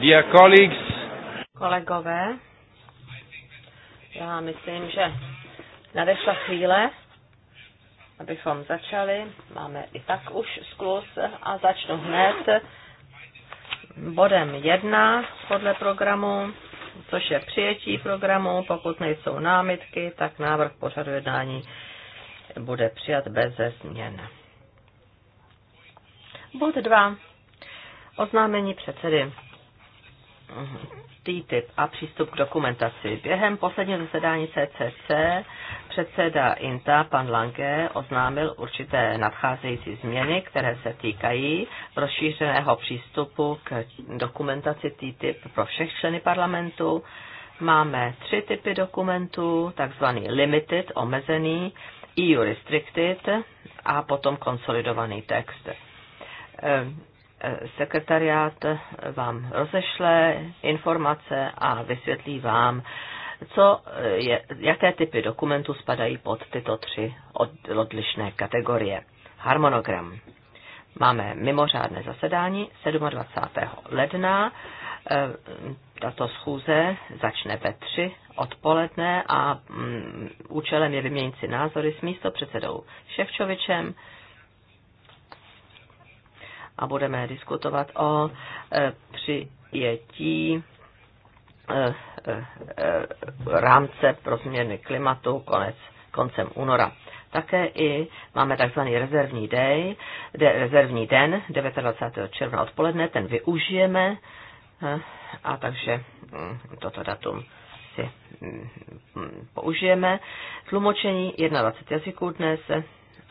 Dear colleagues, kolegové, já myslím, že nadešla chvíle, abychom začali. Máme i tak už sklus a začnu hned bodem jedna podle programu, což je přijetí programu. Pokud nejsou námitky, tak návrh pořadu jednání bude přijat bez změn. Bod 2. Oznámení předsedy. TTIP a přístup k dokumentaci. Během posledního zasedání CCC předseda INTA, pan Lange, oznámil určité nadcházející změny, které se týkají rozšířeného přístupu k dokumentaci TTIP pro všech členy parlamentu. Máme tři typy dokumentů, takzvaný limited, omezený, EU restricted a potom konsolidovaný text ehm, sekretariát vám rozešle informace a vysvětlí vám, co je, jaké typy dokumentů spadají pod tyto tři odlišné kategorie. Harmonogram. Máme mimořádné zasedání 27. ledna. E, tato schůze začne ve 3 odpoledne a mm, účelem je vyměnit si názory s místopředsedou Ševčovičem, a budeme diskutovat o e, přijetí e, e, rámce pro změny klimatu konec, koncem února. Také i máme takzvaný rezervní, day, de, rezervní den 29. června odpoledne, ten využijeme a takže mm, toto datum si mm, mm, použijeme. Tlumočení 21 jazyků dnes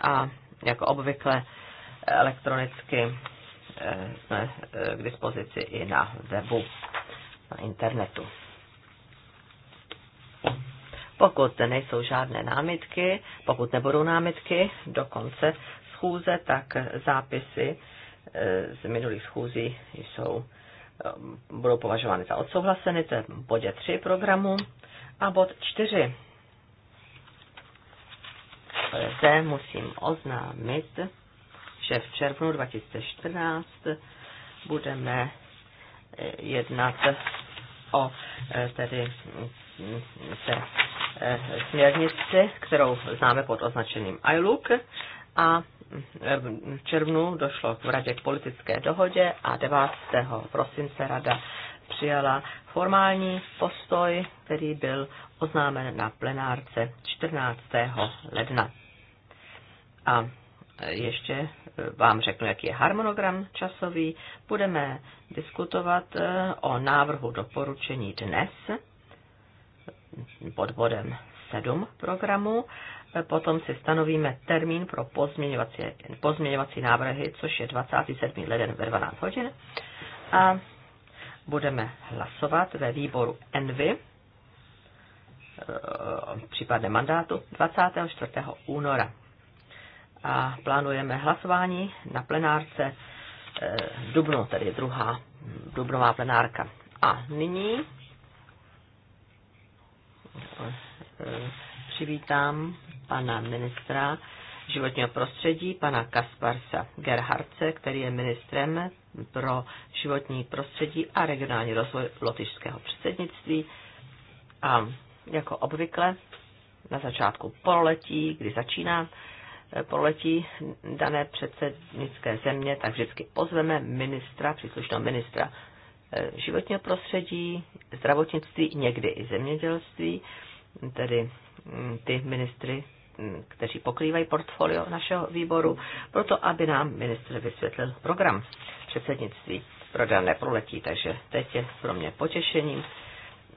a jako obvykle elektronicky jsme eh, k dispozici i na webu, na internetu. Pokud nejsou žádné námitky, pokud nebudou námitky do konce schůze, tak zápisy eh, z minulých schůzí jsou, eh, budou považovány za odsouhlaseny, to je bodě 3 programu. A bod 4. Zde musím oznámit, že v červnu 2014 budeme eh, jednat o eh, tedy té eh, směrnici, kterou známe pod označením ILUK a v červnu došlo v radě k politické dohodě a 9. prosince rada přijala formální postoj, který byl oznámen na plenárce 14. ledna. A Eh, ještě eh, vám řeknu, jaký je harmonogram časový. Budeme diskutovat eh, o návrhu doporučení dnes pod bodem 7 programu. Potom si stanovíme termín pro pozměňovací, pozměňovací návrhy, což je 27. leden ve 12 hodin. A budeme hlasovat ve výboru Envy případné mandátu 24. února a plánujeme hlasování na plenárce eh, v Dubnu, tedy druhá dubnová plenárka. A nyní eh, přivítám pana ministra životního prostředí, pana Kasparsa Gerharce, který je ministrem pro životní prostředí a regionální rozvoj lotyšského předsednictví. A jako obvykle na začátku pololetí, kdy začíná proletí dané předsednické země, tak vždycky pozveme ministra, příslušného ministra eh, životního prostředí, zdravotnictví, někdy i zemědělství, tedy mm, ty ministry, mm, kteří pokrývají portfolio našeho výboru, proto aby nám ministr vysvětlil program předsednictví pro dané proletí. Takže teď je pro mě potěšením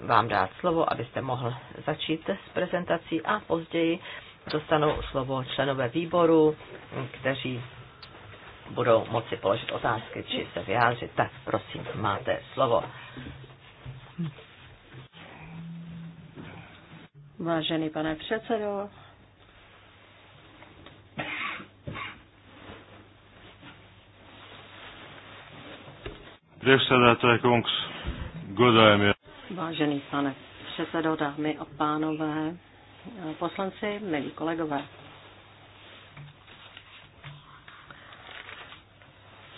vám dát slovo, abyste mohl začít s prezentací a později dostanou slovo členové výboru, kteří budou moci položit otázky či se vyjádřit. Tak prosím, máte slovo. Vážený pane předsedo, Vážený pane předsedo, dámy a pánové, poslanci, milí kolegové.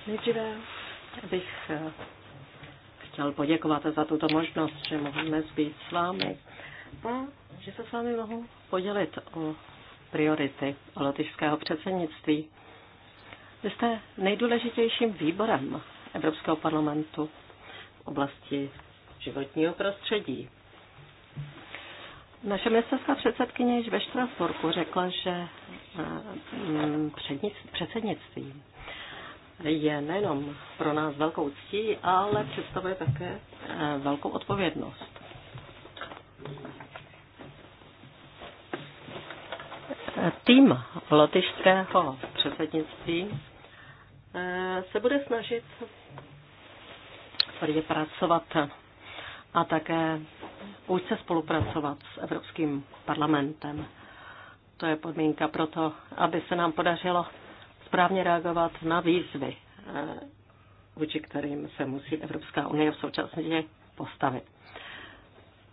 Nejdříve bych eh, chtěl poděkovat za tuto možnost, že můžeme být s vámi a že se s vámi mohu podělit o priority lotyšského předsednictví. Vy jste nejdůležitějším výborem Evropského parlamentu v oblasti životního prostředí. Naše ministerská předsedkyně již ve Štrasburku řekla, že eh, předsednictví je nejenom pro nás velkou ctí, ale představuje také eh, velkou odpovědnost. Tým lotyšského předsednictví eh, se bude snažit pracovat a také úzce spolupracovat s Evropským parlamentem. To je podmínka pro to, aby se nám podařilo správně reagovat na výzvy, eh, vůči kterým se musí Evropská unie v současnosti postavit.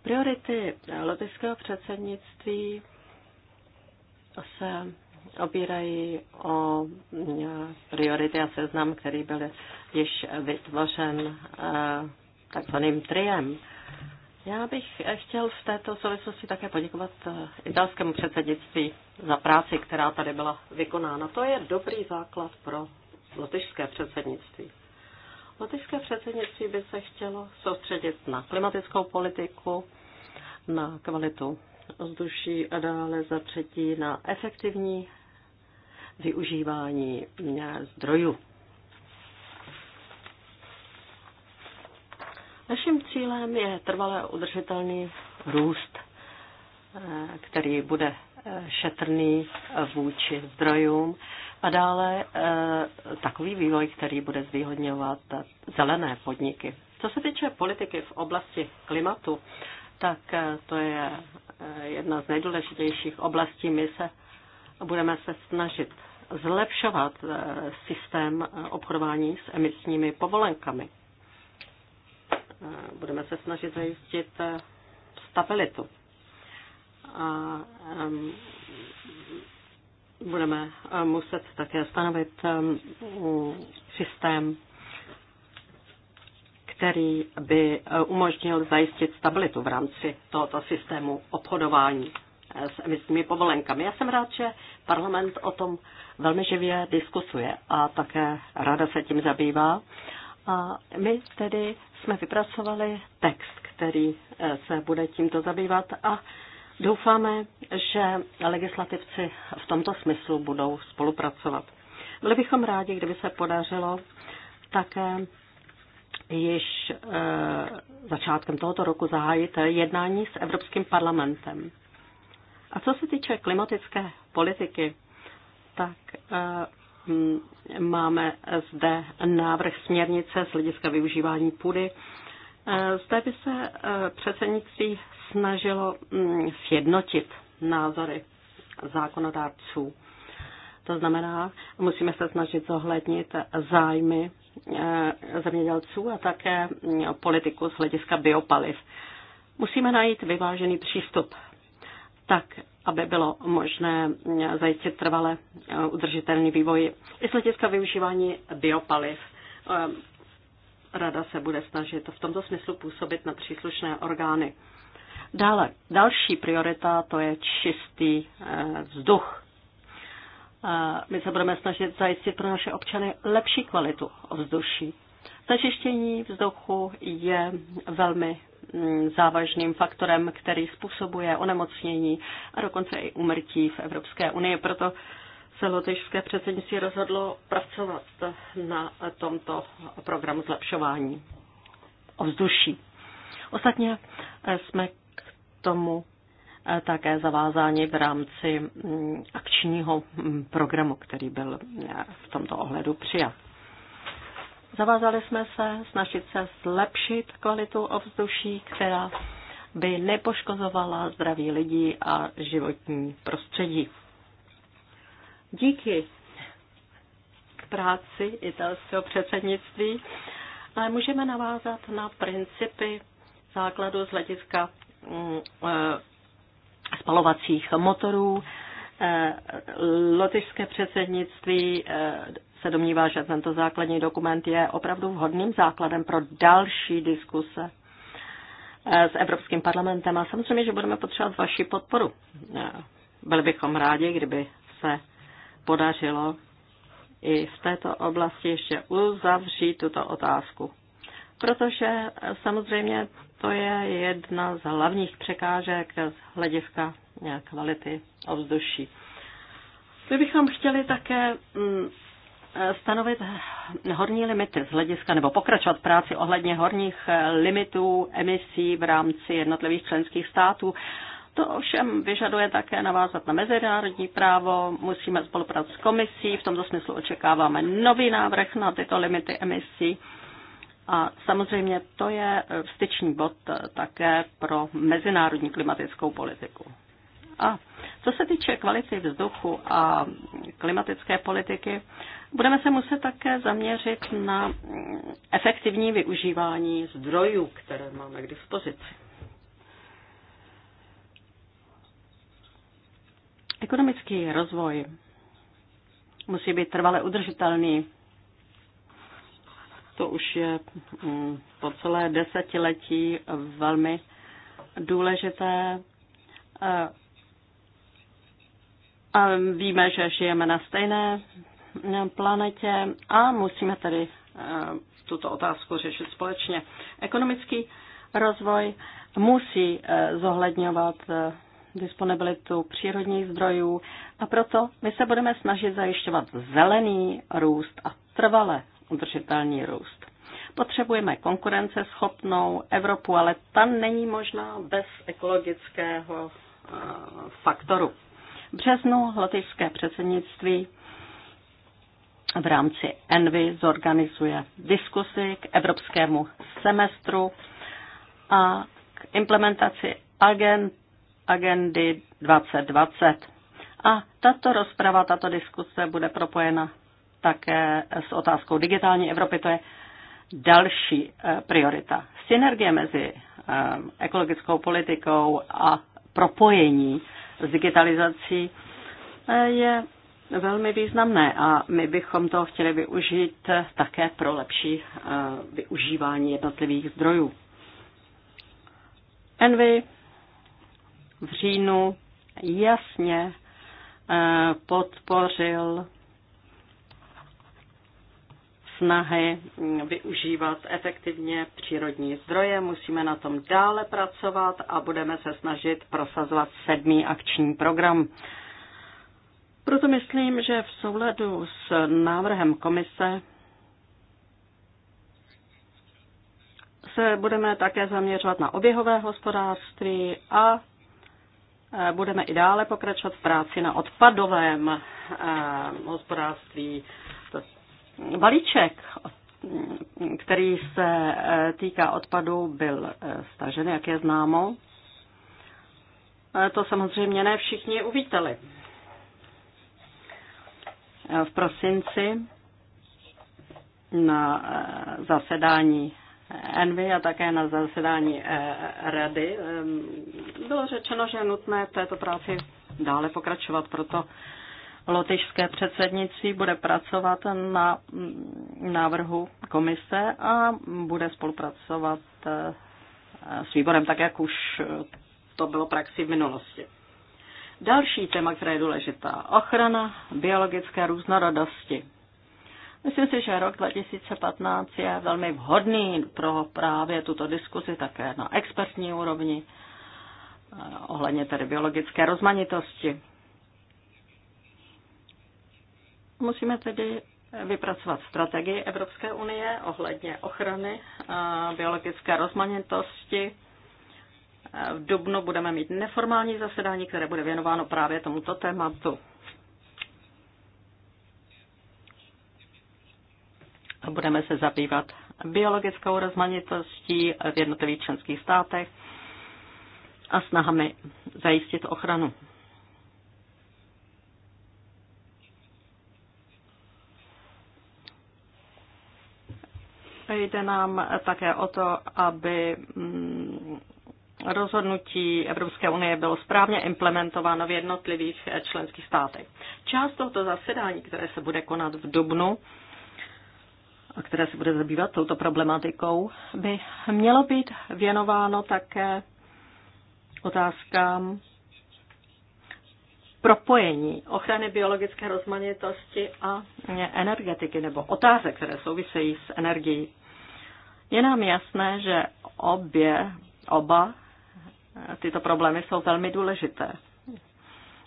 Priority lotyšského předsednictví se opírají o eh, priority a seznam, který byl již vytvořen eh, takzvaným triem já bych eh, chtěl v této souvislosti také poděkovat eh, italskému předsednictví za práci, která tady byla vykonána. To je dobrý základ pro lotyšské předsednictví. Lotyšské předsednictví by se chtělo soustředit na klimatickou politiku, na kvalitu vzduší a dále za třetí na efektivní využívání eh, zdrojů Naším cílem je trvalé udržitelný růst, který bude eh, šetrný vůči zdrojům a dále eh, takový vývoj, který bude zvýhodňovat zelené podniky. Co se týče politiky v oblasti klimatu, tak eh, to je jedna z nejdůležitějších oblastí. My se budeme se snažit zlepšovat systém obchodování s emisními povolenkami budeme se snažit zajistit eh, stabilitu. A budeme eh, muset také stanovit systém, který by eh, umožnil zajistit stabilitu v rámci tohoto systému obchodování s emisními povolenkami. Já jsem rád, že parlament o tom velmi živě diskusuje a také rada se tím zabývá. A my tedy jsme vypracovali text, který eh, se bude tímto zabývat a doufáme, že legislativci v tomto smyslu budou spolupracovat. Byli bychom rádi, kdyby se podařilo také již eh, začátkem tohoto roku zahájit jednání s Evropským parlamentem. A co se týče klimatické politiky, tak eh, Máme zde návrh směrnice z hlediska využívání půdy. Zde by se eh, předsednictví snažilo mm, sjednotit názory zákonodárců. To znamená, musíme se snažit zohlednit zájmy eh, zemědělců a také mm, politiku z hlediska biopaliv. Musíme najít vyvážený přístup tak, aby bylo možné zajistit trvale eh, udržitelný vývoj. I z hlediska využívání biopaliv. Eh, Rada se bude snažit v tomto smyslu působit na příslušné orgány. Dále, další priorita to je čistý eh, vzduch. My se budeme snažit zajistit pro naše občany lepší kvalitu ovzduší. Zažištění vzduchu je velmi Mm, závažným faktorem, který způsobuje onemocnění a dokonce i umrtí v Evropské unii. Proto se lotyšské předsednictví rozhodlo pracovat na tomto programu zlepšování ovzduší. Ostatně jsme k tomu také zavázáni v rámci mm, akčního mm, programu, který byl v tomto ohledu přijat. Zavázali jsme se snažit se zlepšit kvalitu ovzduší, která by nepoškozovala zdraví lidí a životní prostředí. Díky práci italského předsednictví, ale můžeme navázat na principy základu z hlediska mm, eh, spalovacích motorů. Eh, lotyšské předsednictví eh, se domnívá, že tento základní dokument je opravdu vhodným základem pro další diskuse eh, s Evropským parlamentem a samozřejmě, že budeme potřebovat vaši podporu. Eh, byli bychom rádi, kdyby se podařilo i v této oblasti ještě uzavřít tuto otázku. Protože eh, samozřejmě to je jedna z hlavních překážek z hlediska kvality ovzduší. My bychom chtěli také mm, stanovit horní limity z hlediska nebo pokračovat práci ohledně horních limitů emisí v rámci jednotlivých členských států. To ovšem vyžaduje také navázat na mezinárodní právo, musíme spolupracovat s komisí, v tomto smyslu očekáváme nový návrh na tyto limity emisí. A samozřejmě to je styčný bod také pro mezinárodní klimatickou politiku. A co se týče kvality vzduchu a klimatické politiky, Budeme se muset také zaměřit na efektivní využívání zdrojů, které máme k dispozici. Ekonomický rozvoj musí být trvale udržitelný. To už je mm, po celé desetiletí velmi důležité. A víme, že žijeme na stejné planetě a musíme tedy eh, tuto otázku řešit společně. Ekonomický rozvoj musí eh, zohledňovat eh, disponibilitu přírodních zdrojů a proto my se budeme snažit zajišťovat zelený růst a trvale udržitelný růst. Potřebujeme konkurenceschopnou Evropu, ale ta není možná bez ekologického faktoru. V březnu lotyšské předsednictví v rámci Envy zorganizuje diskusy k evropskému semestru a k implementaci agen, agendy 2020. A tato rozprava, tato diskuse bude propojena také s otázkou digitální Evropy. To je další eh, priorita. Synergie mezi eh, ekologickou politikou a propojení s digitalizací eh, je velmi významné a my bychom to chtěli využít také pro lepší eh, využívání jednotlivých zdrojů. Envy v říjnu jasně eh, podpořil snahy mm, využívat efektivně přírodní zdroje. Musíme na tom dále pracovat a budeme se snažit prosazovat sedmý akční program proto myslím, že v souladu s návrhem komise se budeme také zaměřovat na oběhové hospodářství a e, budeme i dále pokračovat v práci na odpadovém e, hospodářství. Balíček, který se e, týká odpadu, byl stažen, jak je známo. To samozřejmě ne všichni uvítali v prosinci na eh, zasedání Envy a také na zasedání eh, Rady ehm, bylo řečeno, že je nutné v této práci dále pokračovat, proto lotyšské předsednictví bude pracovat na mm, návrhu komise a bude spolupracovat eh, s výborem tak, jak už to bylo praxi v minulosti. Další téma, která je důležitá, ochrana biologické různorodosti. Myslím si, že rok 2015 je velmi vhodný pro právě tuto diskuzi také na expertní úrovni eh, ohledně tedy biologické rozmanitosti. Musíme tedy vypracovat strategii Evropské unie ohledně ochrany eh, biologické rozmanitosti v dubnu budeme mít neformální zasedání, které bude věnováno právě tomuto tématu. A budeme se zabývat biologickou rozmanitostí v jednotlivých členských státech a snahami zajistit ochranu. Jde nám také o to, aby mm, rozhodnutí Evropské unie bylo správně implementováno v jednotlivých členských státech. Část tohoto zasedání, které se bude konat v Dubnu, a které se bude zabývat touto problematikou, by mělo být věnováno také otázkám propojení ochrany biologické rozmanitosti a energetiky nebo otázek, které souvisejí s energií. Je nám jasné, že obě, oba tyto problémy jsou velmi důležité.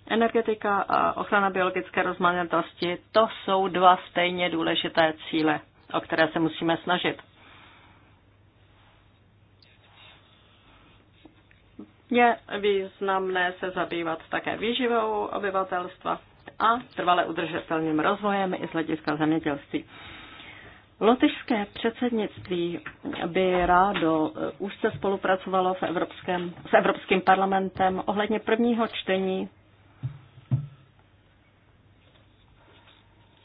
Energetika a ochrana biologické rozmanitosti, to jsou dva stejně důležité cíle, o které se musíme snažit. Je významné se zabývat také výživou obyvatelstva a trvale udržitelným rozvojem i z hlediska zemědělství. Lotyšské předsednictví by rádo úzce eh, spolupracovalo v Evropském, s Evropským parlamentem ohledně prvního čtení,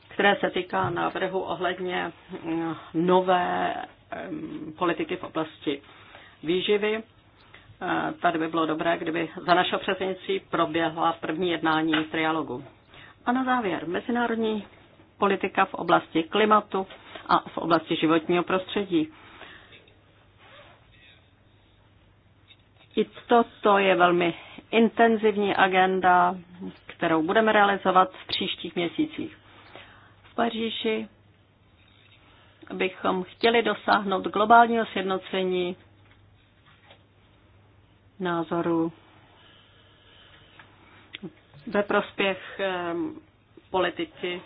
které se týká návrhu ohledně eh, nové politiky v oblasti výživy. Eh, tady by bylo dobré, kdyby za našeho předsednictví proběhla první jednání trialogu. A na závěr, Mezinárodní politika v oblasti klimatu a v oblasti životního prostředí. I toto je velmi intenzivní agenda, kterou budeme realizovat v příštích měsících. V Paříži bychom chtěli dosáhnout globálního sjednocení názoru ve prospěch eh, politiky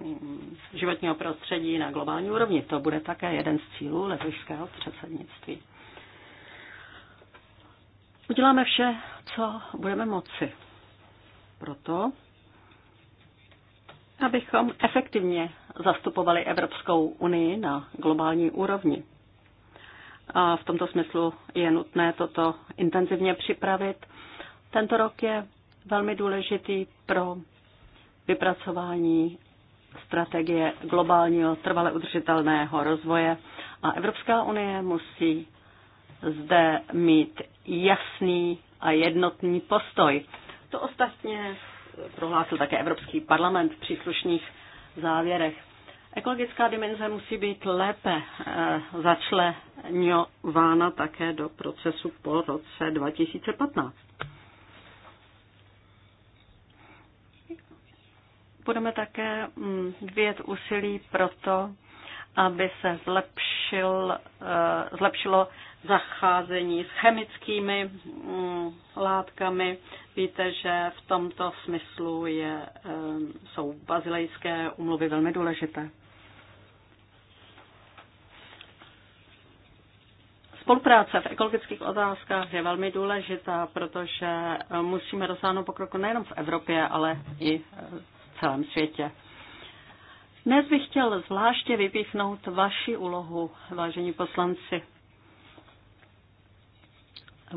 Mm, životního prostředí na globální úrovni. To bude také jeden z cílů letošského předsednictví. Uděláme vše, co budeme moci. Proto, abychom efektivně zastupovali Evropskou unii na globální úrovni. A v tomto smyslu je nutné toto intenzivně připravit. Tento rok je velmi důležitý pro vypracování strategie globálního trvale udržitelného rozvoje a Evropská unie musí zde mít jasný a jednotný postoj. To ostatně prohlásil také Evropský parlament v příslušných závěrech. Ekologická dimenze musí být lépe eh, začleňována také do procesu po roce 2015. budeme také mm, vyjet úsilí pro to, aby se zlepšil, eh, zlepšilo zacházení s chemickými mm, látkami. Víte, že v tomto smyslu je, eh, jsou bazilejské umluvy velmi důležité. Spolupráce v ekologických otázkách je velmi důležitá, protože eh, musíme dosáhnout pokroku nejenom v Evropě, ale i v celém světě. Dnes bych chtěl zvláště vypíchnout vaši úlohu, vážení poslanci.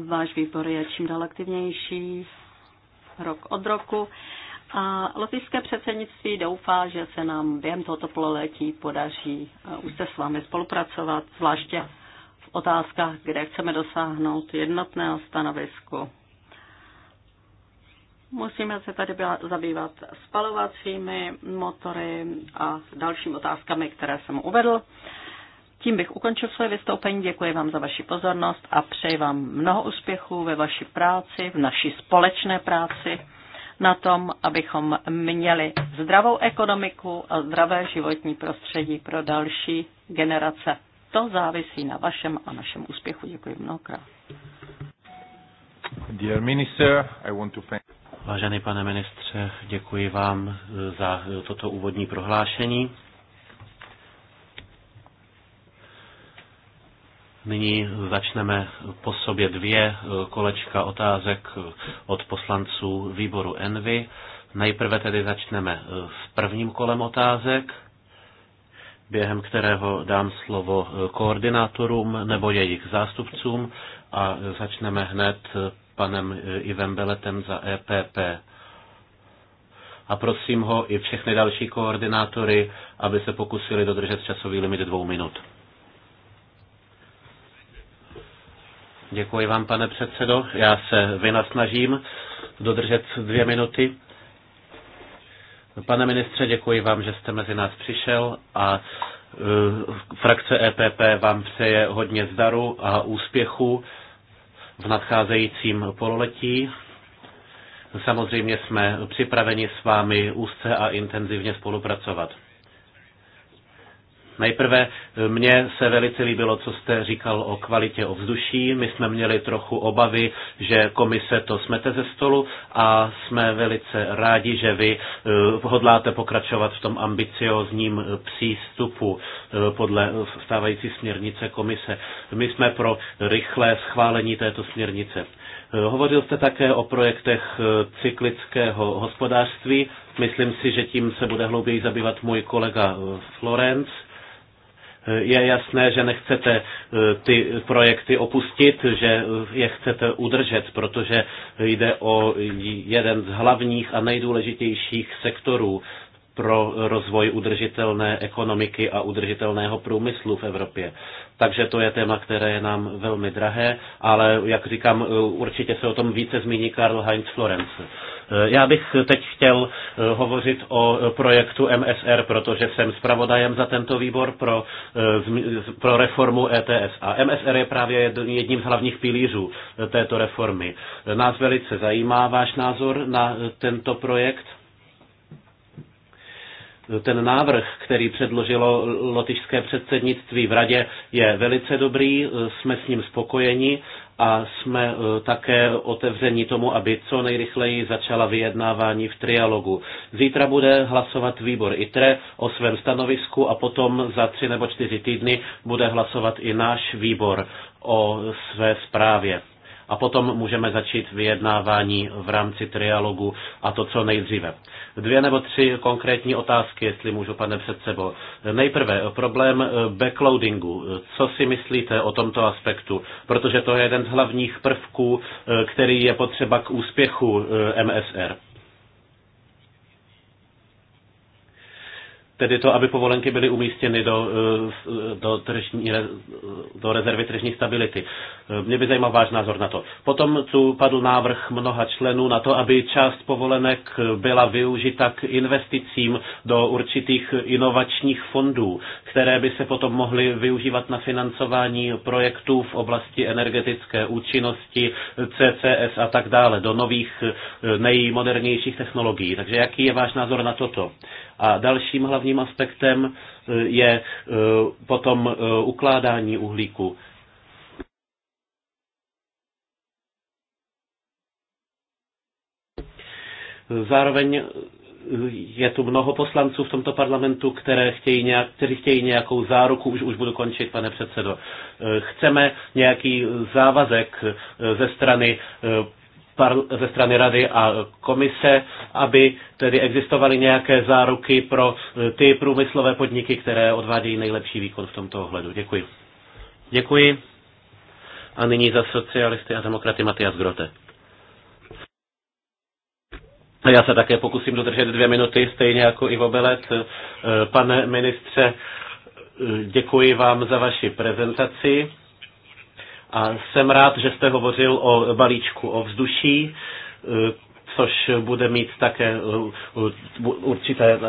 Váš výbor je čím dál aktivnější rok od roku a lotyšské předsednictví doufá, že se nám během tohoto pololetí podaří eh, už se s vámi spolupracovat, zvláště v otázkách, kde chceme dosáhnout jednotného stanovisku Musíme se tady zabývat spalovacími motory a dalšími otázkami, které jsem uvedl. Tím bych ukončil své vystoupení. Děkuji vám za vaši pozornost a přeji vám mnoho úspěchů ve vaší práci, v naší společné práci na tom, abychom měli zdravou ekonomiku a zdravé životní prostředí pro další generace. To závisí na vašem a našem úspěchu. Děkuji mnohokrát. Dear minister, I want to thank Vážený pane ministře, děkuji vám e, za e, toto úvodní prohlášení. Nyní začneme po sobě dvě e, kolečka otázek od poslanců výboru Envy. Nejprve tedy začneme s prvním kolem otázek, během kterého dám slovo koordinátorům nebo jejich zástupcům a začneme hned panem eh, Ivem Beletem za EPP. A prosím ho i všechny další koordinátory, aby se pokusili dodržet časový limit dvou minut. Děkuji vám, pane předsedo. Já se vynasnažím dodržet dvě minuty. Pane ministře, děkuji vám, že jste mezi nás přišel a eh, frakce EPP vám přeje hodně zdaru a úspěchu v nadcházejícím pololetí. Samozřejmě jsme připraveni s vámi úzce a intenzivně spolupracovat. Nejprve eh, mně se velice líbilo, co jste říkal o kvalitě ovzduší. My jsme měli trochu obavy, že komise to smete ze stolu a jsme velice rádi, že vy eh, hodláte pokračovat v tom ambiciozním eh, přístupu podle stávající směrnice komise. My jsme pro rychlé schválení této směrnice. Hovořil jste také o projektech cyklického hospodářství. Myslím si, že tím se bude hlouběji zabývat můj kolega Florence. Je jasné, že nechcete e, ty projekty opustit, že je chcete udržet, protože jde o jeden z hlavních a nejdůležitějších sektorů pro rozvoj udržitelné ekonomiky a udržitelného průmyslu v Evropě. Takže to je téma, které je nám velmi drahé, ale jak říkám, e, určitě se o tom více zmíní Karl Heinz Florence. Eh, já bych teď chtěl eh, hovořit o eh, projektu MSR, protože jsem zpravodajem za tento výbor pro, pro reformu ETS. A MSR je právě jedním z hlavních pilířů této reformy. Nás velice zajímá váš názor na tento projekt ten návrh, který předložilo lotyšské předsednictví v radě, je velice dobrý, jsme s ním spokojeni a jsme e, také otevřeni tomu, aby co nejrychleji začala vyjednávání v trialogu. Zítra bude hlasovat výbor ITRE o svém stanovisku a potom za tři nebo čtyři týdny bude hlasovat i náš výbor o své zprávě a potom můžeme začít vyjednávání v rámci trialogu a to co nejdříve. Dvě nebo tři konkrétní otázky, jestli můžu, pane před sebou. Nejprve problém eh, backloadingu. Co si myslíte o tomto aspektu? Protože to je jeden z hlavních prvků, eh, který je potřeba k úspěchu eh, MSR. Tedy to, aby povolenky byly umístěny do, eh, do, tržní, do rezervy tržní stability. Eh, mě by zajímal váš názor na to. Potom tu padl návrh mnoha členů na to, aby část povolenek byla využita k investicím do určitých inovačních fondů, které by se potom mohly využívat na financování projektů v oblasti energetické účinnosti, CCS a tak dále, do nových eh, nejmodernějších technologií. Takže jaký je váš názor na toto? A dalším hlavním aspektem e, je e, potom e, ukládání uhlíku. Zároveň je tu mnoho poslanců v tomto parlamentu, které chtějí nějak, kteří chtějí nějakou záruku, už, už budu končit, pane předsedo. Chceme nějaký závazek ze strany ze strany Rady a komise, aby tedy existovaly nějaké záruky pro eh, ty průmyslové podniky, které odvádějí nejlepší výkon v tomto ohledu. Děkuji. Děkuji. A nyní za socialisty a demokraty Matias Grote. Já se také pokusím dodržet dvě minuty, stejně jako Ivo Belet. Eh, pane ministře, eh, děkuji vám za vaši prezentaci. A jsem rád, že jste hovořil o balíčku o vzduší, což bude mít také eh, určité,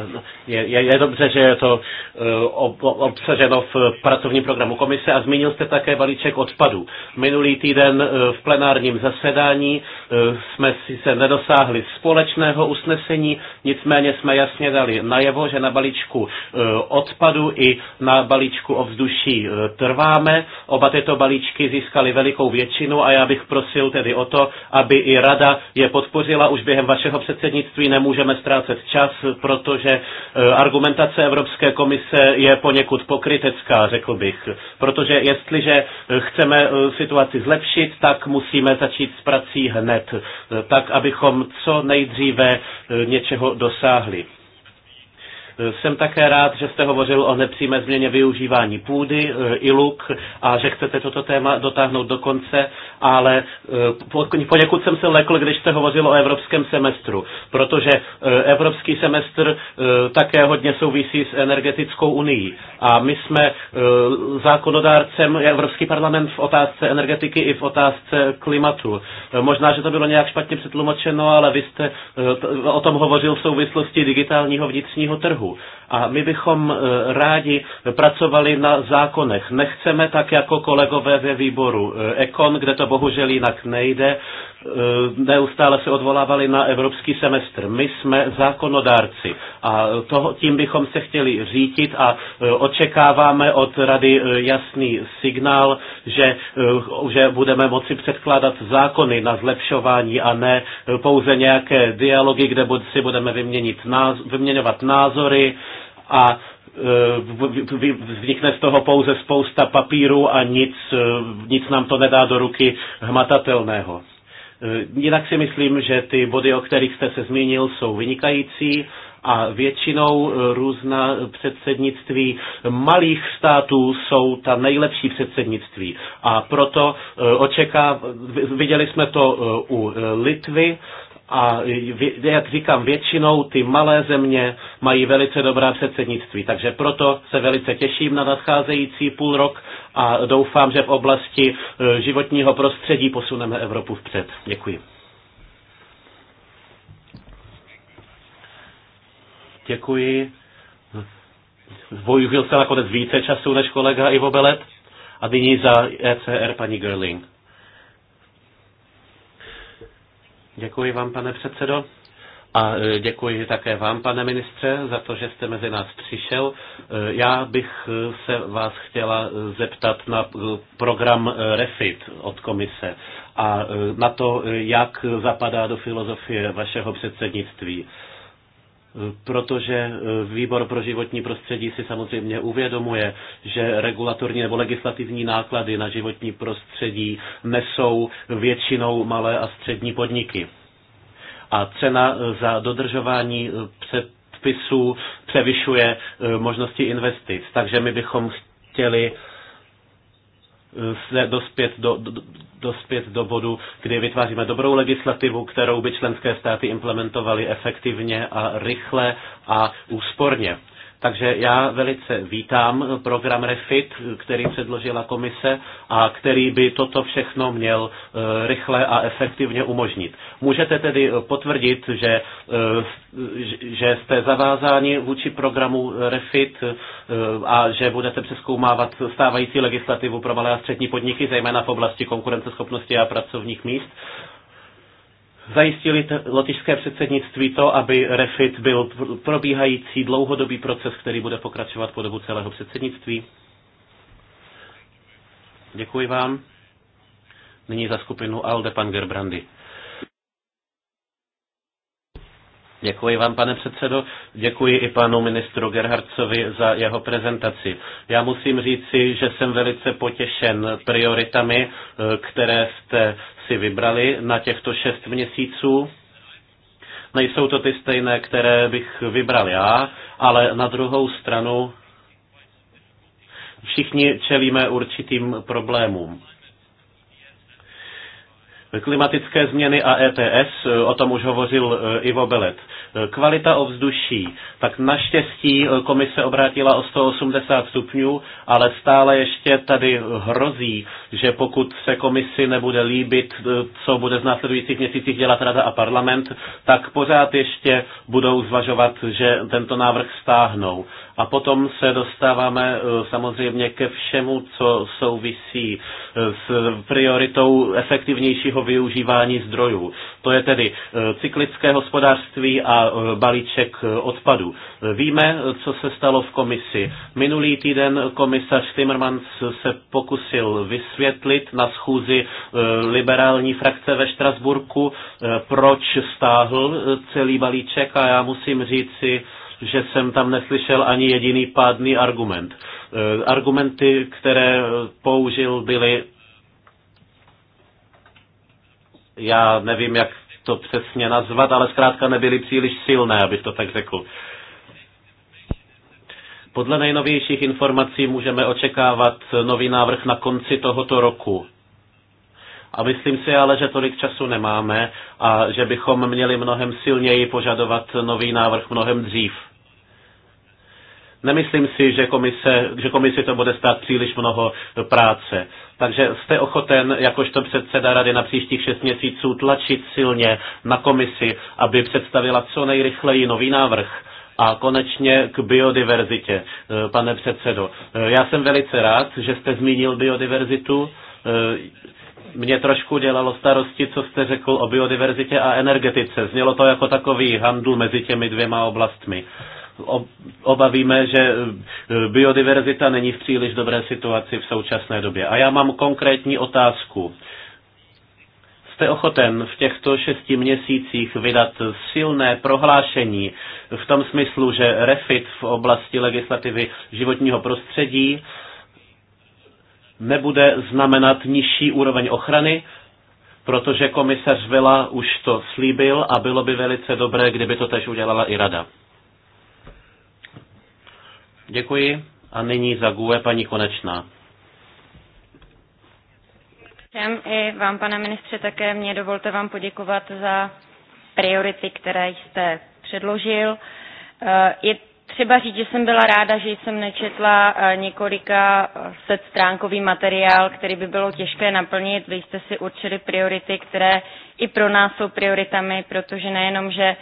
je, je, dobře, že je to eh, obsaženo v pracovním programu komise a zmínil jste také balíček odpadů. Minulý týden eh, v plenárním zasedání jsme si se nedosáhli společného usnesení, nicméně jsme jasně dali najevo, že na balíčku odpadu i na balíčku ovzduší trváme. Oba tyto balíčky získaly velikou většinu a já bych prosil tedy o to, aby i rada je podpořila už během vašeho předsednictví nemůžeme ztrácet čas, protože eh, argumentace Evropské komise je poněkud pokrytecká, řekl bych. Protože jestliže eh, chceme eh, situaci zlepšit, tak musíme začít s prací hned, tak abychom co nejdříve něčeho dosáhli. Jsem také rád, že jste hovořil o nepřímé změně využívání půdy, ILUK, a že chcete toto téma dotáhnout do konce ale eh, poněkud jsem se lekl, když jste hovořil o evropském semestru, protože eh, evropský semestr eh, také hodně souvisí s energetickou unii. A my jsme zákonodárcem Evropský parlament v otázce energetiky i v otázce klimatu. Možná, že to bylo nějak špatně přetlumočeno, ale vy jste o tom hovořil v souvislosti digitálního vnitřního trhu. A my bychom rádi pracovali na zákonech. Nechceme tak jako kolegové ve výboru Ekon, kde to bohužel jinak nejde. Eh, neustále se odvolávali na evropský semestr. My jsme zákonodárci a toho, tím bychom se chtěli řídit a eh, očekáváme od rady eh, jasný signál, že, že budeme moci předkládat zákony na zlepšování a ne pouze nějaké dialogy, kde si budeme vyměnit názor, vyměňovat názory a Eh, vznikne z toho pouze spousta papíru a nic, eh, nic nám to nedá do ruky hmatatelného. Eh, jinak si myslím, že ty body, o kterých jste se zmínil, jsou vynikající a většinou různá předsednictví malých států jsou ta nejlepší předsednictví. A proto očeká, viděli jsme to u Litvy, a jak říkám, většinou ty malé země mají velice dobrá předsednictví, takže proto se velice těším na nadcházející půl rok a doufám, že v oblasti e, životního prostředí posuneme Evropu vpřed. Děkuji. Děkuji. Využil se nakonec více času než kolega Ivo Belet. A nyní za ECR paní Gerling. Děkuji vám, pane předsedo. A e, děkuji také vám, pane ministře, za to, že jste mezi nás přišel. E, já bych e, se vás chtěla zeptat na program REFIT od komise a na to, jak zapadá do filozofie vašeho předsednictví protože e, výbor pro životní prostředí si samozřejmě uvědomuje, že regulatorní nebo legislativní náklady na životní prostředí nesou většinou malé a střední podniky. A cena e, za dodržování e, předpisů převyšuje možnosti investic. Takže my bychom chtěli se eh, dospět do, do, dospět do bodu, kdy vytváříme dobrou legislativu, kterou by členské státy implementovaly efektivně a rychle a úsporně. Takže já velice vítám program REFIT, který předložila komise a který by toto všechno měl eh, rychle a efektivně umožnit. Můžete tedy potvrdit, že, eh, že jste zavázáni vůči programu REFIT eh, a že budete přeskoumávat stávající legislativu pro malé a střední podniky, zejména v oblasti konkurenceschopnosti a pracovních míst zajistili lotyšské předsednictví to, aby refit byl probíhající dlouhodobý proces, který bude pokračovat po dobu celého předsednictví? Děkuji vám. Nyní za skupinu ALDE pan Gerbrandy. Děkuji vám, pane předsedo. Děkuji i panu ministru Gerhardcovi za jeho prezentaci. Já musím říci, že jsem velice potěšen prioritami, eh, které jste si vybrali na těchto šest měsíců. Nejsou to ty stejné, které bych vybral já, ale na druhou stranu všichni čelíme určitým problémům. Klimatické změny a ETS, e, o tom už hovořil e, Ivo Belet. E, kvalita ovzduší. Tak naštěstí komise obrátila o 180 stupňů, ale stále ještě tady hrozí, že pokud se komisi nebude líbit, co bude v následujících měsících dělat Rada a parlament, tak pořád ještě budou zvažovat, že tento návrh stáhnou. A potom se dostáváme eh, samozřejmě ke všemu, co souvisí eh, s prioritou efektivnějšího využívání zdrojů. To je tedy eh, cyklické hospodářství a balíček odpadu. Víme, co se stalo v komisi. Minulý týden komisař Timmermans se pokusil vysvětlit na schůzi liberální frakce ve Štrasburku, proč stáhl celý balíček a já musím říci, že jsem tam neslyšel ani jediný pádný argument. E, argumenty, které e, použil, byly. Já nevím, jak to přesně nazvat, ale zkrátka nebyly příliš silné, abych to tak řekl. Podle nejnovějších informací můžeme očekávat nový návrh na konci tohoto roku. A myslím si ale, že tolik času nemáme a že bychom měli mnohem silněji požadovat nový návrh mnohem dřív. Nemyslím si, že, komise, že Komise to bude stát příliš mnoho práce. Takže jste ochoten, jakožto předseda rady na příštích šest měsíců, tlačit silně na komisi, aby představila co nejrychleji nový návrh. A konečně k biodiverzitě, eh, pane předsedo. Eh, já jsem velice rád, že jste zmínil biodiverzitu. Eh, mě trošku dělalo starosti, co jste řekl o biodiverzitě a energetice. Znělo to jako takový handl mezi těmi dvěma oblastmi obavíme, že eh, biodiverzita není v příliš dobré situaci v současné době. A já mám konkrétní otázku. Jste ochoten v těchto šesti měsících vydat silné prohlášení v tom smyslu, že refit v oblasti legislativy životního prostředí nebude znamenat nižší úroveň ochrany, protože komisař Vela už to slíbil a bylo by velice dobré, kdyby to tež udělala i rada. Děkuji. A nyní za GUE paní Konečná. Všem i vám, pane ministře, také mě dovolte vám poděkovat za priority, které jste předložil. Eh, je třeba říct, že jsem byla ráda, že jsem nečetla eh, několika eh, set stránkový materiál, který by bylo těžké naplnit. Vy jste si určili priority, které i pro nás jsou prioritami, protože nejenom, že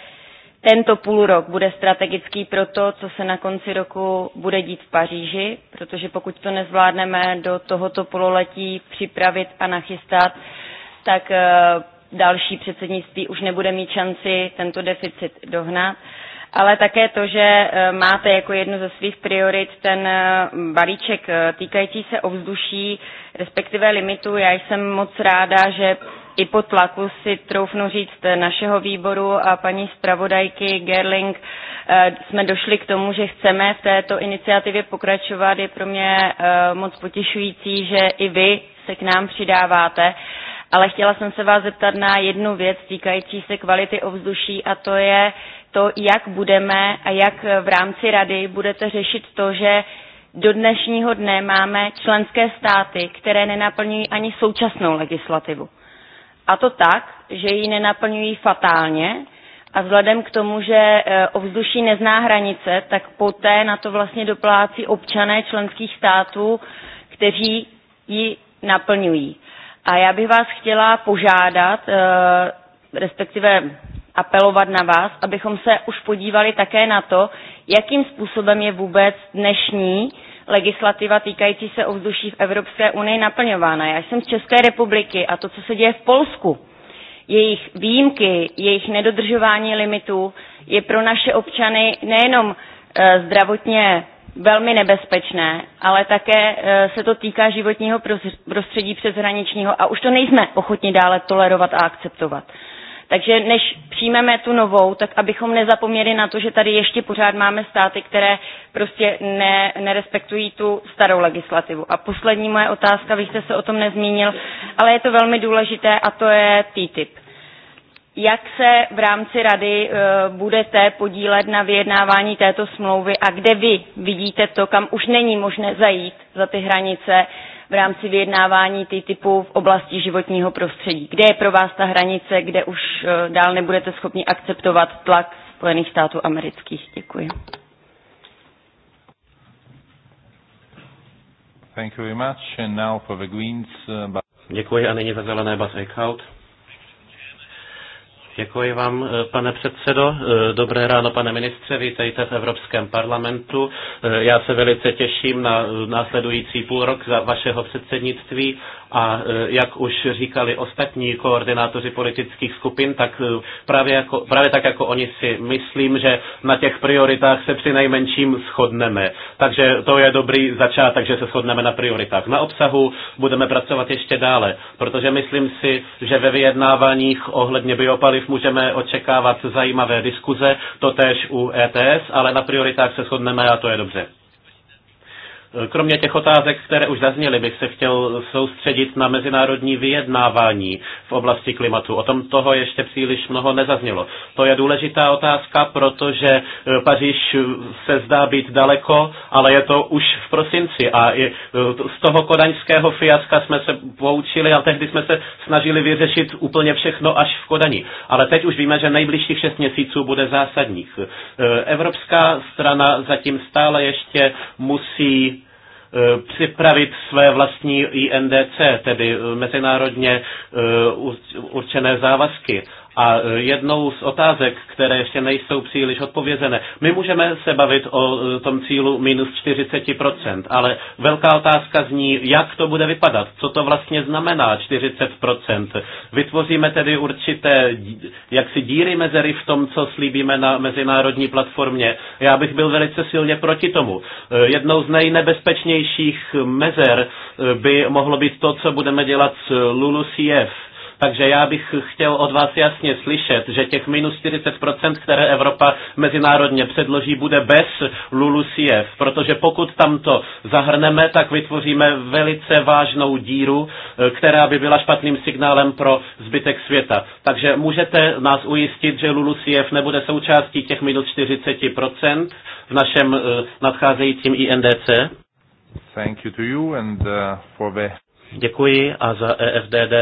tento půlrok bude strategický pro to, co se na konci roku bude dít v Paříži, protože pokud to nezvládneme do tohoto pololetí připravit a nachystat, tak eh, další předsednictví už nebude mít šanci tento deficit dohnat ale také to, že eh, máte jako jednu ze svých priorit ten eh, balíček eh, týkající se ovzduší, respektive limitu. Já jsem moc ráda, že i po tlaku si troufnu říct našeho výboru a paní zpravodajky Gerling jsme došli k tomu, že chceme v této iniciativě pokračovat. Je pro mě moc potěšující, že i vy se k nám přidáváte ale chtěla jsem se vás zeptat na jednu věc týkající se kvality ovzduší a to je to, jak budeme a jak v rámci rady budete řešit to, že do dnešního dne máme členské státy, které nenaplňují ani současnou legislativu. A to tak, že ji nenaplňují fatálně a vzhledem k tomu, že e, ovzduší nezná hranice, tak poté na to vlastně doplácí občané členských států, kteří ji naplňují. A já bych vás chtěla požádat, eh, respektive apelovat na vás, abychom se už podívali také na to, jakým způsobem je vůbec dnešní legislativa týkající se ovzduší v Evropské unii naplňována. Já jsem z České republiky a to, co se děje v Polsku, jejich výjimky, jejich nedodržování limitů je pro naše občany nejenom eh, zdravotně velmi nebezpečné, ale také eh, se to týká životního prostředí přeshraničního a už to nejsme ochotni dále tolerovat a akceptovat. Takže než přijmeme tu novou, tak abychom nezapomněli na to, že tady ještě pořád máme státy, které prostě ne, nerespektují tu starou legislativu. A poslední moje otázka, vy jste se o tom nezmínil, ale je to velmi důležité a to je TTIP jak se v rámci rady eh, budete podílet na vyjednávání této smlouvy a kde vy vidíte to, kam už není možné zajít za ty hranice v rámci vyjednávání ty typu v oblasti životního prostředí. Kde je pro vás ta hranice, kde už eh, dál nebudete schopni akceptovat tlak Spojených států amerických? Děkuji. Uh, Děkuji a nyní za zelené Bas Děkuji vám, eh, pane předsedo. Eh, dobré ráno, pane ministře, vítejte v Evropském parlamentu. Eh, já se velice těším na následující půl rok za vašeho předsednictví a jak už říkali ostatní koordinátoři politických skupin, tak právě, jako, právě tak jako oni si myslím, že na těch prioritách se při nejmenším shodneme. Takže to je dobrý začátek, že se shodneme na prioritách. Na obsahu budeme pracovat ještě dále, protože myslím si, že ve vyjednáváních ohledně biopaliv můžeme očekávat zajímavé diskuze, totéž u ETS, ale na prioritách se shodneme a to je dobře. Kromě těch otázek, které už zazněly, bych se chtěl soustředit na mezinárodní vyjednávání v oblasti klimatu. O tom toho ještě příliš mnoho nezaznělo. To je důležitá otázka, protože eh, Paříž eh, se zdá být daleko, ale je to už v prosinci a i eh, z toho kodaňského fiaska jsme se poučili a tehdy jsme se snažili vyřešit úplně všechno až v Kodani. Ale teď už víme, že nejbližších šest měsíců bude zásadních. Evropská strana zatím stále ještě musí E, připravit své vlastní INDC, tedy e, mezinárodně e, určené závazky. A e, jednou z otázek, které ještě nejsou příliš odpovězené, my můžeme se bavit o e, tom cílu minus 40%, ale velká otázka zní, jak to bude vypadat, co to vlastně znamená 40%. Vytvoříme tedy určité jaksi díry mezery v tom, co slíbíme na mezinárodní platformě. Já bych byl velice silně proti tomu. E, jednou z nejnebezpečnějších mezer by mohlo být to, co budeme dělat s LULUCF, takže já bych chtěl od vás jasně slyšet, že těch minus 40%, které Evropa mezinárodně předloží, bude bez LULUCF, protože pokud tam to zahrneme, tak vytvoříme velice vážnou díru, eh, která by byla špatným signálem pro zbytek světa. Takže můžete nás ujistit, že LULUCF nebude součástí těch minus 40% v našem eh, nadcházejícím INDC? Thank you to you and, uh, for the... Děkuji a za EFDD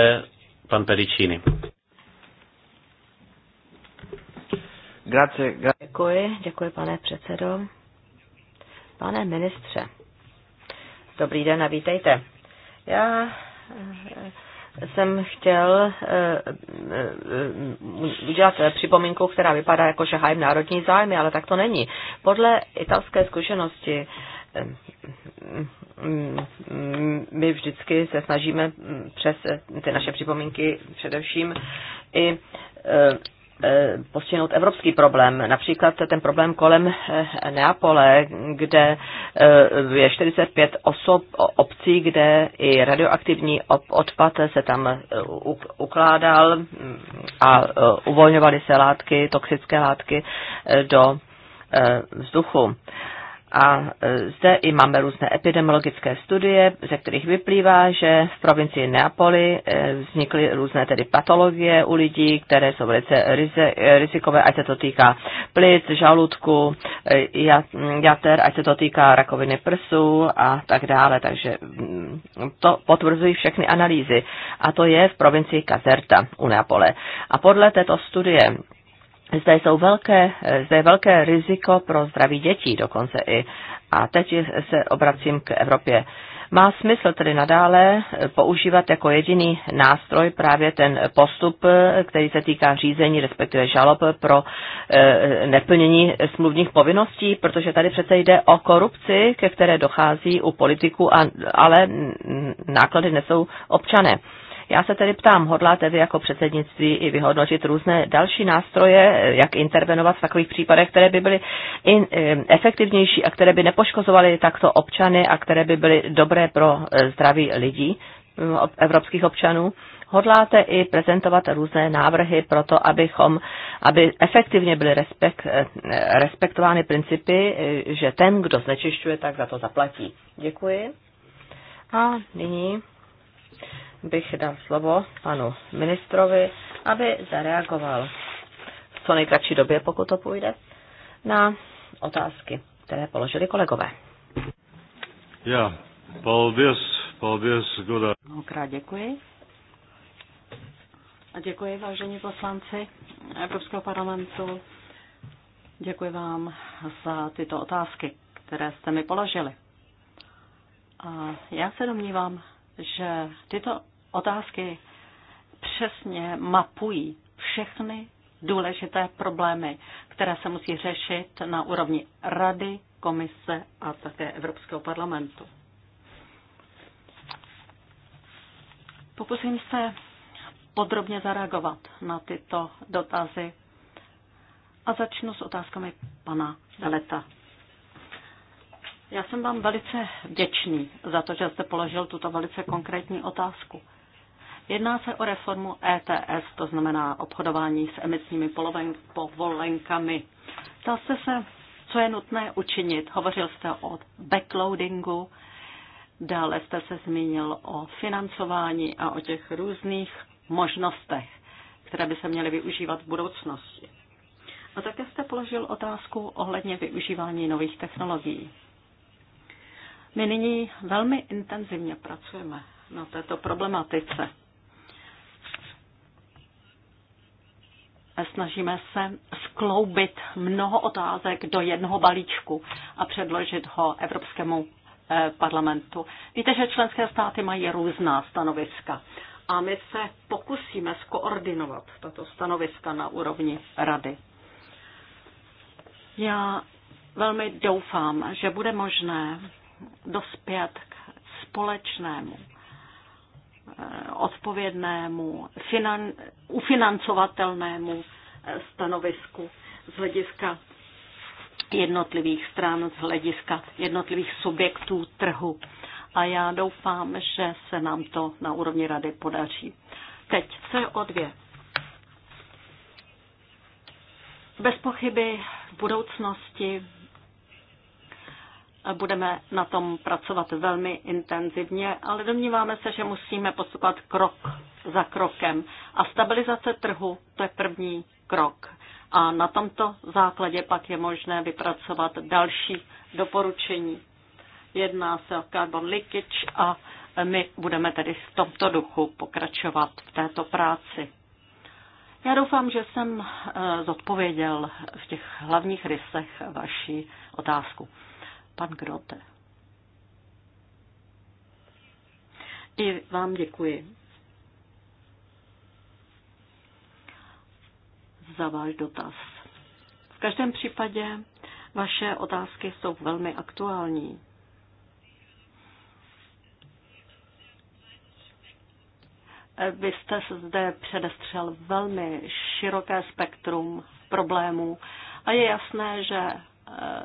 Pan Pedicini. Grazie, gra- děkuji, děkuji pane předsedo. Pane ministře, dobrý den a vítejte. Já eh, jsem chtěl eh, eh, udělat připomínku, která vypadá jako, že hájím národní zájmy, ale tak to není. Podle italské zkušenosti Ehm, my vždycky se snažíme přes ty naše připomínky především i eh, eh, postihnout evropský problém. Například ten problém kolem eh, Neapole, kde je 45 osob, obcí, kde i radioaktivní odpad se tam ukládal mm, a uvolňovaly se látky, toxické látky do vzduchu. A e, zde i máme různé epidemiologické studie, ze kterých vyplývá, že v provincii Neapoli e, vznikly různé tedy patologie u lidí, které jsou velice e, rizikové, ať se to týká plic, žaludku, jater, ať se to týká rakoviny prsu a tak dále. Takže mm, to potvrzují všechny analýzy. A to je v provincii Kazerta u Neapole. A podle této studie zde jsou velké, zde je velké riziko pro zdraví dětí dokonce i. A teď se obracím k Evropě. Má smysl tedy nadále používat jako jediný nástroj právě ten postup, který se týká řízení, respektive žalob pro eh, neplnění smluvních povinností, protože tady přece jde o korupci, ke které dochází u politiků, ale náklady nesou občané. Já se tedy ptám, hodláte vy jako předsednictví i vyhodnotit různé další nástroje, jak intervenovat v takových případech, které by byly in, eh, efektivnější a které by nepoškozovaly takto občany a které by byly dobré pro eh, zdraví lidí, mm, evropských občanů? hodláte i prezentovat různé návrhy pro to, abychom, aby efektivně byly respekt, eh, respektovány principy, že ten, kdo znečišťuje, tak za to zaplatí. Děkuji. A nyní bych dal slovo panu ministrovi, aby zareagoval v co nejkratší době, pokud to půjde, na otázky, které položili kolegové. Já, paldies, paldies, Goda. Mnohokrát děkuji. A děkuji, vážení poslanci Evropského parlamentu. Děkuji vám za tyto otázky, které jste mi položili. A já se domnívám, že tyto otázky přesně mapují všechny důležité problémy, které se musí řešit na úrovni Rady, Komise a také Evropského parlamentu. Pokusím se podrobně zareagovat na tyto dotazy a začnu s otázkami pana Deleta. Já jsem vám velice vděčný za to, že jste položil tuto velice konkrétní otázku. Jedná se o reformu ETS, to znamená obchodování s emisními povolenkami. Ptal jste se, co je nutné učinit. Hovořil jste o backloadingu, dále jste se zmínil o financování a o těch různých možnostech, které by se měly využívat v budoucnosti. A také jste položil otázku ohledně využívání nových technologií. My nyní velmi intenzivně pracujeme na této problematice. snažíme se skloubit mnoho otázek do jednoho balíčku a předložit ho Evropskému eh, parlamentu. Víte, že členské státy mají různá stanoviska a my se pokusíme skoordinovat tato stanoviska na úrovni rady. Já velmi doufám, že bude možné dospět k společnému Eh, odpovědnému, finan, ufinancovatelnému eh, stanovisku z hlediska jednotlivých stran, z hlediska jednotlivých subjektů trhu. A já doufám, že se nám to na úrovni rady podaří. Teď CO2. Bez pochyby v budoucnosti budeme na tom pracovat velmi intenzivně, ale domníváme se, že musíme postupovat krok za krokem. A stabilizace trhu, to je první krok. A na tomto základě pak je možné vypracovat další doporučení. Jedná se o carbon leakage a my budeme tedy v tomto duchu pokračovat v této práci. Já doufám, že jsem eh, zodpověděl v těch hlavních rysech vaši otázku. Pan Grote. I vám děkuji za váš dotaz. V každém případě vaše otázky jsou velmi aktuální. Vy jste zde předestřel velmi široké spektrum problémů a je jasné, že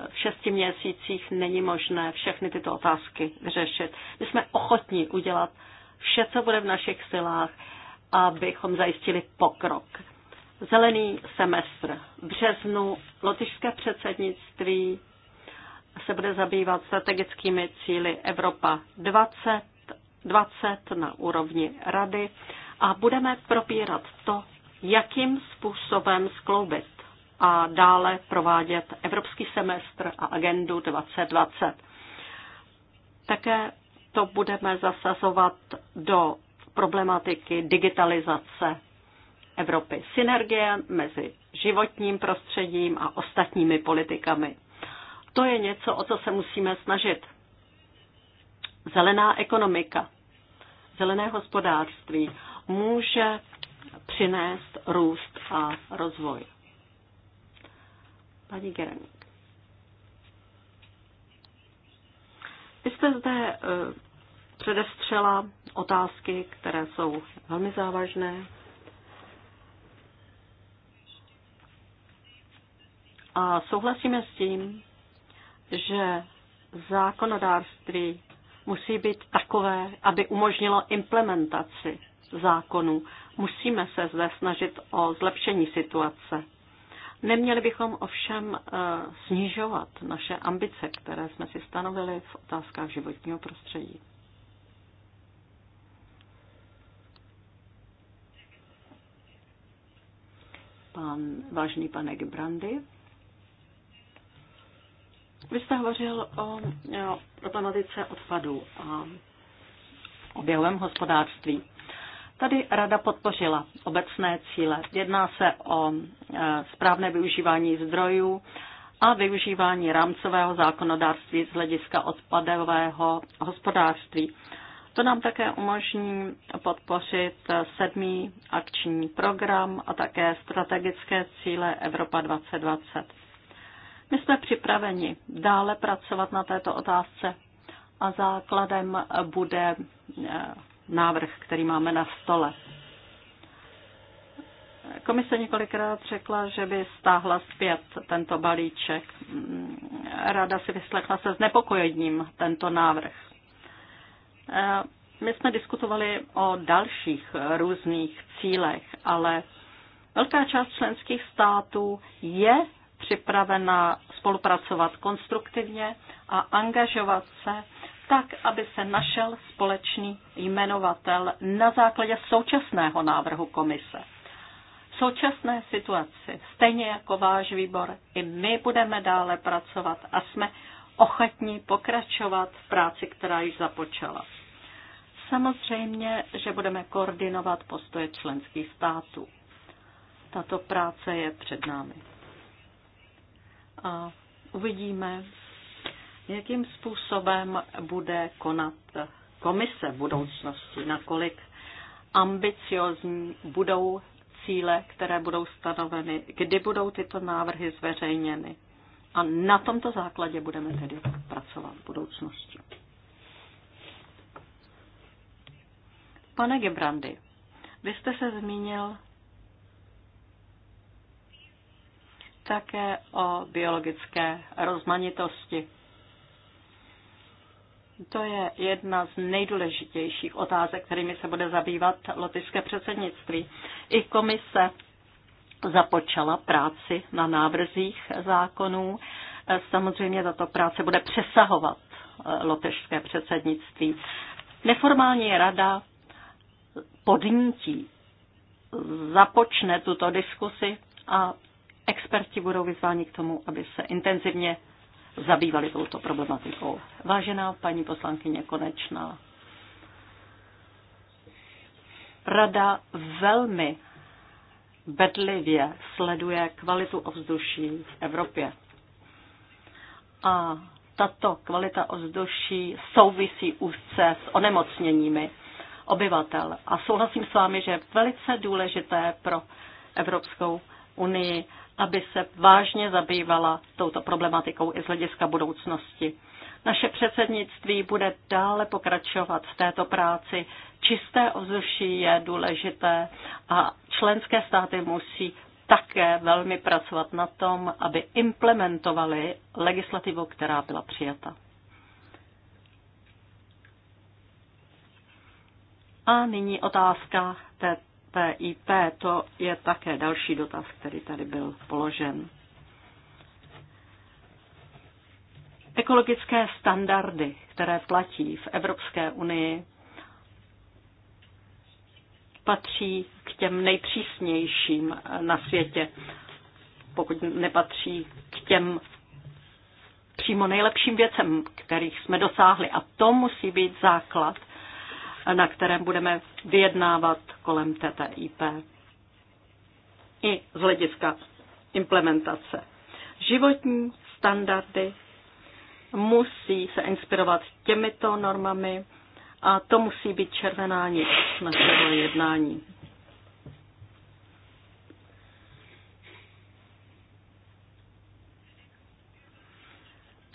v šesti měsících není možné všechny tyto otázky vyřešit. My jsme ochotní udělat vše, co bude v našich silách, abychom zajistili pokrok. Zelený semestr. V březnu lotyšské předsednictví se bude zabývat strategickými cíly Evropa 20, 20 na úrovni rady a budeme probírat to, jakým způsobem skloubit a dále provádět Evropský semestr a agendu 2020. Také to budeme zasazovat do problematiky digitalizace Evropy. Synergie mezi životním prostředím a ostatními politikami. To je něco, o co se musíme snažit. Zelená ekonomika, zelené hospodářství může přinést růst a rozvoj. Paní Gerenik. Vy jste zde eh, předestřela otázky, které jsou velmi závažné. A souhlasíme s tím, že zákonodárství musí být takové, aby umožnilo implementaci zákonů. Musíme se zde snažit o zlepšení situace. Neměli bychom ovšem eh, snižovat naše ambice, které jsme si stanovili v otázkách životního prostředí. Pan, vážený pane Gibrandy, vy jste hovořil o jo, problematice odpadů a oběhovém hospodářství. Tady rada podpořila obecné cíle. Jedná se o e, správné využívání zdrojů a využívání rámcového zákonodárství z hlediska odpadového hospodářství. To nám také umožní podpořit sedmý akční program a také strategické cíle Evropa 2020. My jsme připraveni dále pracovat na této otázce a základem bude e, návrh, který máme na stole. Komise několikrát řekla, že by stáhla zpět tento balíček. Rada si vyslechla se znepokojením tento návrh. My jsme diskutovali o dalších různých cílech, ale velká část členských států je připravena spolupracovat konstruktivně a angažovat se tak, aby se našel společný jmenovatel na základě současného návrhu komise. V současné situaci, stejně jako váš výbor, i my budeme dále pracovat a jsme ochotní pokračovat v práci, která již započala. Samozřejmě, že budeme koordinovat postoje členských států. Tato práce je před námi. A uvidíme, jakým způsobem bude konat komise v budoucnosti, nakolik ambiciozní budou cíle, které budou stanoveny, kdy budou tyto návrhy zveřejněny. A na tomto základě budeme tedy pracovat v budoucnosti. Pane Gebrandy, vy jste se zmínil také o biologické rozmanitosti. To je jedna z nejdůležitějších otázek, kterými se bude zabývat lotyšské předsednictví. I komise započala práci na návrzích zákonů. Samozřejmě tato práce bude přesahovat eh, lotyšské předsednictví. Neformální rada podnítí, započne tuto diskusi a experti budou vyzváni k tomu, aby se intenzivně zabývali touto problematikou. Vážená paní poslankyně Konečná, Rada velmi bedlivě sleduje kvalitu ovzduší v Evropě. A tato kvalita ovzduší souvisí úzce s onemocněními obyvatel. A souhlasím s vámi, že je velice důležité pro Evropskou unii, aby se vážně zabývala touto problematikou i z hlediska budoucnosti. Naše předsednictví bude dále pokračovat v této práci. Čisté ovzduší je důležité a členské státy musí také velmi pracovat na tom, aby implementovali legislativu, která byla přijata. A nyní otázka té TIP, to je také další dotaz, který tady byl položen. Ekologické standardy, které platí v Evropské unii, patří k těm nejpřísnějším na světě, pokud nepatří k těm přímo nejlepším věcem, kterých jsme dosáhli. A to musí být základ na kterém budeme vyjednávat kolem TTIP i z hlediska implementace. Životní standardy musí se inspirovat těmito normami a to musí být červená nic našeho jednání.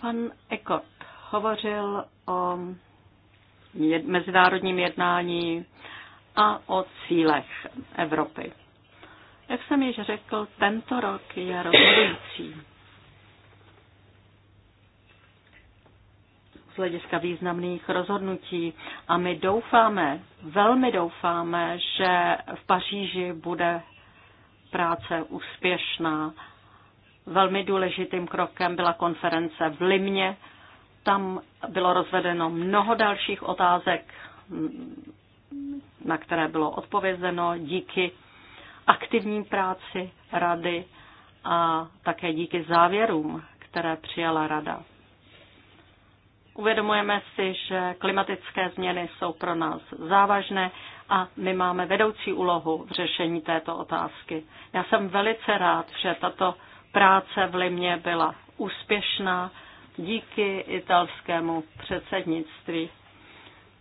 Pan Ekot hovořil o mezinárodním jednání a o cílech Evropy. Jak jsem již řekl, tento rok je rozhodující. Z hlediska významných rozhodnutí a my doufáme, velmi doufáme, že v Paříži bude práce úspěšná. Velmi důležitým krokem byla konference v Limě, tam bylo rozvedeno mnoho dalších otázek, na které bylo odpovězeno díky aktivní práci rady a také díky závěrům, které přijala rada. Uvědomujeme si, že klimatické změny jsou pro nás závažné a my máme vedoucí úlohu v řešení této otázky. Já jsem velice rád, že tato práce v Limě byla úspěšná díky italskému předsednictví.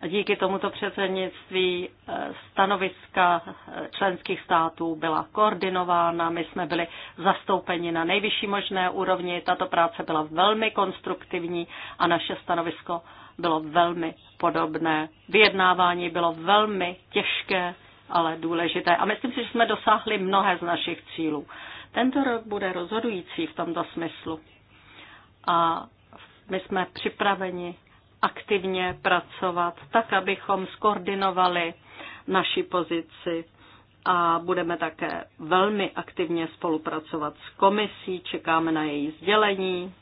A díky tomuto předsednictví eh, stanoviska eh, členských států byla koordinována, my jsme byli zastoupeni na nejvyšší možné úrovni, tato práce byla velmi konstruktivní a naše stanovisko bylo velmi podobné. Vyjednávání bylo velmi těžké, ale důležité. A myslím si, že jsme dosáhli mnohé z našich cílů. Tento rok bude rozhodující v tomto smyslu. A my jsme připraveni aktivně pracovat tak, abychom skoordinovali naši pozici a budeme také velmi aktivně spolupracovat s komisí, čekáme na její sdělení.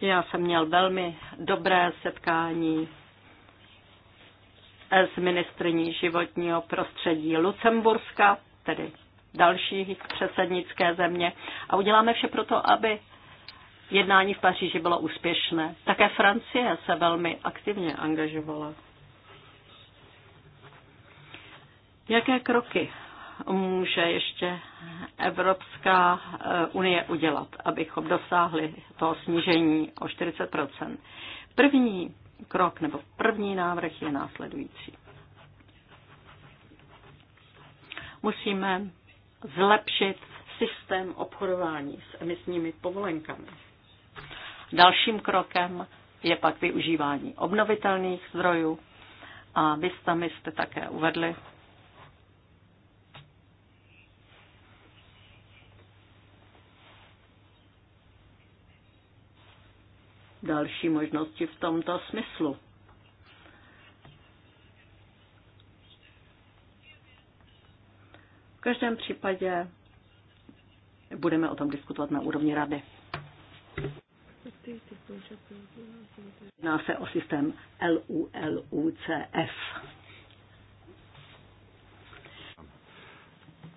Já jsem měl velmi dobré setkání s ministrní životního prostředí Lucemburska, tedy další předsednické země. A uděláme vše proto, aby jednání v Paříži bylo úspěšné. Také Francie se velmi aktivně angažovala. Jaké kroky může ještě Evropská eh, unie udělat, abychom dosáhli toho snížení o 40 První krok nebo první návrh je následující. Musíme zlepšit systém obchodování s emisními povolenkami. Dalším krokem je pak využívání obnovitelných zdrojů a vy sami jste také uvedli, další možnosti v tomto smyslu. V každém případě budeme o tom diskutovat na úrovni rady. Jedná se o systém LULUCF.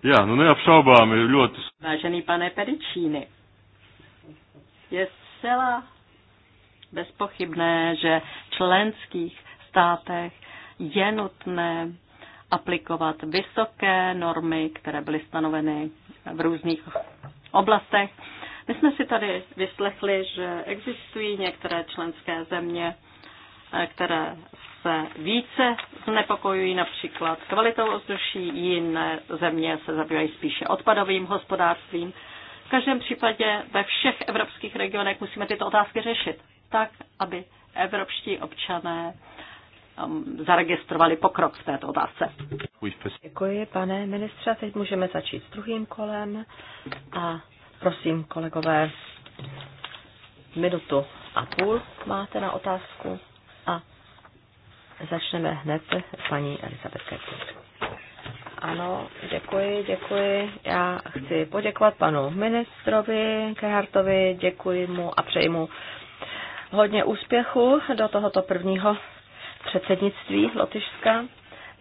Já, no neapšaubám, ļoti... Vážený pane Pedicíny, je zcela bezpochybné, že v členských státech je nutné aplikovat vysoké normy, které byly stanoveny v různých oblastech my jsme si tady vyslechli, že existují některé členské země, eh, které se více znepokojují například kvalitou ovzduší, jiné země se zabývají spíše odpadovým hospodářstvím. V každém případě ve všech evropských regionech musíme tyto otázky řešit tak, aby evropští občané um, zaregistrovali pokrok v této otázce. Děkuji, pane ministře. Teď můžeme začít s druhým kolem a Prosím, kolegové, minutu a půl máte na otázku a začneme hned s paní Elizabeth Kertu. Ano, děkuji, děkuji. Já chci poděkovat panu ministrovi Kehartovi, děkuji mu a přeji mu hodně úspěchu do tohoto prvního předsednictví Lotyšska.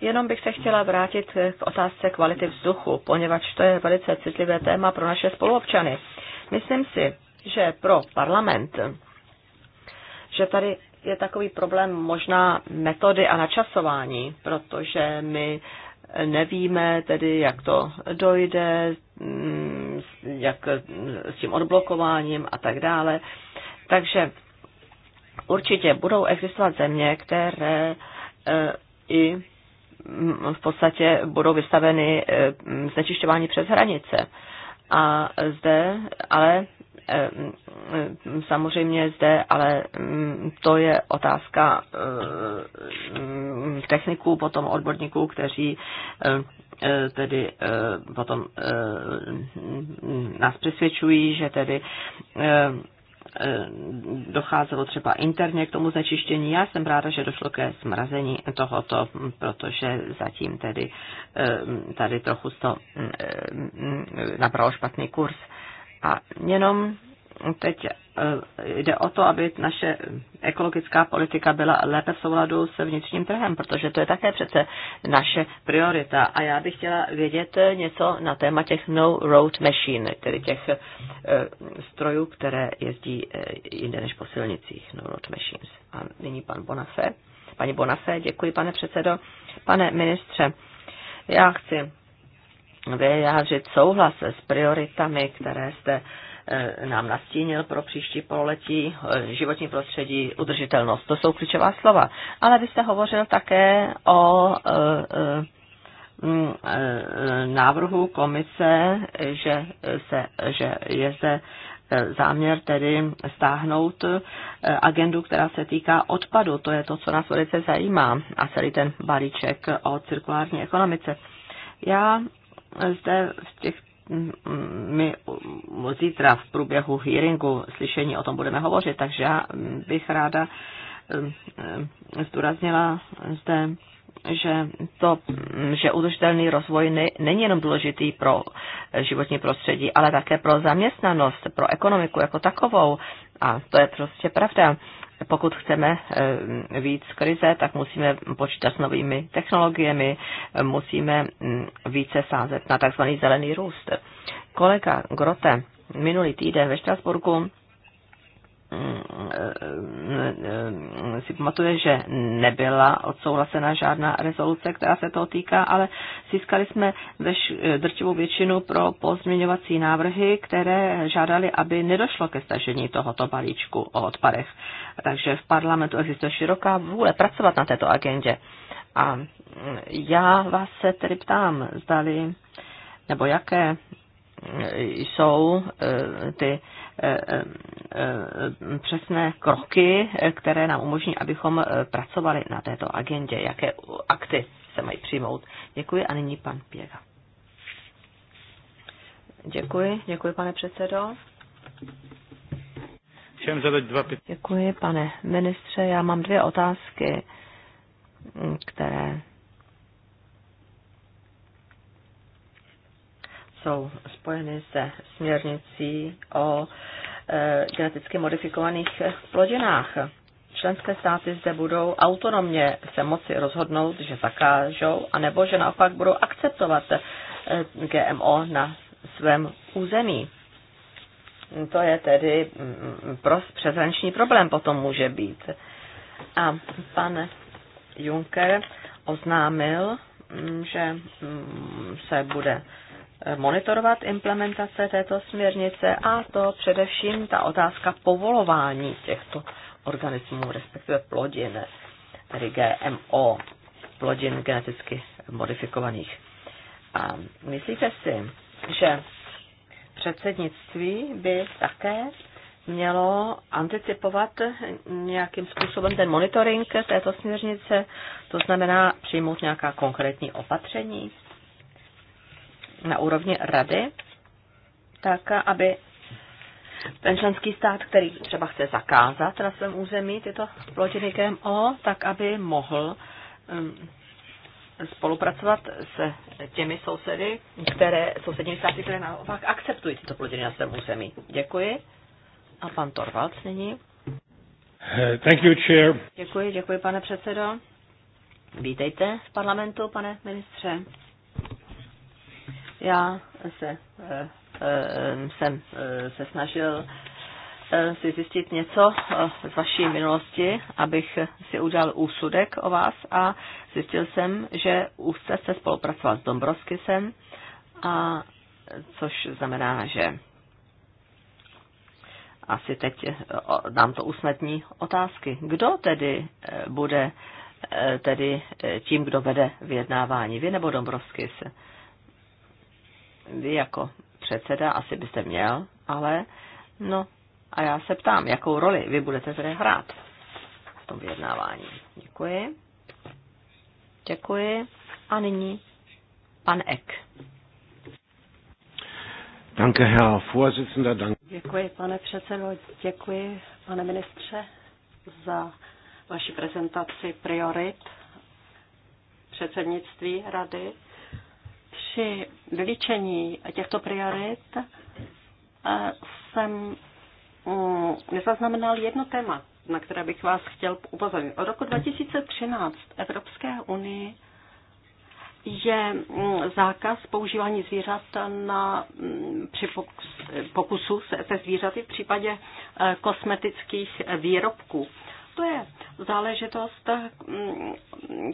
Jenom bych se chtěla vrátit k otázce kvality vzduchu, poněvadž to je velice citlivé téma pro naše spoluobčany. Myslím si, že pro parlament, že tady je takový problém možná metody a načasování, protože my nevíme tedy, jak to dojde, mm, jak s tím odblokováním a tak dále. Takže určitě budou existovat země, které eh, i v podstatě budou vystaveny eh, znečišťování přes hranice. A zde ale eh, samozřejmě zde, ale mm, to je otázka eh, techniků, potom odborníků, kteří tedy potom mm, nás přesvědčují, že tedy docházelo třeba interně k tomu znečištění. Já jsem ráda, že došlo ke zmrazení tohoto, protože zatím tedy eh, tady trochu to eh, nabralo špatný kurz. A jenom teď eh, jde o to, aby naše ekologická politika byla lépe v souladu se vnitřním trhem, protože to je také přece naše priorita. A já bych chtěla vědět eh, něco na téma těch no-road machine, tedy těch eh, strojů, které jezdí jinde než po silnicích, no-road machines. A nyní pan Bonafé. Pani Bonafé, děkuji, pane předsedo. Pane ministře, já chci vyjádřit souhlas s prioritami, které jste uh, Eh, nám nastínil pro příští pololetí, eh, životní prostředí, udržitelnost. To jsou klíčová slova. Ale vy jste hovořil také o eh, mm, návrhu komise, že, se, že je zde záměr tedy stáhnout agendu, která se týká odpadu. To je to, co nás velice zajímá a celý ten balíček o cirkulární ekonomice. Já zde v těch my zítra v průběhu hearingu slyšení o tom budeme hovořit, takže já bych ráda um, um, zdůraznila zde, že, to, že udržitelný rozvoj ne, není jenom důležitý pro životní prostředí, ale také pro zaměstnanost, pro ekonomiku jako takovou. A to je prostě pravda pokud chceme eh, víc krize, tak musíme počítat s novými technologiemi, musíme mm, více sázet na tzv. zelený růst. Kolega Grote minulý týden ve Štrasburku Eh, eh, eh, si pamatuje, že nebyla odsouhlasena žádná rezoluce, která se toho týká, ale získali jsme veš, drtivou většinu pro pozměňovací návrhy, které žádali, aby nedošlo ke stažení tohoto balíčku o odpadech. Takže v parlamentu existuje široká vůle pracovat na této agendě. A mm, já vás se tedy ptám, zdali, nebo jaké jsou ty Eh, eh, eh, přesné kroky, které nám umožní, abychom pracovali na této agendě, jaké akty se mají přijmout. Děkuji a nyní pan Pěga. Děkuji, děkuji pane předsedo. Všem zadat dva Děkuji, pane ministře. Já mám dvě otázky, které jsou spojeny se směrnicí o e, geneticky modifikovaných plodinách. Členské státy zde budou autonomně se moci rozhodnout, že zakážou, anebo že naopak budou akceptovat e, GMO na svém území. To je tedy mm, mm, přezranční problém potom může být. A pan Juncker oznámil, mm, že se bude monitorovat implementace této směrnice a to především ta otázka povolování těchto organismů, respektive plodin, tedy GMO, plodin geneticky modifikovaných. A myslíte si, že předsednictví by také mělo anticipovat nějakým způsobem ten monitoring této směrnice, to znamená přijmout nějaká konkrétní opatření? na úrovni rady, tak aby ten členský stát, který třeba chce zakázat na svém území tyto plodiny GMO, tak aby mohl um, spolupracovat s těmi sousedy, které, sousedními státy, které naopak akceptují tyto plodiny na svém území. Děkuji. A pan Torvalds nyní. Eh, thank you, chair. Děkuji, děkuji, pane předsedo. Vítejte v parlamentu, pane ministře. Já se, eh, eh, jsem eh, se snažil si zjistit něco z vaší minulosti, abych si udělal úsudek o vás a zjistil jsem, že už jste spolupracoval s Dombrovskisem, a což znamená, že asi teď dám to usnadní otázky. Kdo tedy bude tedy tím, kdo vede vyjednávání? Vy nebo Dombrovskis? se? vy jako předseda asi byste měl, ale no a já se ptám, jakou roli vy budete zde hrát v tom vyjednávání. Děkuji. Děkuji. A nyní pan Eck. Danke, Herr Vorsitzender. Danke. Děkuji, pane předsedo. Děkuji, pane ministře, za vaši prezentaci priorit předsednictví rady při vylíčení těchto priorit eh, jsem mm, nezaznamenal jedno téma, na které bych vás chtěl upozornit. Od roku 2013 Evropské unii je mm, zákaz používání zvířat na, mm, při pokusu se, se zvířaty v případě eh, kosmetických výrobků to je záležitost, mm,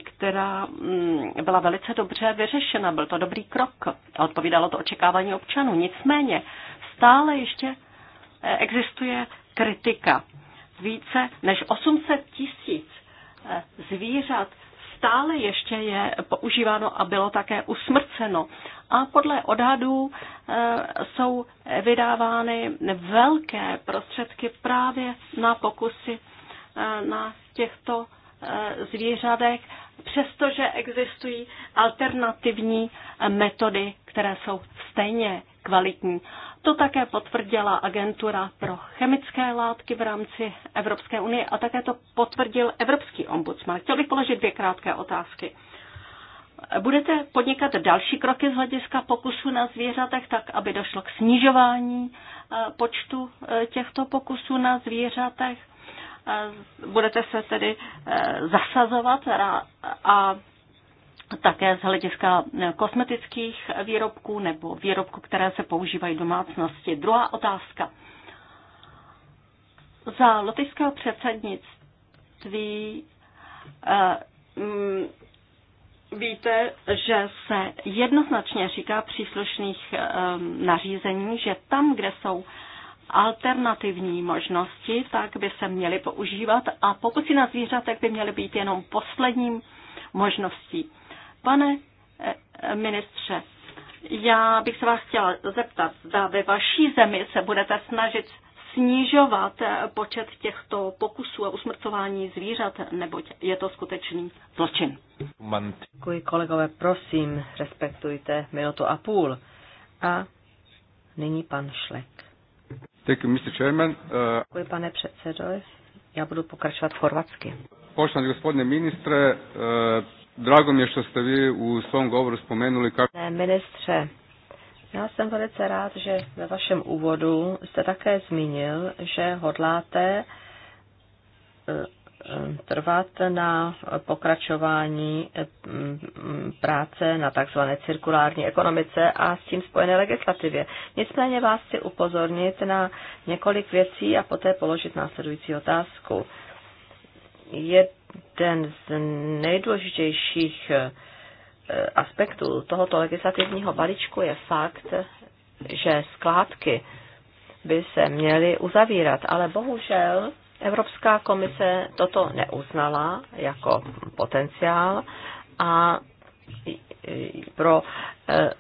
která mm, byla velice dobře vyřešena. Byl to dobrý krok a odpovídalo to očekávání občanů. Nicméně stále ještě eh, existuje kritika. Více než 800 tisíc eh, zvířat stále ještě je používáno a bylo také usmrceno. A podle odhadů eh, jsou vydávány velké prostředky právě na pokusy Eh, na těchto eh, zvířatek, přestože existují alternativní eh, metody, které jsou stejně kvalitní. To také potvrdila agentura pro chemické látky v rámci Evropské unie a také to potvrdil Evropský ombudsman. Chtěl bych položit dvě krátké otázky. Budete podnikat další kroky z hlediska pokusů na zvířatech, tak aby došlo k snižování počtu těchto pokusů na zvířatech? Eh, budete se tedy eh, zasazovat a také z hlediska eh, kosmetických výrobků nebo výrobků, které se používají v domácnosti. Druhá otázka. Za lotyšského předsednictví mm, víte, že se jednoznačně říká příslušných nařízení, že tam, kde jsou alternativní možnosti, tak by se měly používat a pokusy na zvířatek by měly být jenom posledním možností. Pane eh, ministře, já bych se vás chtěla zeptat, zda ve vaší zemi se budete snažit snižovat eh, počet těchto pokusů a usmrcování zvířat, neboť je to skutečný zločin. Děkuji kolegové, prosím, respektujte minutu a půl. A nyní pan Šlek. Thank you, Mr. Chairman. Uh, Děkuji, pane předsedo. Já budu pokračovat v chorvatsky. Poštovani gospodine ministre, uh, drago mi je što ste vi u svom govoru spomenuli kako... Ministře, já jsem velice rád, že ve vašem úvodu jste také zmínil, že hodláte eh, trvat na pokračování mm, práce na tzv. cirkulární ekonomice a s tím spojené legislativě. Nicméně vás chci upozornit na několik věcí a poté položit následující otázku. Jeden z nejdůležitějších eh, aspektů tohoto legislativního balíčku je fakt, že skládky by se měly uzavírat, ale bohužel Evropská komise toto neuznala jako potenciál a pro eh,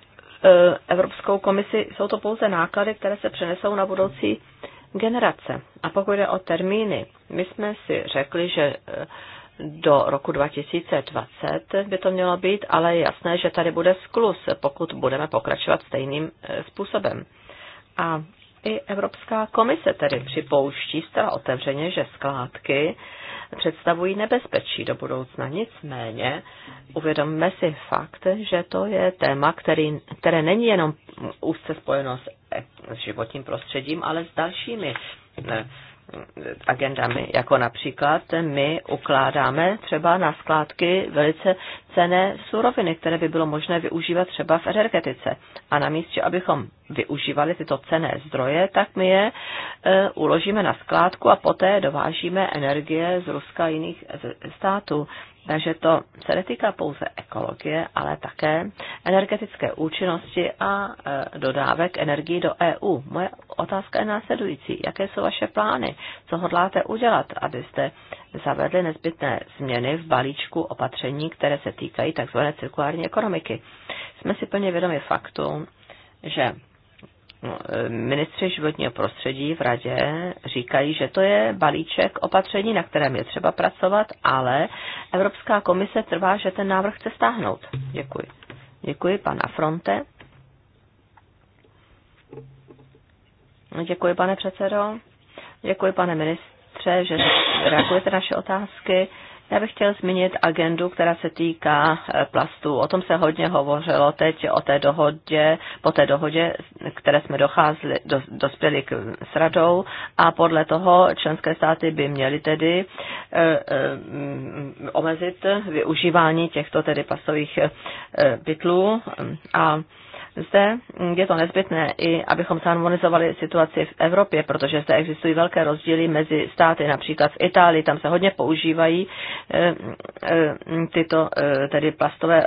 eh, Evropskou komisi jsou to pouze náklady, které se přenesou na budoucí generace. A pokud jde o termíny, my jsme si řekli, že eh, do roku 2020 by to mělo být, ale je jasné, že tady bude sklus, pokud budeme pokračovat stejným způsobem. A i Evropská komise tedy připouští zcela otevřeně, že skládky představují nebezpečí do budoucna. Nicméně uvědomme si fakt, že to je téma, který, které není jenom úzce spojeno s, e, s životním prostředím, ale s dalšími agendami, jako například my ukládáme třeba na skládky velice cené suroviny, které by bylo možné využívat třeba v energetice. A na místě, abychom využívali tyto cené zdroje, tak my je e, uložíme na skládku a poté dovážíme energie z Ruska a jiných států. Takže to se netýká pouze ekologie, ale také energetické účinnosti a e, dodávek energii do EU. Moje otázka je následující. Jaké jsou vaše plány? Co hodláte udělat, abyste zavedli nezbytné změny v balíčku opatření, které se týkají tzv. cirkulární ekonomiky? Jsme si plně vědomi faktu, že ministři životního prostředí v radě říkají, že to je balíček opatření, na kterém je třeba pracovat, ale Evropská komise trvá, že ten návrh chce stáhnout. Děkuji. Děkuji, pana Fronte. Děkuji, pane předsedo. Děkuji, pane ministře, že reagujete naše otázky. Já bych chtěl zmínit agendu, která se týká eh, plastů. O tom se hodně hovořilo teď, o té dohodě, po té dohodě, které jsme docházeli, do, dospěli k, s radou a podle toho členské státy by měly tedy e, e, omezit využívání těchto tedy plastových e, bytlů a e, zde je to nezbytné i, abychom harmonizovali situaci v Evropě, protože zde existují velké rozdíly mezi státy, například v Itálii, tam se hodně používají eh, eh, tyto eh, tedy plastové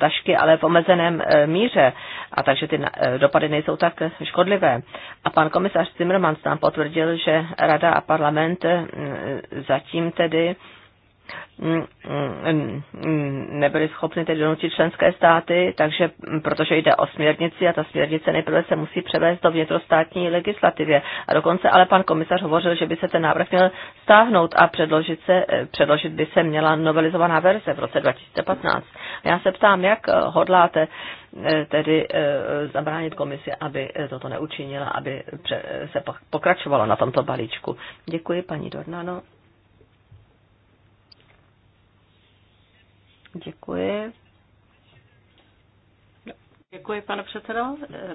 tašky, ale v omezeném míře, a takže ty dopady nejsou tak škodlivé. A pan komisař Zimmermans nám potvrdil, že Rada a parlament zatím tedy Mm, mm, mm, nebyly schopny tedy donutit členské státy, takže protože jde o směrnici a ta směrnice nejprve se musí převést do vnitrostátní legislativě. A dokonce ale pan komisař hovořil, že by se ten návrh měl stáhnout a předložit, se, eh, předložit by se měla novelizovaná verze v roce 2015. A já se ptám, jak eh, hodláte eh, tedy zabránit komisi, aby toto neučinila, aby se pokračovalo na tomto balíčku. Děkuji, paní Dornano. Děkuji. Děkuji, pane předsedo.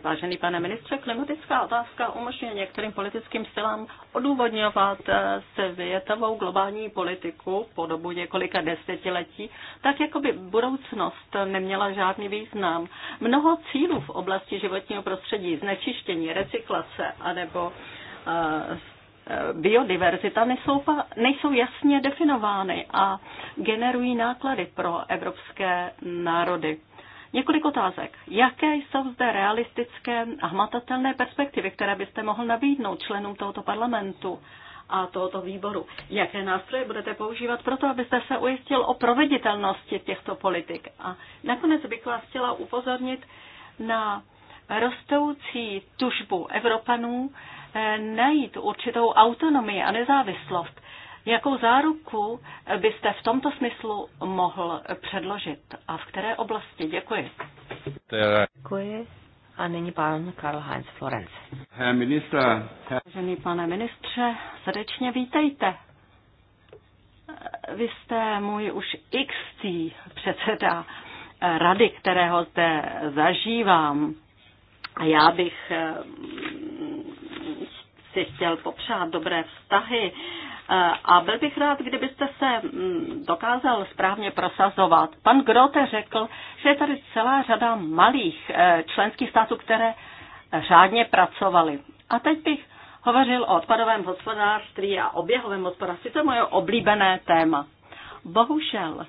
Vážený pane ministře, klimatická otázka umožňuje některým politickým silám odůvodňovat se větavou globální politiku po dobu několika desetiletí, tak jako by budoucnost neměla žádný význam. Mnoho cílů v oblasti životního prostředí, znečištění, recyklace anebo eh, biodiverzita nejsou, nejsou jasně definovány a generují náklady pro evropské národy. Několik otázek. Jaké jsou zde realistické a hmatatelné perspektivy, které byste mohl nabídnout členům tohoto parlamentu a tohoto výboru? Jaké nástroje budete používat pro to, abyste se ujistil o proveditelnosti těchto politik? A nakonec bych vás chtěla upozornit na rostoucí tužbu Evropanů Eh, najít určitou autonomii a nezávislost. Jakou záruku byste v tomto smyslu mohl předložit a v které oblasti? Děkuji. Děkuji. A nyní pan Karl Heinz Florenz. Vážený pane ministře, srdečně vítejte. Vy jste můj už x předseda rady, kterého zde zažívám. A já bych si chtěl popřát dobré vztahy eh, a byl bych rád, kdybyste se mm, dokázal správně prosazovat. Pan Grote řekl, že je tady celá řada malých eh, členských států, které řádně pracovaly. A teď bych hovořil o odpadovém hospodářství a oběhovém hospodářství. To je moje oblíbené téma. Bohužel,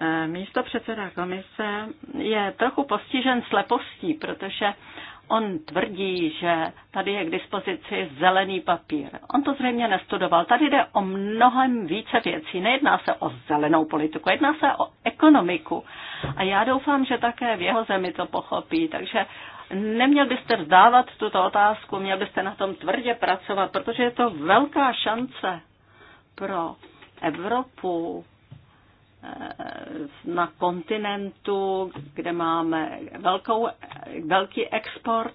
eh, místo předseda komise je trochu postižen slepostí, protože On tvrdí, že tady je k dispozici zelený papír. On to zřejmě nestudoval. Tady jde o mnohem více věcí. Nejedná se o zelenou politiku, jedná se o ekonomiku. A já doufám, že také v jeho zemi to pochopí. Takže neměl byste vzdávat tuto otázku, měl byste na tom tvrdě pracovat, protože je to velká šance pro Evropu, Eh, na kontinentu, kde máme velkou, velký export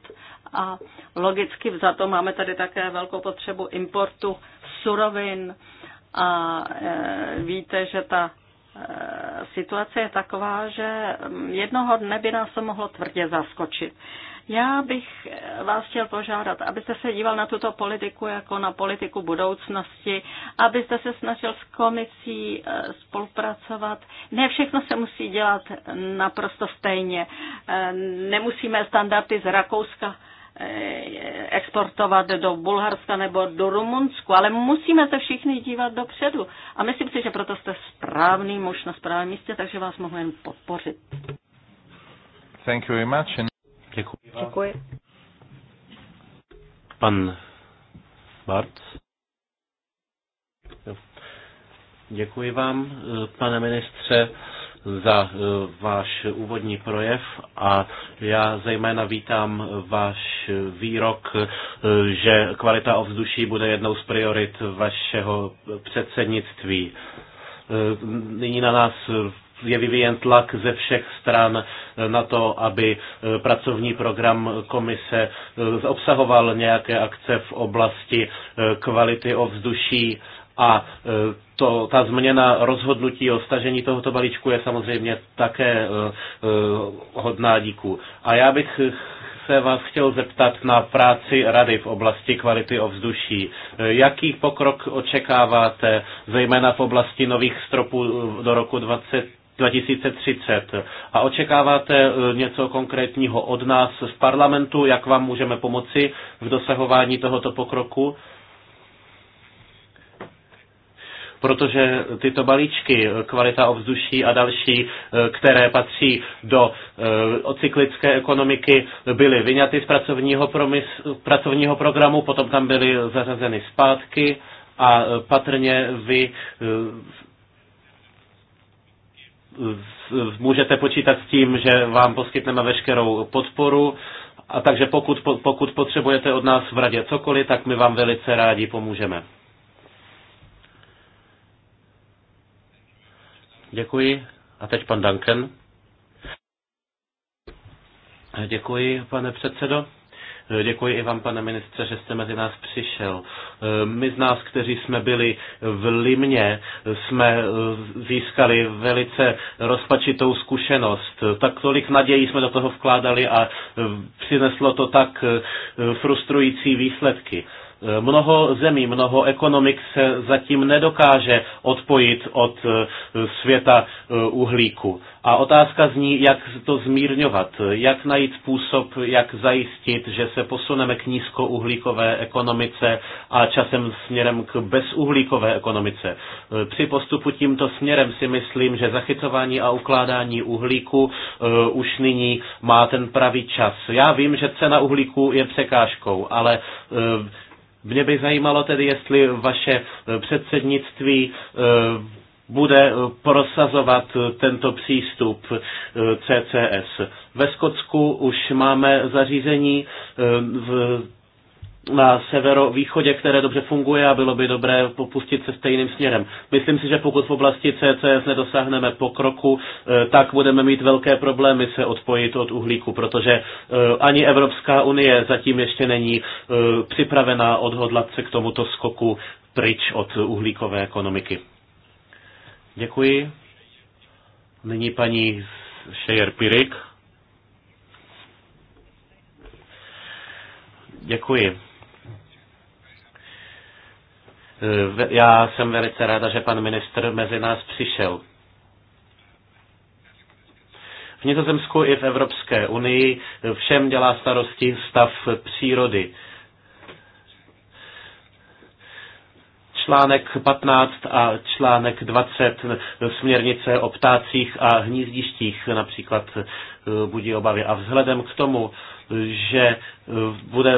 a logicky za to máme tady také velkou potřebu importu surovin a eh, víte, že ta eh, situace je taková, že jednoho dne by nás to mohlo tvrdě zaskočit. Já bych eh, vás chtěl požádat, abyste se díval na tuto politiku jako na politiku budoucnosti, abyste se snažil s komisí eh, spolupracovat. Ne všechno se musí dělat naprosto stejně. Eh, nemusíme standardy z Rakouska exportovat do Bulharska nebo do Rumunsku, ale musíme se všichni dívat dopředu. A myslím si, že proto jste správný muž na správném místě, takže vás mohu jen podpořit. Thank you very much. Děkuji. Děkuji. Pan Bart. Děkuji vám, pane ministře, za eh, váš úvodní projev a já zejména vítám váš výrok, eh, že kvalita ovzduší bude jednou z priorit vašeho předsednictví. Eh, nyní na nás je vyvíjen tlak ze všech stran na to, aby e, pracovní program komise e, obsahoval nějaké akce v oblasti e, kvality ovzduší a to, ta změna rozhodnutí o stažení tohoto balíčku je samozřejmě také hodná díku. A já bych se vás chtěl zeptat na práci Rady v oblasti kvality ovzduší. Jaký pokrok očekáváte, zejména v oblasti nových stropů do roku 20 2030. A očekáváte eh, něco konkrétního od nás v parlamentu, jak vám můžeme pomoci v dosahování tohoto pokroku? protože tyto balíčky, eh, kvalita ovzduší a další, eh, které patří do cyklické ekonomiky, byly vyňaty z pracovního, promys, pracovního programu, potom tam byly zařazeny zpátky a patrně vy můžete počítat s tím, že vám poskytneme veškerou podporu. A takže pokud, pokud potřebujete od nás v radě cokoliv, tak my vám velice rádi pomůžeme. Děkuji. A teď pan Duncan. Děkuji, pane předsedo. Děkuji i vám, pane ministře, že jste mezi nás přišel. My z nás, kteří jsme byli v Limně, jsme eh, získali velice rozpačitou zkušenost. Tak tolik nadějí jsme do toho vkládali a eh, přineslo to tak eh, frustrující výsledky. Mnoho zemí, mnoho ekonomik se zatím nedokáže odpojit od e, světa e, uhlíku. A otázka zní, jak to zmírňovat, jak najít způsob, jak zajistit, že se posuneme k nízkouhlíkové ekonomice a časem směrem k bezuhlíkové ekonomice. E, při postupu tímto směrem si myslím, že zachycování a ukládání uhlíku už nyní má ten pravý čas. Já vím, že cena uhlíku je překážkou, ale mě by zajímalo tedy, jestli vaše eh, předsednictví eh, bude eh, prosazovat tento přístup CCS. Ve Skotsku už máme zařízení v na severovýchodě, které dobře funguje a bylo by dobré popustit se stejným směrem. Myslím si, že pokud v oblasti CCS nedosáhneme pokroku, eh, tak budeme mít velké problémy se odpojit od uhlíku, protože eh, ani Evropská unie zatím ještě není eh, připravená odhodlat se k tomuto skoku pryč od uhlíkové ekonomiky. Děkuji. Nyní paní Šejer Pirik. Děkuji. Eh, já jsem velice ráda, že pan ministr mezi nás přišel. V Nizozemsku i v Evropské unii všem dělá starosti stav přírody. článek 15 a článek 20 směrnice o ptácích a hnízdištích například eh, budí obavy. A vzhledem k tomu, že eh, bude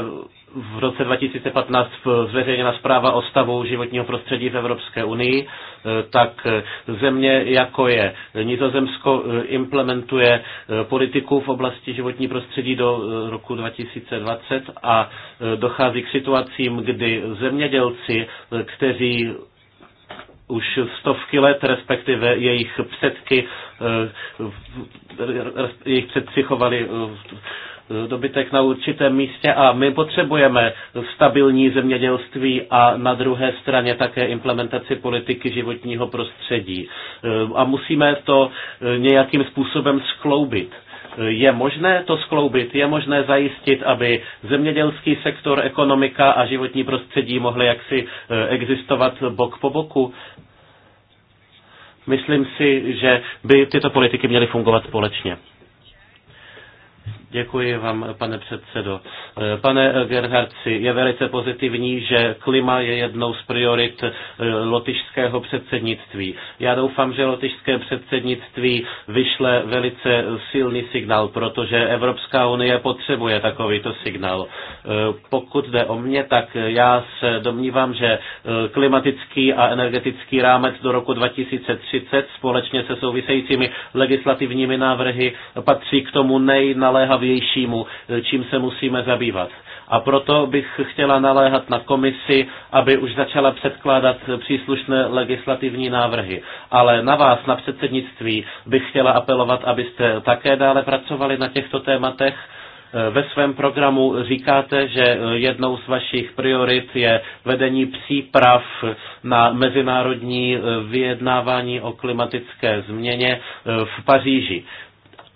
v roce 2015 zveřejněna zpráva o stavu životního prostředí v Evropské unii, eh, tak eh, země jako je Nizozemsko implementuje politiku v oblasti životní prostředí do roku 2020 a dochází k situacím, kdy zemědělci, kteří už stovky let, respektive jejich předky, jejich předci chovali dobytek na určitém místě a my potřebujeme stabilní zemědělství a na druhé straně také implementaci politiky životního prostředí. E, a musíme to e, nějakým způsobem skloubit. E, je možné to skloubit, je možné zajistit, aby zemědělský sektor, ekonomika a životní prostředí mohly jaksi existovat bok po boku. Myslím si, že by tyto politiky měly fungovat společně. Děkuji vám, pane předsedo. Pane Gerhardci, je velice pozitivní, že klima je jednou z priorit eh, lotyšského předsednictví. Já doufám, že lotyšské předsednictví vyšle velice silný signál, protože Evropská unie potřebuje takovýto signál. Eh, pokud jde o mě, tak já se domnívám, že eh, klimatický a energetický rámec do roku 2030 společně se souvisejícími legislativními návrhy patří k tomu nejnaléhavějšímu nejzajímavějšímu, eh, čím se musíme zabývat. A proto bych chtěla naléhat na komisi, aby už začala předkládat příslušné legislativní návrhy. Ale na vás, na předsednictví, bych chtěla apelovat, abyste také dále pracovali na těchto tématech. Eh, ve svém programu říkáte, že eh, jednou z vašich priorit je vedení příprav na mezinárodní vyjednávání o klimatické změně v Paříži.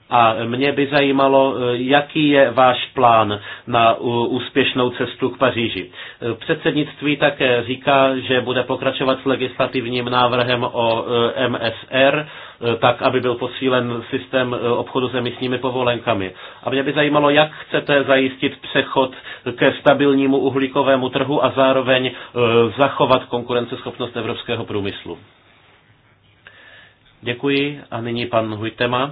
A mě by zajímalo, eh, jaký je váš plán na úspěšnou cestu k Paříži. Eh, předsednictví také říká, že bude pokračovat s legislativním návrhem o eh, MSR, tak, aby byl posílen systém obchodu s emisními povolenkami. A mě by zajímalo, jak chcete zajistit přechod ke stabilnímu uhlíkovému trhu a zároveň zachovat konkurenceschopnost evropského průmyslu. Děkuji a nyní pan Hujtema.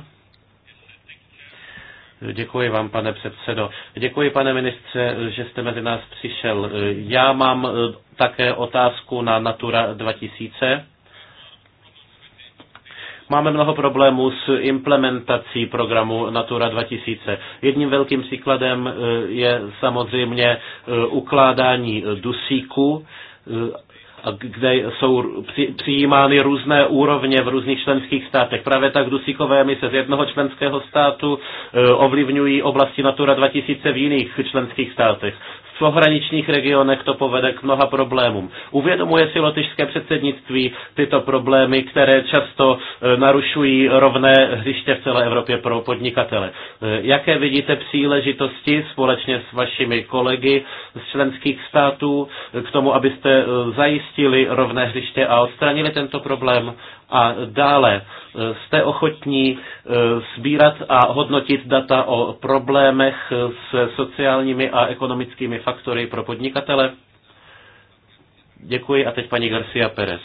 Děkuji vám, pane předsedo. Děkuji, pane ministře, že jste mezi nás přišel. Já mám eh, také otázku na Natura 2000. Máme mnoho problémů s implementací programu Natura 2000. Jedním velkým příkladem eh, je samozřejmě eh, ukládání dusíku kde jsou přijímány různé úrovně v různých členských státech. Právě tak dusíkové emise z jednoho členského státu e, ovlivňují oblasti Natura 2000 v jiných členských státech. V pohraničních regionech to povede k mnoha problémům. Uvědomuje si lotyšské předsednictví tyto problémy, které často e, narušují rovné hřiště v celé Evropě pro podnikatele. E, jaké vidíte příležitosti společně s vašimi kolegy z členských států e, k tomu, abyste zajistili rovné hřiště a odstranili tento problém? A dále, e, jste ochotní e, sbírat a hodnotit data o problémech e, s sociálními a ekonomickými faktory pro podnikatele? Děkuji a teď paní Garcia Perez.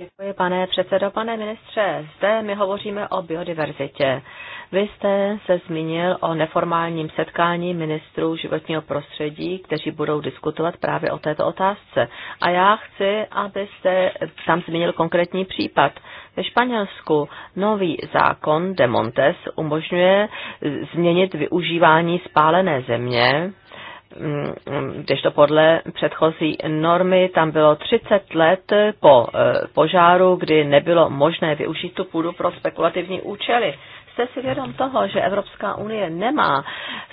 Děkuji, pane předsedo. Pane ministře, zde my hovoříme o biodiverzitě. Vy jste se zmínil o neformálním setkání ministrů životního prostředí, kteří budou diskutovat právě o této otázce. A já chci, abyste tam zmínil konkrétní případ. Ve Španělsku nový zákon de Montes umožňuje změnit využívání spálené země když to podle předchozí normy, tam bylo 30 let po eh, požáru, kdy nebylo možné využít tu půdu pro spekulativní účely. Jste si vědom toho, že Evropská unie nemá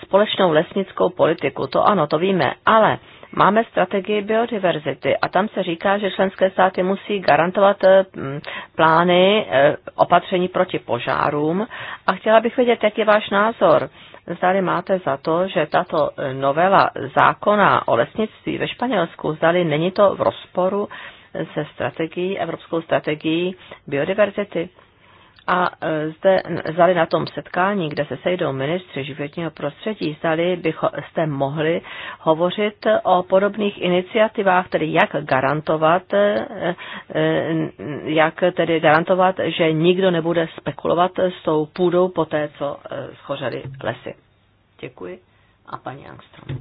společnou lesnickou politiku, to ano, to víme, ale máme strategii biodiverzity a tam se říká, že členské státy musí garantovat eh, plány eh, opatření proti požárům a chtěla bych vědět, jaký je váš názor zdali máte za to, že tato novela zákona o lesnictví ve Španělsku, zdali není to v rozporu se strategií, evropskou strategií biodiverzity. A e, zde zali na tom setkání, kde se sejdou ministři životního prostředí, zdali byste mohli hovořit o podobných iniciativách, tedy jak garantovat, e, e, jak tedy garantovat, že nikdo nebude spekulovat s tou půdou po té, co schořeli lesy. Děkuji. A paní Angstrom.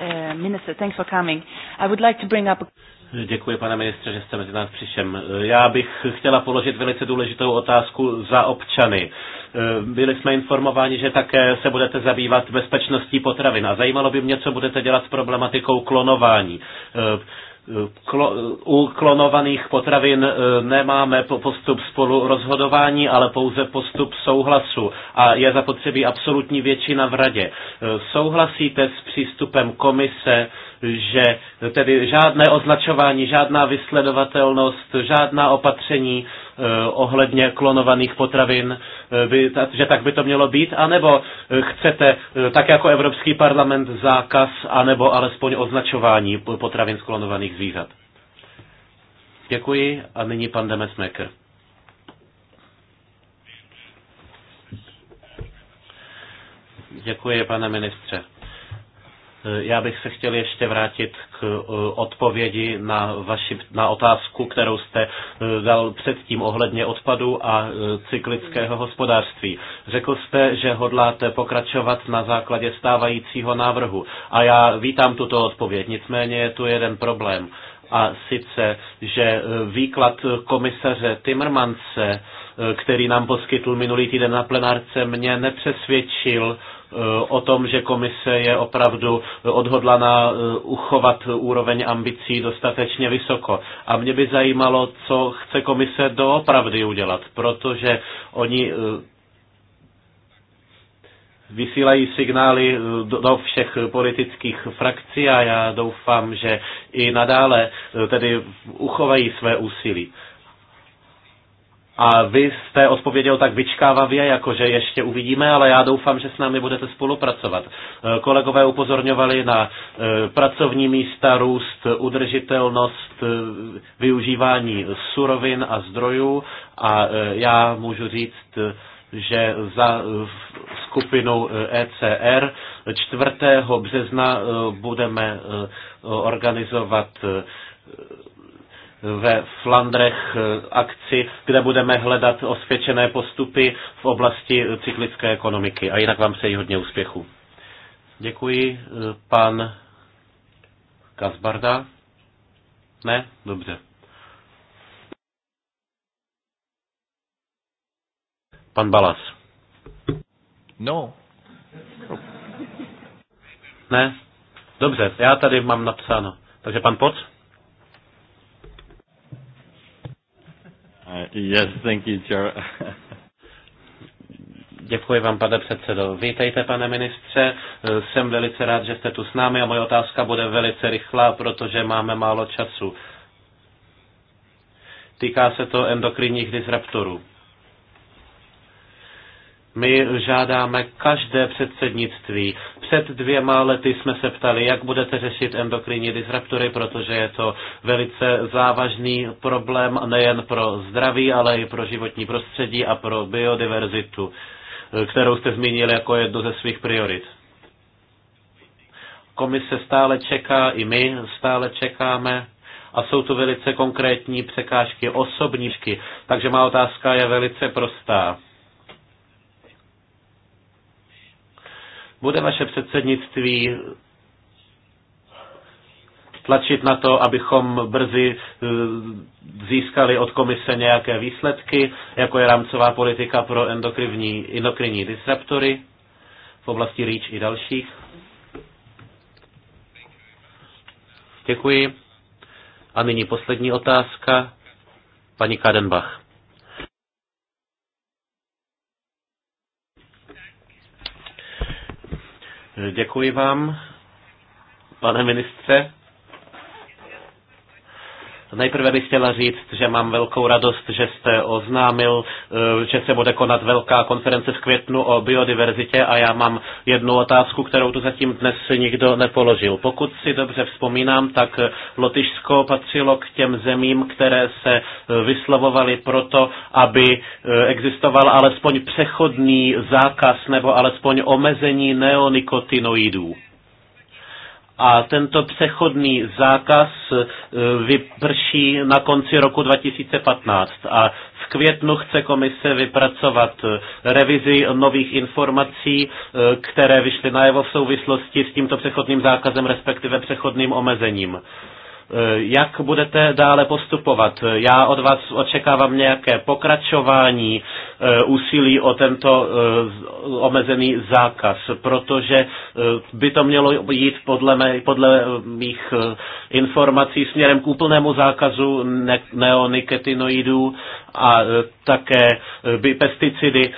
Eh, minister, thanks for coming. I would like to bring up... Děkuji, pane ministře, že jste mezi nás přišel. Já bych chtěla položit velice důležitou otázku za občany. Byli jsme informováni, že také se budete zabývat bezpečností potravin a zajímalo by mě, co budete dělat s problematikou klonování u klonovaných potravin eh, nemáme postup spolu rozhodování, ale pouze postup souhlasu a je zapotřebí absolutní většina v radě. Eh, souhlasíte s přístupem komise že tedy žádné označování, žádná vysledovatelnost, žádná opatření eh, ohledně klonovaných potravin, eh, by, že tak by to mělo být, anebo eh, chcete tak jako Evropský parlament zákaz, anebo alespoň označování potravin z klonovaných zvířat. Děkuji a nyní pan Demesmaker. Děkuji, pane ministře. Já bych se chtěl ještě vrátit k eh, odpovědi na, vaši, na otázku, kterou jste eh, dal předtím ohledně odpadu a eh, cyklického hospodářství. Řekl jste, že hodláte pokračovat na základě stávajícího návrhu. A já vítám tuto odpověď, nicméně je tu jeden problém. A sice, že výklad komisaře Timmermanse který nám poskytl minulý týden na plenárce, mě nepřesvědčil e, o tom, že komise je opravdu odhodlaná e, uchovat úroveň ambicí dostatečně vysoko. A mě by zajímalo, co chce komise doopravdy udělat, protože oni e, vysílají signály do všech politických frakcí a já doufám, že i nadále tedy uchovají své úsilí. A vy jste odpověděl tak vyčkávavě, jako že ještě uvidíme, ale já doufám, že s námi budete spolupracovat. E, kolegové upozorňovali na e, pracovní místa, růst, udržitelnost, e, využívání surovin a zdrojů a já můžu říct, že za skupinu ECR 4. března budeme organizovat ve Flandrech eh, akci, kde budeme hledat osvědčené postupy v oblasti eh, cyklické ekonomiky. A jinak vám přeji hodně úspěchu. Děkuji. Eh, pan Kasbarda? Ne? Dobře. Pan Balas. No. Ne? Dobře, já tady mám napsáno. Takže pan Poc? Eh, yes, thank you, Chair. Děkuji vám, pane předsedo. Vítejte, pane ministře. Eh, jsem velice rád, že jste tu s námi a moje otázka bude velice rychlá, protože máme málo času. Týká se to endokrinních disruptorů. My žádáme každé předsednictví. Před dvěma lety jsme se ptali, jak budete řešit endokrinní disruptory, protože je to velice závažný problém nejen pro zdraví, ale i pro životní prostředí a pro biodiverzitu, kterou jste zmínili jako jednu ze svých priorit. Komise stále čeká, i my stále čekáme a jsou tu velice konkrétní překážky, osobníčky. Takže má otázka je velice prostá Bude vaše předsednictví tlačit na to, abychom brzy eh, získali od komise nějaké výsledky, jako je rámcová politika pro endokrinní, endokrinní disruptory v oblasti REACH i dalších. Děkuji. A nyní poslední otázka. Paní Kadenbach. Děkuji vám, pane ministře. Nejprve bych chtěla říct, že mám velkou radost, že jste oznámil, eh, že se bude konat velká konference v květnu o biodiverzitě a já mám jednu otázku, kterou tu zatím dnes nikdo nepoložil. Pokud si dobře vzpomínám, tak Lotyšsko patřilo k těm zemím, které se eh, vyslovovaly proto, aby eh, existoval alespoň přechodný zákaz nebo alespoň omezení neonikotinoidů a tento přechodný zákaz e, vyprší na konci roku 2015 a v květnu chce komise vypracovat e, revizi nových informací, e, které vyšly najevo v souvislosti s tímto přechodným zákazem, respektive přechodným omezením. Jak budete dále postupovat? Já od vás očekávám nějaké pokračování Eh, úsilí o tento eh, omezený zákaz, protože eh, by to mělo jít podle, mé, podle mých informací směrem k úplnému zákazu ne- neoniketinoidů a také by pesticidy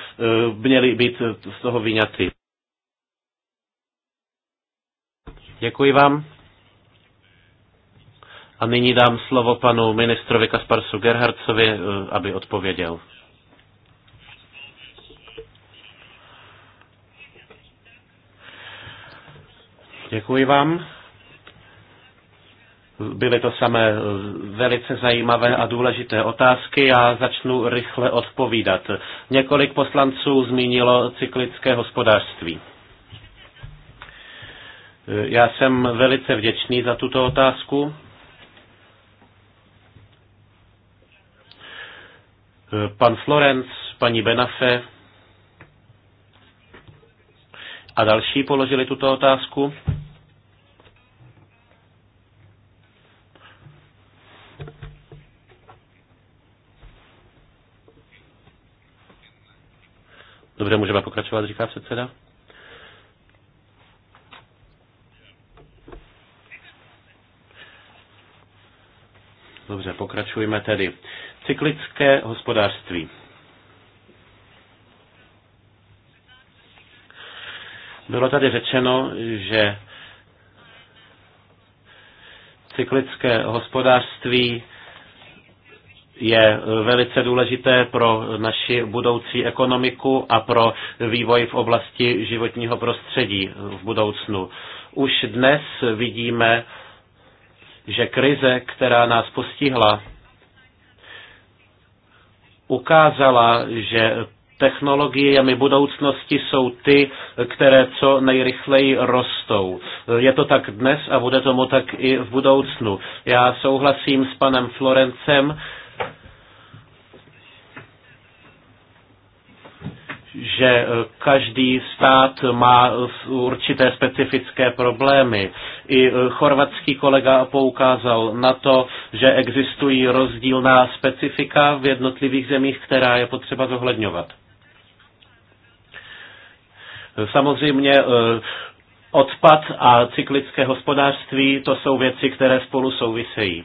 měly být z toho vyňaty. Děkuji vám. A nyní dám slovo panu ministrovi Kasparsu Gerhardcovi, aby odpověděl. Děkuji vám. Byly to samé velice zajímavé a důležité otázky. Já začnu rychle odpovídat. Několik poslanců zmínilo cyklické hospodářství. Já jsem velice vděčný za tuto otázku. Pan Florenc, paní Benafe a další položili tuto otázku. Dobře, můžeme pokračovat, říká předseda. Dobře, pokračujeme tedy. Cyklické hospodářství. Bylo tady řečeno, že cyklické hospodářství je velice důležité pro naši budoucí ekonomiku a pro vývoj v oblasti životního prostředí v budoucnu. Už dnes vidíme, že krize, která nás postihla, ukázala, že technologiemi budoucnosti jsou ty, které co nejrychleji rostou. Je to tak dnes a bude tomu tak i v budoucnu. Já souhlasím s panem Florencem, že eh, každý stát má eh, určité specifické problémy. I eh, chorvatský kolega poukázal na to, že existují rozdílná specifika v jednotlivých zemích, která je potřeba zohledňovat. Samozřejmě odpad a cyklické hospodářství, to jsou věci, které spolu souvisejí.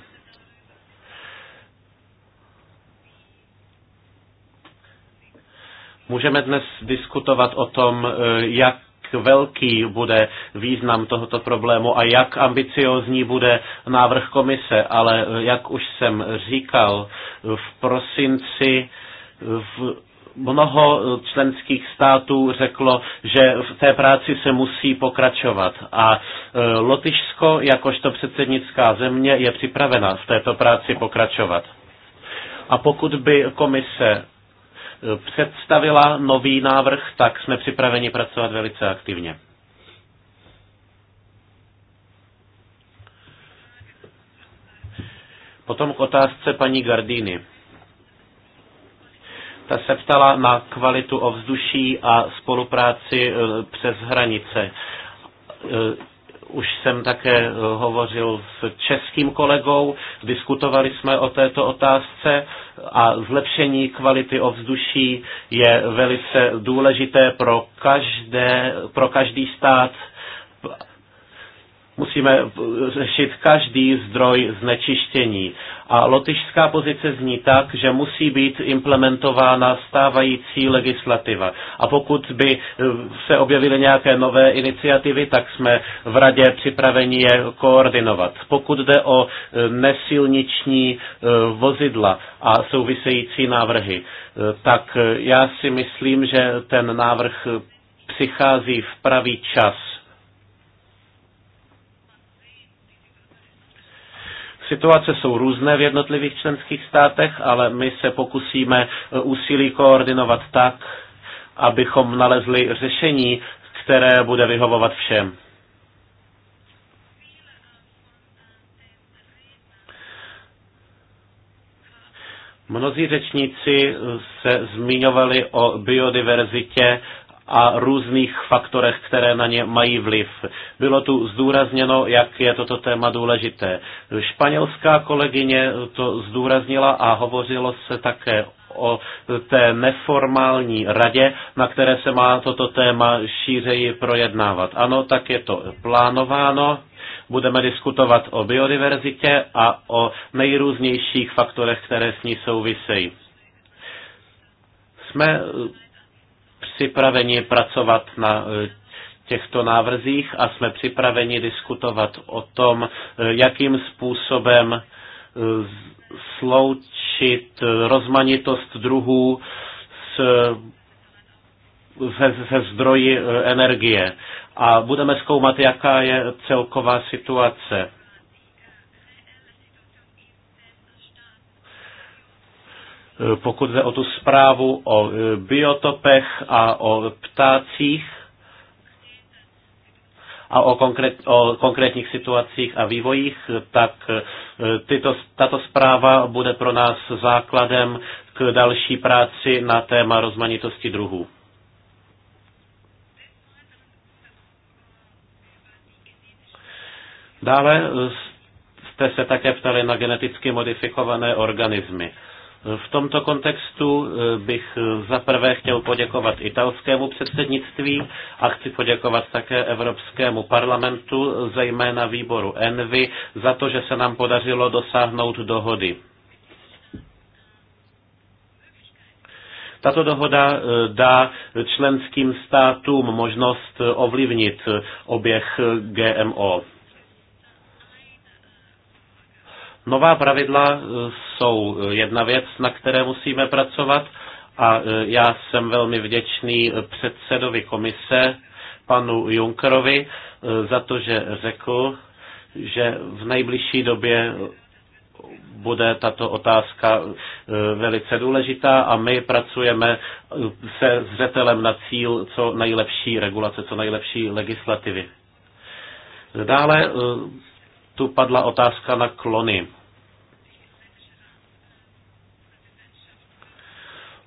Můžeme dnes diskutovat o tom, eh, jak velký bude význam tohoto problému a jak ambiciózní bude návrh komise, ale eh, jak už jsem říkal, v prosinci v mnoho členských států řeklo, že v té práci se musí pokračovat. A eh, Lotyšsko, jakožto předsednická země, je připravena v této práci pokračovat. A pokud by komise představila nový návrh, tak jsme připraveni pracovat velice aktivně. Potom k otázce paní Gardíny. Ta se ptala na kvalitu ovzduší a spolupráci eh, přes hranice. Eh, už jsem také eh, hovořil s českým kolegou, diskutovali jsme o této otázce a zlepšení kvality ovzduší je velice důležité pro, každé, pro každý stát musíme řešit každý zdroj znečištění. A lotyšská pozice zní tak, že musí být implementována stávající legislativa. A pokud by eh, se objevily nějaké nové iniciativy, tak jsme v radě připraveni je koordinovat. Pokud jde o eh, nesilniční eh, vozidla a související návrhy, tak já si myslím, že ten návrh přichází v pravý čas Situace jsou různé v jednotlivých členských státech, ale my se pokusíme e, úsilí koordinovat tak, abychom nalezli řešení, které bude vyhovovat všem. Mnozí řečníci se zmiňovali o biodiverzitě a různých faktorech, které na ně mají vliv. Bylo tu zdůrazněno, jak je toto téma důležité. Španělská kolegyně to zdůraznila a hovořilo se také o té neformální radě, na které se má toto téma šířeji projednávat. Ano, tak je to plánováno. Budeme diskutovat o biodiverzitě a o nejrůznějších faktorech, které s ní souvisejí. Jsme připraveni pracovat na e, těchto návrzích a jsme připraveni diskutovat o tom, e, jakým způsobem e, sloučit rozmanitost druhů s, se, se zdroji energie. A budeme zkoumat, jaká je celková situace. Eh, pokud jde o tu zprávu o eh, biotopech a o ptácích a o, konkrét, o konkrétních situacích a vývojích, tak eh, tyto, tato zpráva bude pro nás základem k další práci na téma rozmanitosti druhů. Dále jste se také ptali na geneticky modifikované organismy. V tomto kontextu eh, bych eh, zaprvé chtěl poděkovat italskému předsednictví a chci poděkovat také Evropskému parlamentu, zejména výboru Envy, za to, že se nám podařilo dosáhnout dohody. Tato dohoda eh, dá členským státům možnost ovlivnit oběh GMO. Nová pravidla eh, jsou eh, jedna věc, na které musíme pracovat a eh, já jsem velmi vděčný předsedovi komise, panu Junkerovi, za to, že řekl, že v nejbližší době bude tato otázka velice důležitá a my pracujeme se zřetelem na cíl co nejlepší regulace, co nejlepší legislativy. Dále tu padla otázka na klony.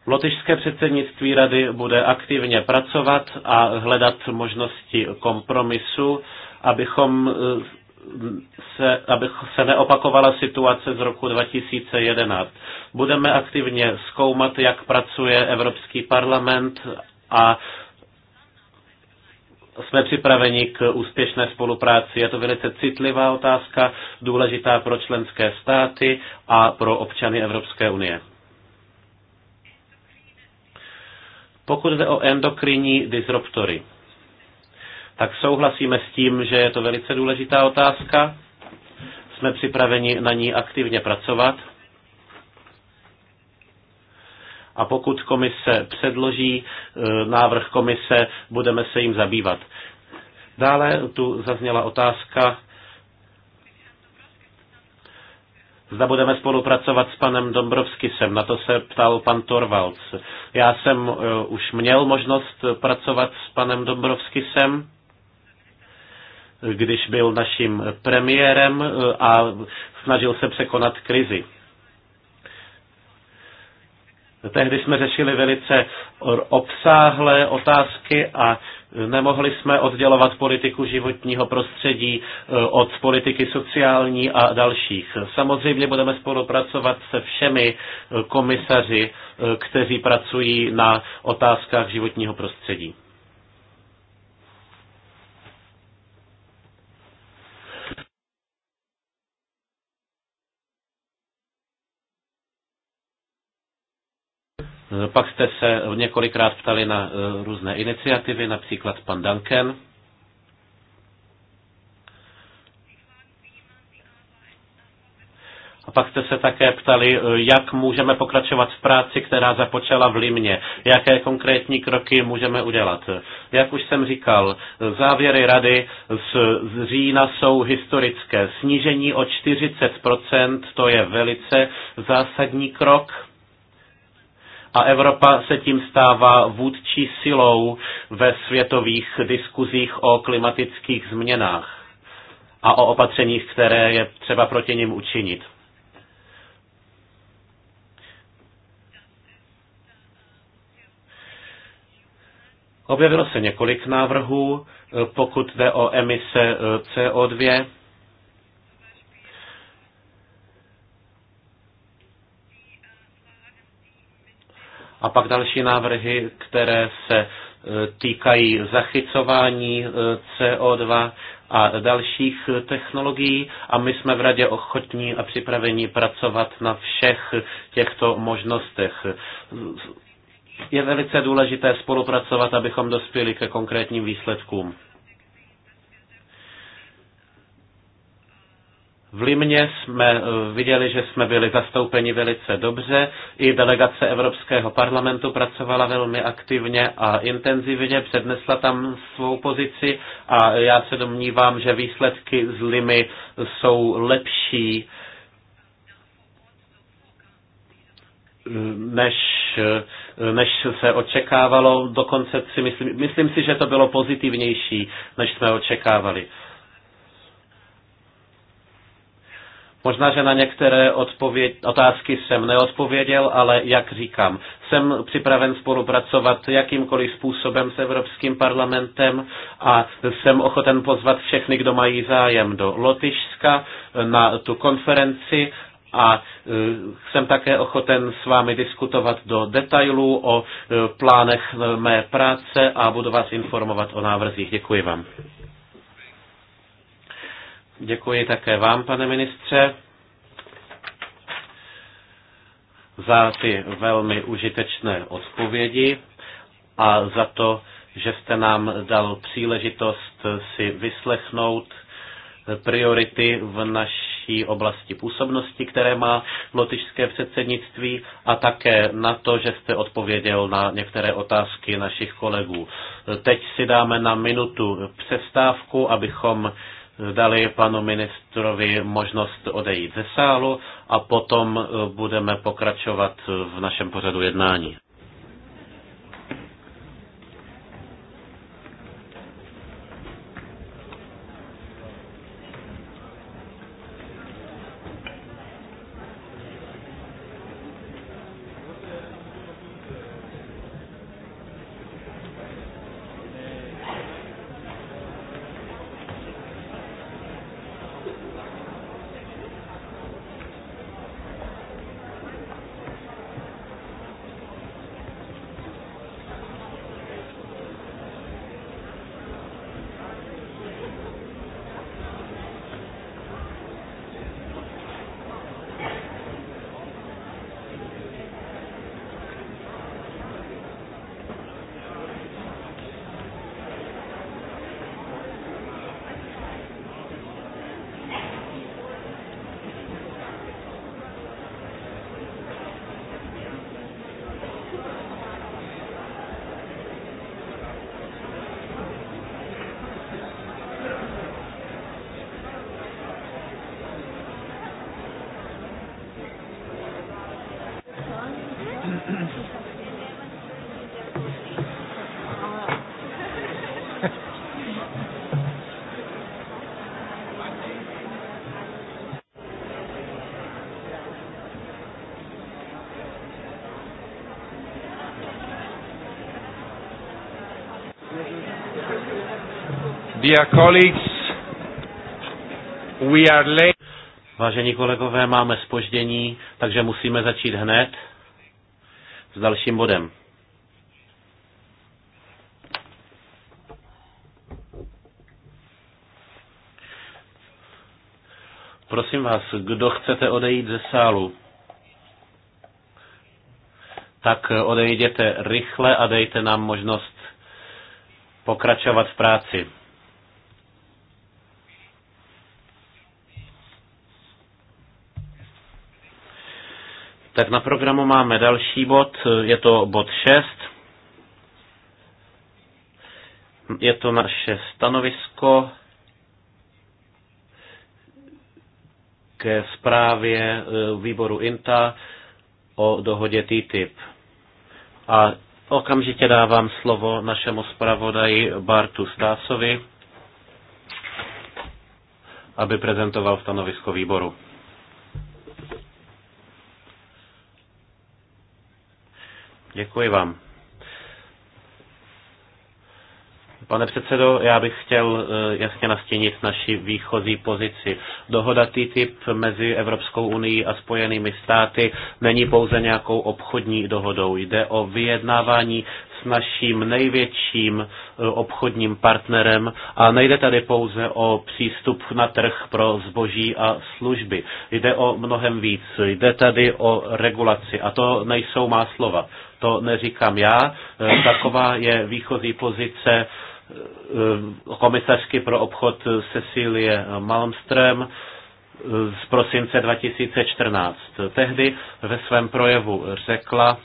Lotyšské předsednictví rady bude aktivně pracovat a hledat možnosti kompromisu, abychom eh, se, aby se neopakovala situace z roku 2011. Budeme aktivně zkoumat, jak pracuje Evropský parlament a jsme připraveni k úspěšné spolupráci. Je to velice citlivá otázka, důležitá pro členské státy a pro občany Evropské unie. Pokud jde o endokrinní disruptory, tak souhlasíme s tím, že je to velice důležitá otázka. Jsme připraveni na ní aktivně pracovat. a pokud komise předloží e, návrh komise, budeme se jim zabývat. Dále tu zazněla otázka, Zda budeme spolupracovat s panem Dombrovskisem, na to se ptal pan Torvalds. Já jsem e, už měl možnost pracovat s panem Dombrovskisem, když byl naším premiérem e, a snažil se překonat krizi. Tehdy jsme řešili velice obsáhlé otázky a e, nemohli jsme oddělovat politiku životního prostředí e, od politiky sociální a dalších. Samozřejmě budeme spolupracovat se všemi e, komisaři, kteří pracují na otázkách životního prostředí. Eh, pak jste se několikrát ptali na eh, různé iniciativy, například pan Duncan. A pak jste se také ptali, eh, jak můžeme pokračovat v práci, která započala v Limě, jaké konkrétní kroky můžeme udělat. Jak už jsem říkal, závěry rady z října jsou historické. Snížení o 40%, to je velice zásadní krok a Evropa se tím stává vůdčí silou ve světových diskuzích o klimatických změnách a o opatřeních, které je třeba proti nim učinit. Objevilo se několik návrhů, pokud jde o emise CO2. A pak další návrhy, které se e, týkají zachycování e, CO2 a dalších e, technologií a my jsme v radě ochotní a připraveni pracovat na všech těchto možnostech. Je velice důležité spolupracovat, abychom dospěli ke konkrétním výsledkům. V Limně jsme eh, viděli, že jsme byli zastoupeni velice dobře. I delegace Evropského parlamentu pracovala velmi aktivně a intenzivně, přednesla tam svou pozici a já se domnívám, že výsledky z Limy jsou lepší eh, než, eh, než se očekávalo. Dokonce si myslím, myslím si, že to bylo pozitivnější, než jsme očekávali. Možná, že na některé odpověd, otázky jsem neodpověděl, ale jak říkám, jsem připraven spolupracovat jakýmkoliv způsobem s Evropským parlamentem a jsem ochoten pozvat všechny, kdo mají zájem do Lotyšska na tu konferenci a e, jsem také ochoten s vámi diskutovat do detailů o e, plánech e, mé práce a budu vás informovat o návrzích. Děkuji vám. Děkuji také vám, pane ministře, za ty velmi užitečné odpovědi a za to, že jste nám dal příležitost si vyslechnout priority v naší oblasti působnosti, které má lotyšské předsednictví a také na to, že jste odpověděl na některé otázky našich kolegů. Teď si dáme na minutu přestávku, abychom dali panu ministrovi možnost odejít ze sálu a potom eh, budeme pokračovat v našem pořadu jednání. Dear colleagues, we are late. Vážení kolegové, máme spoždění, takže musíme začít hned s dalším bodem. Prosím vás, kdo chcete odejít ze sálu, tak odejděte rychle a dejte nám možnost pokračovat v práci. Tak na programu máme další bod, je to bod 6. Je to naše stanovisko ke zprávě e, výboru INTA o dohodě TTIP. A Okamžitě dávám slovo našemu zpravodaji Bartu Stásovi, aby prezentoval stanovisko výboru. Děkuji vám. Pane předsedo, já bych chtěl eh, jasně nastínit naši výchozí pozici. Dohoda TTIP mezi Evropskou unii a Spojenými státy není pouze nějakou obchodní dohodou. Jde o vyjednávání s naším největším eh, obchodním partnerem a nejde tady pouze o přístup na trh pro zboží a služby. Jde o mnohem víc. Jde tady o regulaci a to nejsou má slova. To neříkám já. Eh, taková je výchozí pozice Eh, komisařky pro obchod Cecilie Malmström eh, z prosince 2014. Tehdy ve svém projevu řekla,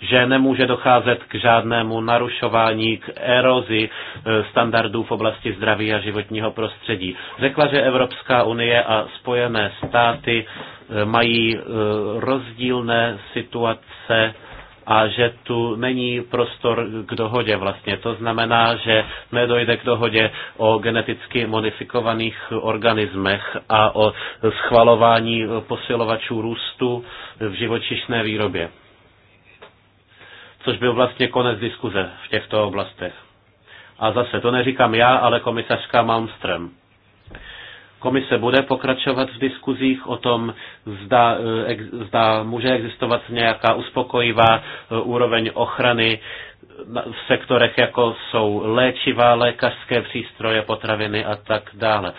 že nemůže docházet k žádnému narušování, k erozi eh, standardů v oblasti zdraví a životního prostředí. Řekla, že Evropská unie a Spojené státy mají rozdílné situace a že tu není prostor k dohodě vlastně. To znamená, že nedojde k dohodě o geneticky modifikovaných organismech a o schvalování posilovačů růstu v živočišné výrobě. Což byl vlastně konec diskuze v těchto oblastech. A zase, to neříkám já, ale komisařka Malmström. Komise bude pokračovat v diskuzích o tom, zda, eh, zda může existovat nějaká uspokojivá eh, úroveň ochrany v sektorech, jako jsou léčiva, lékařské přístroje, potraviny a tak dále.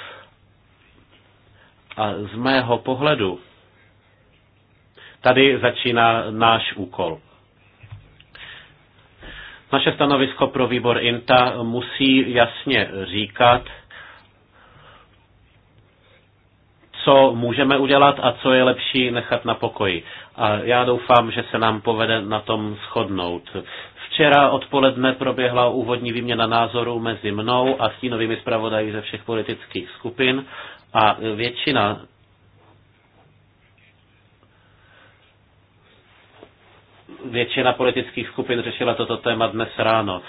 A z mého pohledu tady začíná náš úkol. Naše stanovisko pro výbor INTA musí jasně říkat, co můžeme udělat a co je lepší nechat na pokoji. A já doufám, že se nám povede na tom shodnout. Včera odpoledne proběhla úvodní výměna názorů mezi mnou a stínovými zpravodají ze všech politických skupin a většina většina politických skupin řešila toto téma dnes ráno.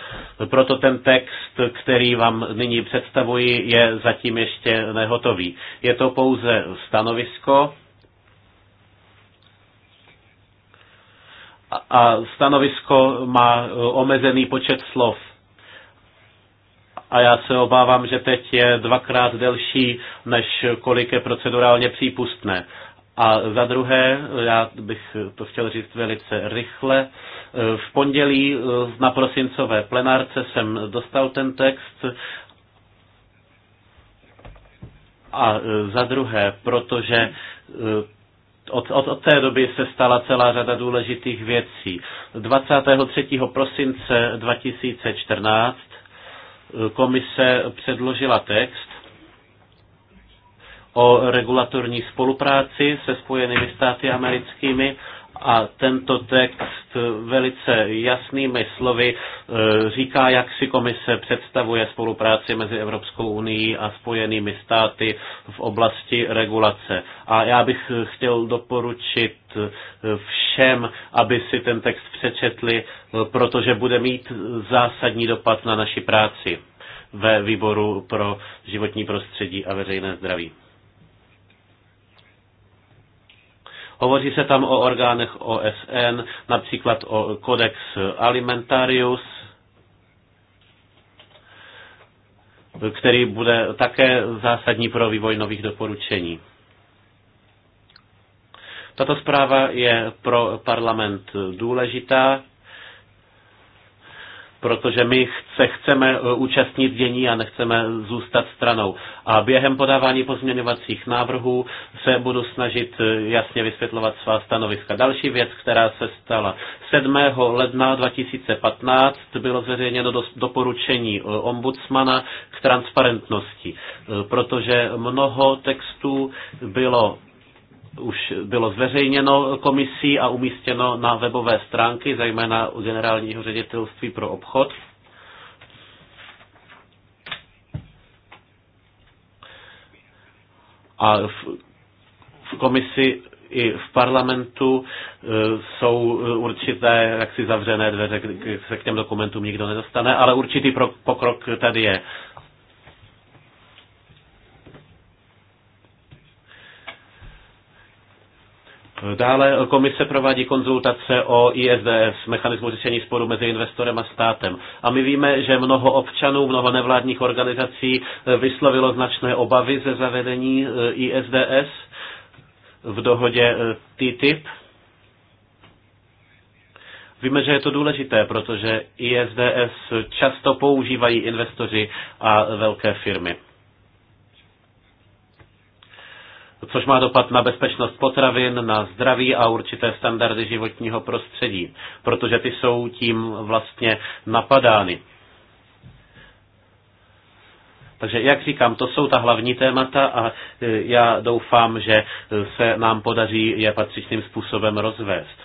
Proto ten text, který vám nyní představuji, je zatím ještě nehotový. Je to pouze stanovisko a stanovisko má omezený počet slov a já se obávám, že teď je dvakrát delší, než kolik je procedurálně přípustné. A za druhé, já bych to chtěl říct velice rychle, v pondělí eh, na prosincové plenárce jsem dostal ten text a eh, za druhé, protože eh, od, od, od té doby se stala celá řada důležitých věcí. 23. prosince 2014 komise předložila text, o regulatorní spolupráci se Spojenými státy americkými a tento text velice jasnými slovy e, říká, jak si komise představuje spolupráci mezi Evropskou unii a Spojenými státy v oblasti regulace. A já bych chtěl doporučit e, všem, aby si ten text přečetli, e, protože bude mít zásadní dopad na naši práci ve výboru pro životní prostředí a veřejné zdraví. Hovoří se tam o orgánech OSN, například o Codex Alimentarius, který bude také zásadní pro vývoj nových doporučení. Tato zpráva je pro parlament důležitá protože my se chceme eh, účastnit dění a nechceme zůstat stranou. A během podávání pozměňovacích návrhů se budu snažit eh, jasně vysvětlovat svá stanoviska. Další věc, která se stala. 7. ledna 2015 bylo zveřejněno doporučení eh, ombudsmana k transparentnosti, protože mnoho textů bylo už bylo zveřejněno komisí a umístěno na webové stránky, zejména u generálního ředitelství pro obchod. A v, v komisi i v parlamentu e, jsou určité jaksi zavřené dveře, se k těm dokumentům nikdo nedostane, ale určitý pokrok tady je. Dále komise provádí konzultace o ISDS, mechanismu řešení sporu mezi investorem a státem. A my víme, že mnoho občanů, mnoho nevládních organizací eh, vyslovilo značné obavy ze zavedení eh, ISDS v dohodě eh, TTIP. Víme, že je to důležité, protože ISDS často používají investoři a velké firmy. což má dopad na bezpečnost potravin, na zdraví a určité standardy životního prostředí, protože ty jsou tím vlastně napadány. Takže, jak říkám, to jsou ta hlavní témata a e, já doufám, že se nám podaří je patřičným způsobem rozvést.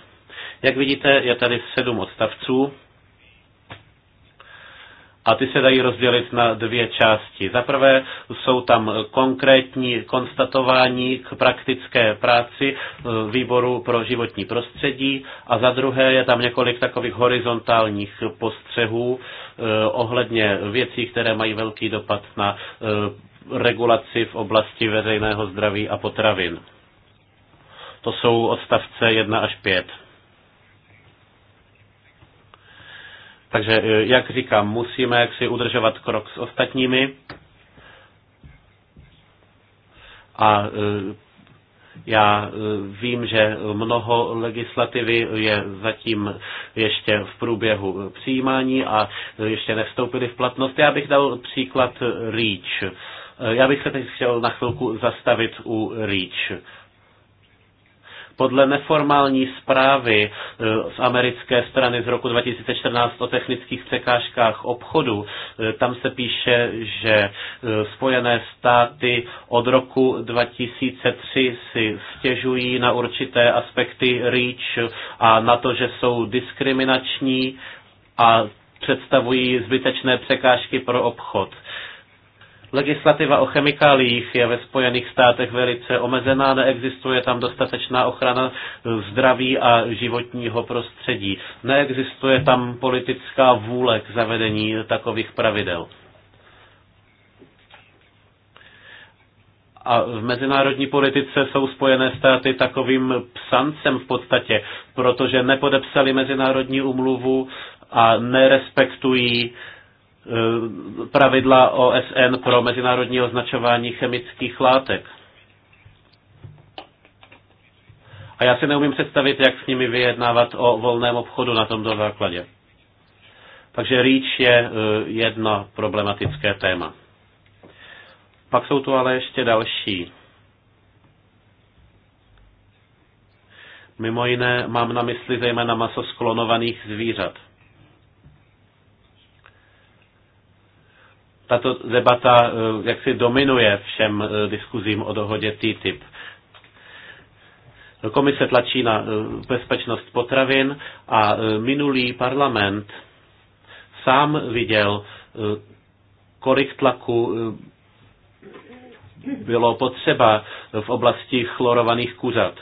Jak vidíte, je tady sedm odstavců a ty se dají rozdělit na dvě části. Za prvé jsou tam konkrétní konstatování k praktické práci e, výboru pro životní prostředí a za druhé je tam několik takových horizontálních postřehů e, ohledně věcí, které mají velký dopad na e, regulaci v oblasti veřejného zdraví a potravin. To jsou odstavce 1 až 5. Takže, e, jak říkám, musíme jaksi udržovat krok s ostatními a e, já e, vím, že mnoho legislativy je zatím ještě v průběhu přijímání a ještě nevstoupily v platnost. Já bych dal příklad REACH. Já bych se teď chtěl na chvilku zastavit u REACH podle neformální zprávy eh, z americké strany z roku 2014 o technických překážkách obchodu, eh, tam se píše, že eh, Spojené státy od roku 2003 si stěžují na určité aspekty REACH a na to, že jsou diskriminační a představují zbytečné překážky pro obchod. Legislativa o chemikáliích je ve Spojených státech velice omezená, neexistuje tam dostatečná ochrana zdraví a životního prostředí. Neexistuje tam politická vůle k zavedení takových pravidel. A v mezinárodní politice jsou Spojené státy takovým psancem v podstatě, protože nepodepsali mezinárodní umluvu a nerespektují uh, Eh, pravidla OSN pro mezinárodní označování chemických látek. A já si neumím představit, jak s nimi vyjednávat o volném obchodu na tomto základě. Takže REACH je eh, jedno problematické téma. Pak jsou tu ale ještě další. Mimo jiné mám na mysli zejména maso sklonovaných zvířat. tato debata eh, jaksi dominuje všem eh, diskuzím o dohodě TTIP. Komise tlačí na eh, bezpečnost potravin a minulý parlament sám viděl, kolik tlaku bylo potřeba v oblasti chlorovaných kuřat.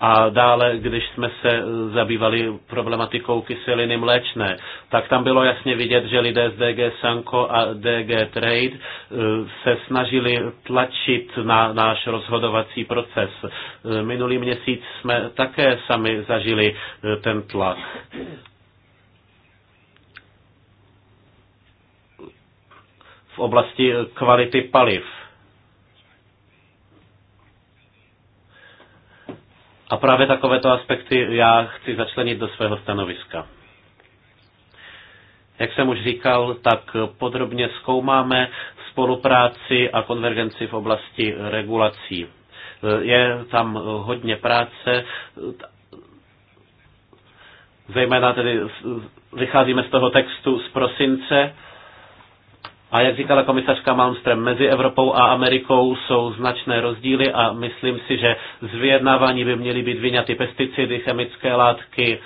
A dále, když jsme se eh, zabývali problematikou kyseliny mléčné, tak tam bylo jasně vidět, že lidé z DG Sanko a DG Trade eh, se snažili tlačit na náš rozhodovací proces. Eh, minulý měsíc jsme také sami zažili ten tlak. v oblasti kvality paliv A právě takovéto aspekty já chci začlenit do svého stanoviska. Jak jsem už říkal, tak podrobně zkoumáme spolupráci a konvergenci v oblasti regulací. Je tam hodně práce, zejména tedy vycházíme z toho textu z prosince, a jak říkala komisařka Malmström, mezi Evropou a Amerikou jsou značné rozdíly a myslím si, že z vyjednávání by měly být vyňaty pesticidy, chemické látky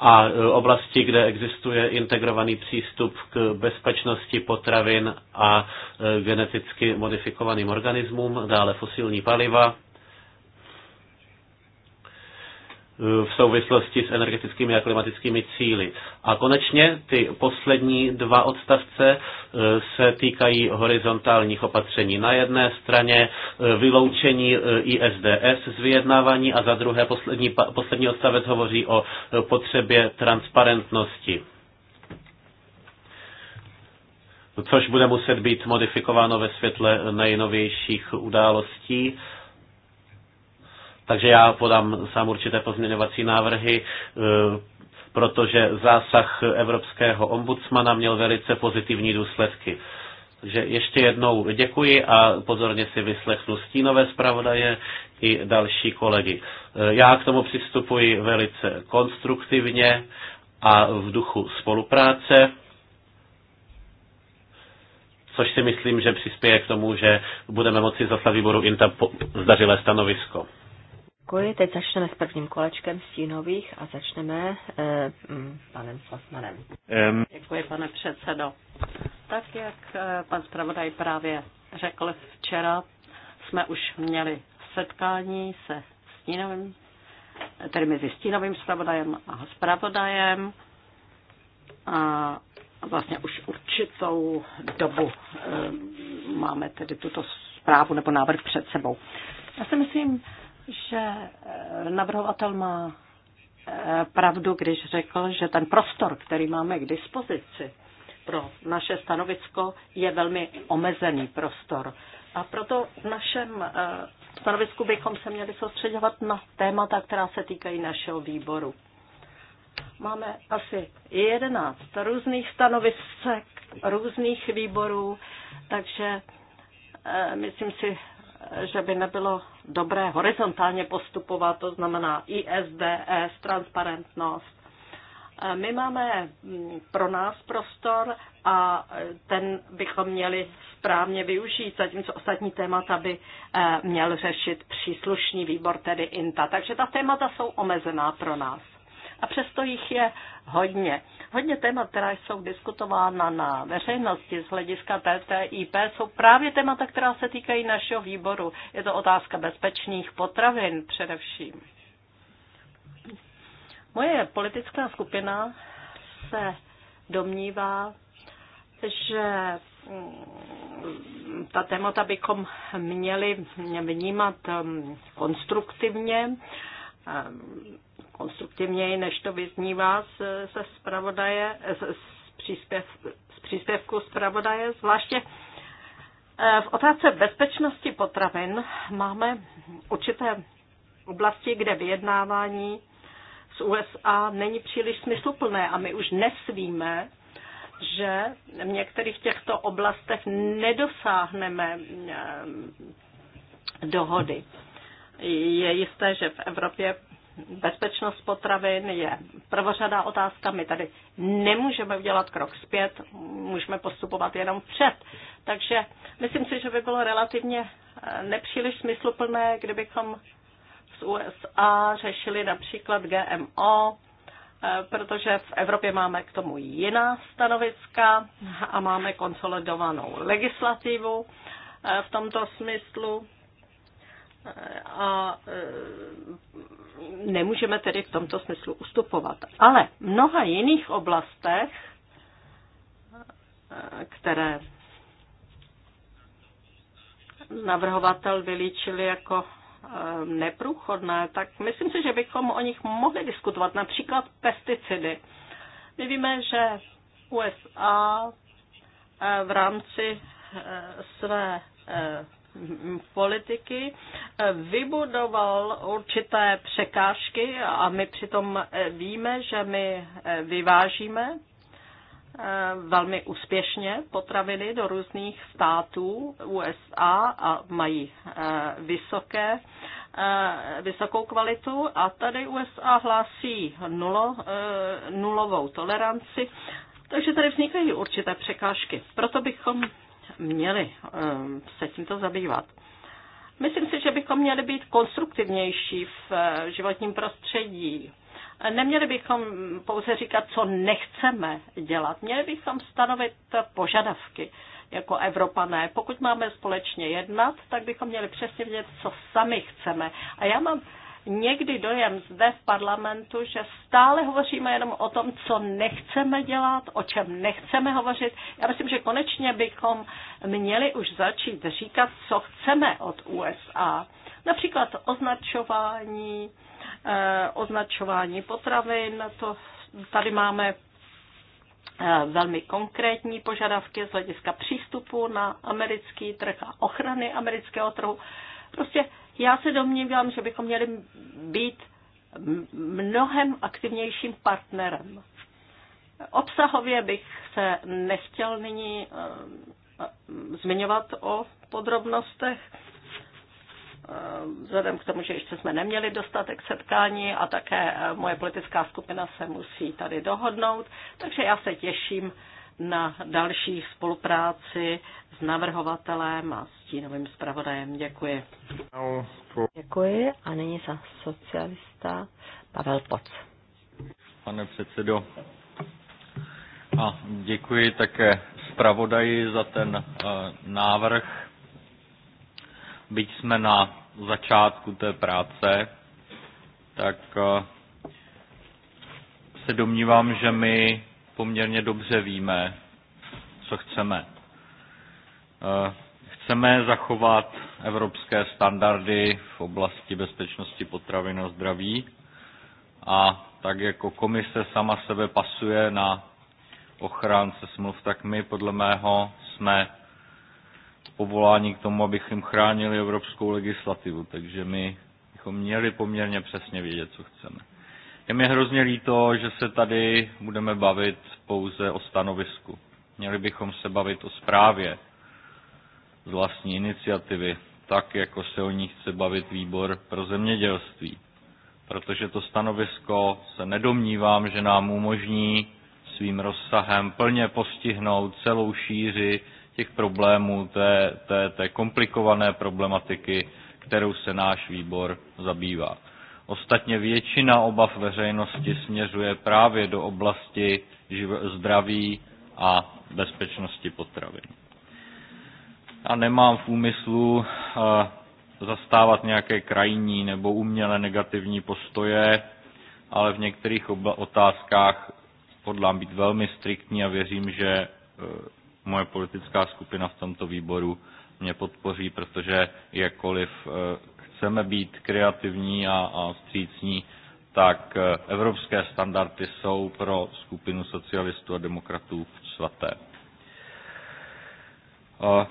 a e, oblasti, kde existuje integrovaný přístup k bezpečnosti potravin a e, geneticky modifikovaným organismům, dále fosilní paliva v souvislosti s energetickými a klimatickými cíly. A konečně ty poslední dva odstavce eh, se týkají horizontálních opatření. Na jedné straně eh, vyloučení eh, ISDS z vyjednávání a za druhé poslední, poslední odstavec hovoří o potřebě transparentnosti což bude muset být modifikováno ve světle nejnovějších událostí takže já podám sám určité pozměňovací návrhy, e, protože zásah evropského ombudsmana měl velice pozitivní důsledky. Takže ještě jednou děkuji a pozorně si vyslechnu stínové zpravodaje i další kolegy. E, já k tomu přistupuji velice konstruktivně a v duchu spolupráce, což si myslím, že přispěje k tomu, že budeme moci zaslat výboru INTA zdařilé stanovisko. Děkuji. Teď začneme s prvním kolečkem stínových a začneme eh, panem Fosmanem. Um. Děkuji, pane předsedo. Tak jak eh, pan zpravodaj právě řekl včera, jsme už měli setkání se stínovým, tedy mezi stínovým zpravodajem a zpravodajem. A vlastně už určitou dobu eh, máme tedy tuto zprávu nebo návrh před sebou. Já si myslím, že eh, navrhovatel má eh, pravdu, když řekl, že ten prostor, který máme k dispozici pro naše stanovisko, je velmi omezený prostor. A proto v našem eh, stanovisku bychom se měli soustředovat na témata, která se týkají našeho výboru. Máme asi 11 různých stanovisek, různých výborů, takže myslím si, že by nebylo dobré horizontálně postupovat, to znamená ISDS, transparentnost. E, my máme mm, pro nás prostor a ten bychom měli správně využít, zatímco ostatní témata by e, měl řešit příslušný výbor, tedy INTA. Takže ta témata jsou omezená pro nás a přesto jich je hodně. Hodně témat, která jsou diskutována na veřejnosti z hlediska TTIP, jsou právě témata, která se týkají našeho výboru. Je to otázka bezpečných potravin především. Moje politická skupina se domnívá, že mm, ta témata bychom měli vnímat mm, konstruktivně konstruktivněji, než to vyznívá se zpravodaje, z, příspěv, z příspěvku zpravodaje, zvláště eh, v otázce bezpečnosti potravin máme určité oblasti, kde vyjednávání z USA není příliš smysluplné a my už nesvíme, že v některých těchto oblastech nedosáhneme eh, dohody. Je jisté, že v Evropě bezpečnost potravin je prvořadá otázka. My tady nemůžeme udělat krok zpět, můžeme postupovat jenom před. Takže myslím si, že by bylo relativně eh, nepříliš smysluplné, kdybychom z USA řešili například GMO, eh, protože v Evropě máme k tomu jiná stanoviska a máme konsolidovanou legislativu eh, v tomto smyslu a e, nemůžeme tedy v tomto smyslu ustupovat. Ale v mnoha jiných oblastech, e, které navrhovatel vylíčili jako e, neprůchodné, tak myslím si, že bychom o nich mohli diskutovat. Například pesticidy. My víme, že USA v rámci své politiky vybudoval určité překážky a my přitom eh, víme, že my eh, vyvážíme eh, velmi úspěšně potraviny do různých států USA a mají vysoké, vysokou kvalitu a tady USA hlásí nulo, nulovou toleranci, takže tady vznikají určité překážky. Proto bychom měli eh, se tímto zabývat. Myslím si, že bychom měli být konstruktivnější v eh, životním prostředí. Neměli bychom pouze říkat, co nechceme dělat. Měli bychom stanovit požadavky jako Evropané. Pokud máme společně jednat, tak bychom měli přesně vědět, co sami chceme. A já mám někdy dojem zde v parlamentu, že stále hovoříme jenom o tom, co nechceme dělat, o čem nechceme hovořit. Já myslím, že konečně bychom měli už začít říkat, co chceme od USA. Například označování, eh, označování potravin, to tady máme eh, velmi konkrétní požadavky z hlediska přístupu na americký trh a ochrany amerického trhu. Prostě já se domnívám, že bychom měli být mnohem aktivnějším partnerem. Obsahově bych se nechtěl nyní eh, eh, zmiňovat o podrobnostech, eh, vzhledem k tomu, že ještě jsme neměli dostatek setkání a také moje politická skupina se musí tady dohodnout, takže já se těším na další spolupráci s navrhovatelem a stínovým zpravodajem. Děkuji. Děkuji a nyní za socialista Pavel Poc. Pane předsedo, a děkuji také zpravodaji za ten e, návrh. Byť jsme na začátku té práce, tak e, se domnívám, že my poměrně dobře víme, co chceme. Eh, chceme zachovat evropské standardy v oblasti bezpečnosti potravin a zdraví a tak jako komise sama sebe pasuje na ochránce smluv, tak my podle mého jsme povoláni k tomu, abychom chránili evropskou legislativu, takže my bychom měli poměrně přesně vědět, co chceme. Je mi hrozně líto, že se tady budeme bavit pouze o stanovisku. Měli bychom se bavit o zprávě z vlastní iniciativy, tak jako se o ní chce bavit výbor pro zemědělství. Protože to stanovisko se nedomnívám, že nám umožní svým rozsahem plně postihnout celou šíři těch problémů, té, té, té komplikované problematiky, kterou se náš výbor zabývá. Ostatně většina obav veřejnosti směřuje právě do oblasti zdraví a bezpečnosti potravin. Já nemám v úmyslu eh, zastávat nějaké krajní nebo uměle negativní postoje, ale v některých otázkách podlám být velmi striktní a věřím, že eh, moje politická skupina v tomto výboru mě podpoří, protože jakkoliv eh, chceme být kreativní a, a střícní, tak eh, evropské standardy jsou pro skupinu socialistů a demokratů svaté. Eh,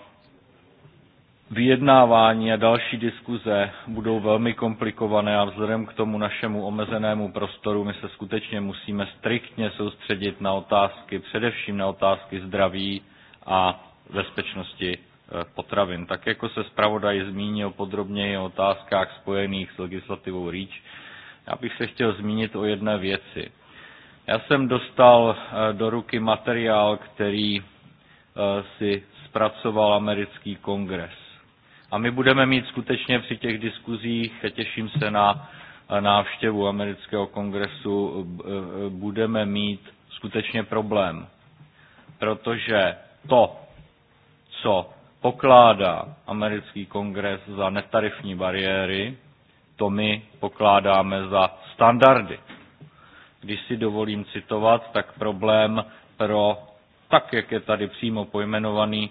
vyjednávání a další diskuze budou velmi komplikované a vzhledem k tomu našemu omezenému prostoru my se skutečně musíme striktně soustředit na otázky, především na otázky zdraví a bezpečnosti potravin. Tak jako se zpravodaj zmínil podrobněji o otázkách spojených s legislativou REACH, já bych se chtěl zmínit o jedné věci. Já jsem dostal eh, do ruky materiál, který eh, si zpracoval americký kongres. A my budeme mít skutečně při těch diskuzích, a těším se na eh, návštěvu amerického kongresu, budeme mít skutečně problém. Protože to, co pokládá americký kongres za netarifní bariéry, to my pokládáme za standardy. Když si dovolím citovat, tak problém pro, tak jak je tady přímo pojmenovaný,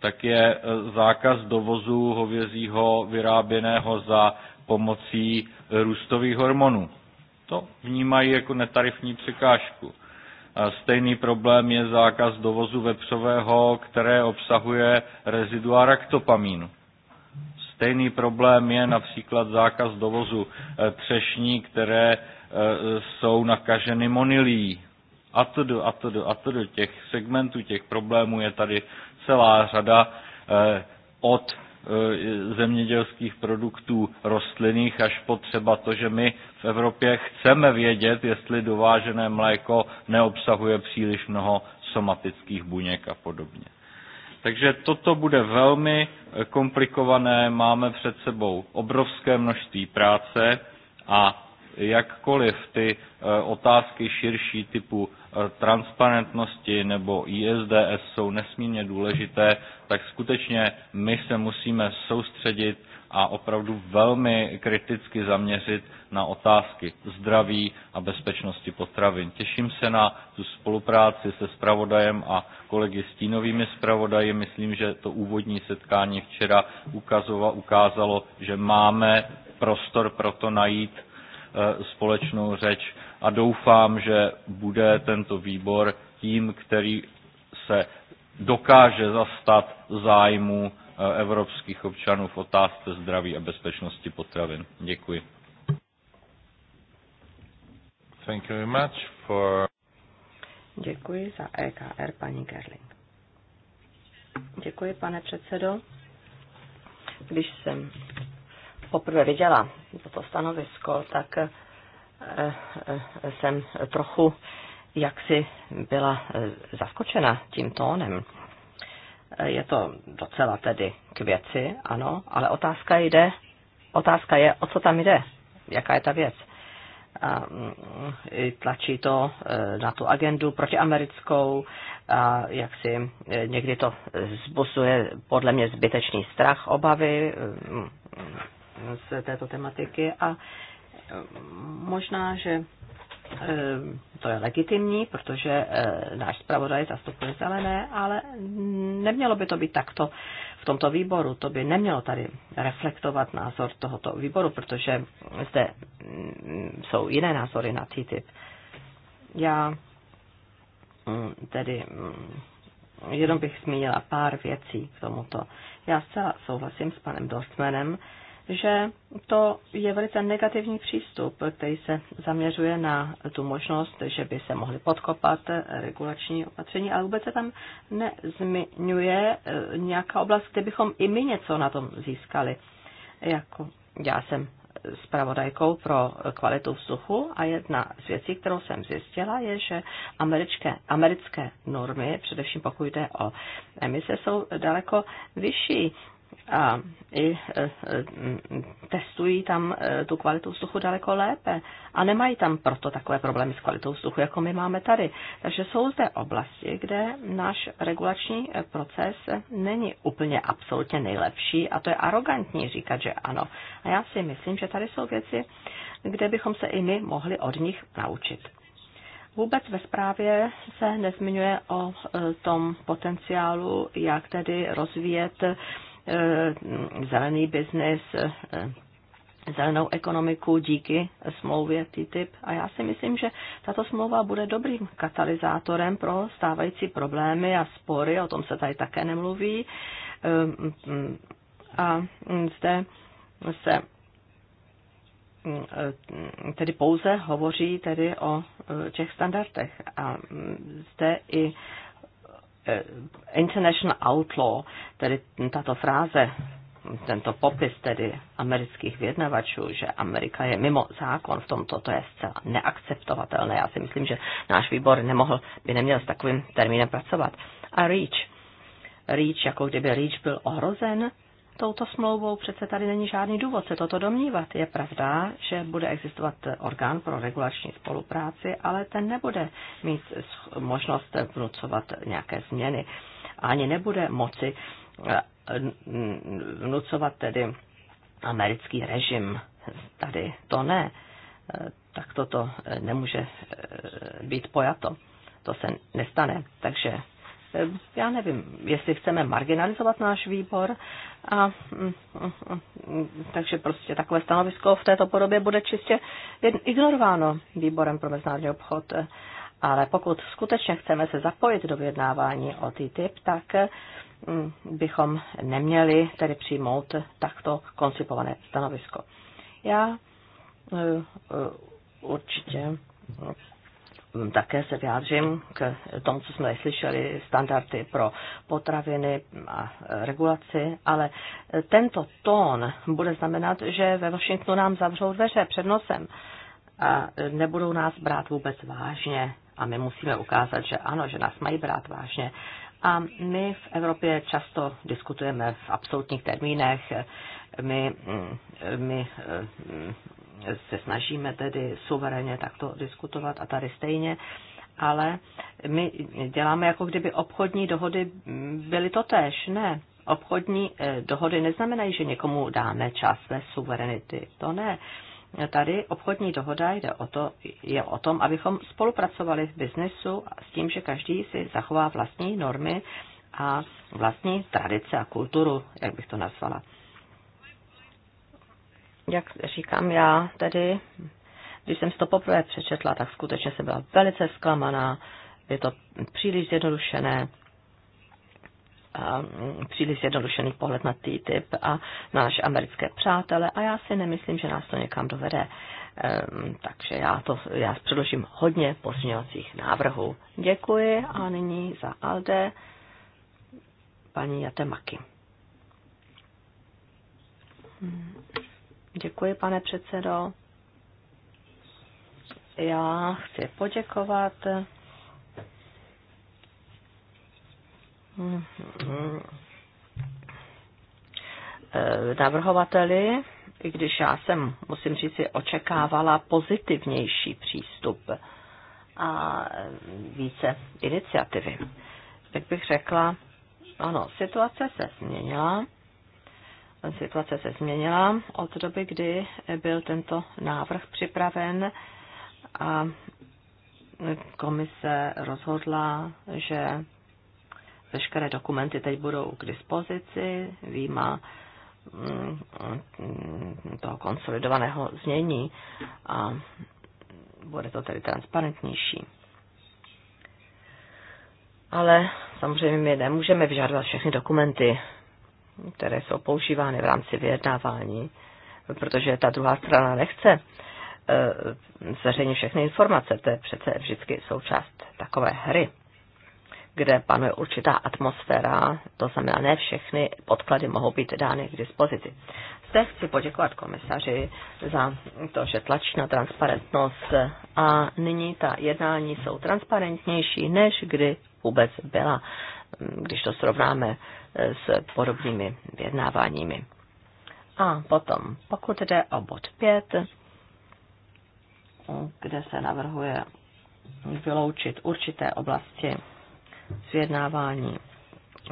tak je e, zákaz dovozu hovězího vyráběného za pomocí růstových hormonů. To vnímají jako netarifní překážku. Stejný problém je zákaz dovozu vepřového, které obsahuje rezidua raktopamínu. Stejný problém je například zákaz dovozu eh, třešní, které eh, jsou nakaženy monilí. A to do, a to do, a to do těch segmentů, těch problémů je tady celá řada eh, od Eh, zemědělských produktů rostlinných až potřeba třeba to, že my v Evropě chceme vědět, jestli dovážené mléko neobsahuje příliš mnoho somatických buněk a podobně. Takže toto bude velmi eh, komplikované, máme před sebou obrovské množství práce a jakkoliv ty eh, otázky širší typu Eh, transparentnosti nebo ISDS jsou nesmírně důležité, tak skutečně my se musíme soustředit a opravdu velmi kriticky zaměřit na otázky zdraví a bezpečnosti potravin. Těším se na tu spolupráci se spravodajem a kolegy stínovými spravodaji. Myslím, že to úvodní setkání včera ukazovalo, ukázalo, že máme prostor pro to najít Eh, společnou řeč a doufám, že bude tento výbor tím, který se dokáže zastat zájmu eh, evropských občanů v otázce zdraví a bezpečnosti potravin. Děkuji. Thank you very much for... Děkuji za EKR paní Gerling. Děkuji, pane předsedo. Když jsem poprvé viděla toto stanovisko, tak eh, eh, jsem trochu jaksi byla eh, zaskočena tím tónem. Je to docela tedy k věci, ano, ale otázka jde, otázka je, o co tam jde, jaká je ta věc. A mm, tlačí to na tu agendu protiamerickou, a jak si někdy to zbusuje podle mě zbytečný strach, obavy, z této tematiky a eh, možná, že eh, to je legitimní, protože eh, náš zpravodaj zastupuje zelené, ale nemělo by to být takto v tomto výboru. To by nemělo tady reflektovat názor tohoto výboru, protože zde mm, jsou jiné názory na TTIP. Já mm, tedy mm, jenom bych zmínila pár věcí k tomuto. Já zcela souhlasím s panem dostmenem že to je velice negativní přístup, který se zaměřuje na tu možnost, že by se mohly podkopat regulační opatření, ale vůbec se tam nezmiňuje eh, nějaká oblast, kde bychom i my něco na tom získali. Jako já jsem spravodajkou pro kvalitu vzduchu a jedna z věcí, kterou jsem zjistila, je, že americké, americké normy, především pokud jde o emise, jsou daleko vyšší a i e, e, testují tam e, tu kvalitu vzduchu daleko lépe a nemají tam proto takové problémy s kvalitou vzduchu, jako my máme tady. Takže jsou zde oblasti, kde náš regulační proces není úplně absolutně nejlepší a to je arrogantní říkat, že ano. A já si myslím, že tady jsou věci, kde bychom se i my mohli od nich naučit. Vůbec ve zprávě se nezmiňuje o tom potenciálu, jak tedy rozvíjet Eh, zelený biznis, eh, zelenou ekonomiku díky smlouvě TTIP. A já si myslím, že tato smlouva bude dobrým katalyzátorem pro stávající problémy a spory, o tom se tady také nemluví. Eh, a zde se tedy pouze hovoří tedy o těch standardech. A mm, zde i Eh, International Outlaw, tedy tato fráze, tento popis tedy amerických vyjednavačů, že Amerika je mimo zákon v tomto, to je zcela neakceptovatelné. Já si myslím, že náš výbor nemohl, by neměl s takovým termínem pracovat. A REACH. REACH, jako kdyby REACH byl ohrozen, touto smlouvou, přece tady není žádný důvod se toto domnívat. Je pravda, že bude existovat orgán pro regulační spolupráci, ale ten nebude mít možnost vnucovat nějaké změny. Ani nebude moci eh, vnucovat tedy americký režim. Tady to ne. Eh, tak toto eh, nemůže být pojato. To se nestane. Takže já nevím, jestli chceme marginalizovat náš výbor. A, takže prostě takové stanovisko v této podobě bude čistě ignorováno výborem pro mezinárodní obchod. Ale pokud skutečně chceme se zapojit do vyjednávání o TTIP, tak mm, bychom neměli tedy přijmout takto koncipované stanovisko. Já eh, eh, určitě také se vyjádřím k tomu, co jsme slyšeli, standardy pro potraviny a regulaci, ale tento tón bude znamenat, že ve Washingtonu nám zavřou dveře před nosem a nebudou nás brát vůbec vážně. A my musíme ukázat, že ano, že nás mají brát vážně. A my v Evropě často diskutujeme v absolutních termínech. My, mm, my mm, se snažíme tedy suverénně takto diskutovat a tady stejně, ale my děláme jako kdyby obchodní dohody byly totéž. Ne, obchodní eh, dohody neznamenají, že někomu dáme část své suverenity. To ne. Tady obchodní dohoda jde o to, je o tom, abychom spolupracovali v biznesu s tím, že každý si zachová vlastní normy a vlastní tradice a kulturu, jak bych to nazvala. Jak říkám já tedy, když jsem to poprvé přečetla, tak skutečně jsem byla velice zklamaná. Je to příliš zjednodušené, a příliš zjednodušený pohled na TTIP a na naše americké přátele a já si nemyslím, že nás to někam dovede. Ehm, takže já, to, já předložím hodně pozměňovacích návrhů. Děkuji a nyní za Alde paní Jatemaki. Hmm. Děkuji, pane předsedo. Já chci poděkovat mhm. navrhovateli, i když já jsem, musím říct, si očekávala pozitivnější přístup a více iniciativy. Tak bych řekla, ano, situace se změnila situace se změnila od doby, kdy byl tento návrh připraven a komise rozhodla, že veškeré dokumenty teď budou k dispozici, výjima mm, toho konsolidovaného znění a bude to tedy transparentnější. Ale samozřejmě my nemůžeme vyžadovat všechny dokumenty které jsou používány v rámci vyjednávání, protože ta druhá strana nechce eh, zveřejnit všechny informace. To je přece vždycky součást takové hry, kde panuje určitá atmosféra, to znamená, ne všechny podklady mohou být dány k dispozici. Zde chci poděkovat komisaři za to, že tlačí na transparentnost a nyní ta jednání jsou transparentnější, než kdy vůbec byla, když to srovnáme s podobnými vyjednáváními. A potom, pokud jde o bod 5, kde se navrhuje vyloučit určité oblasti z vyjednávání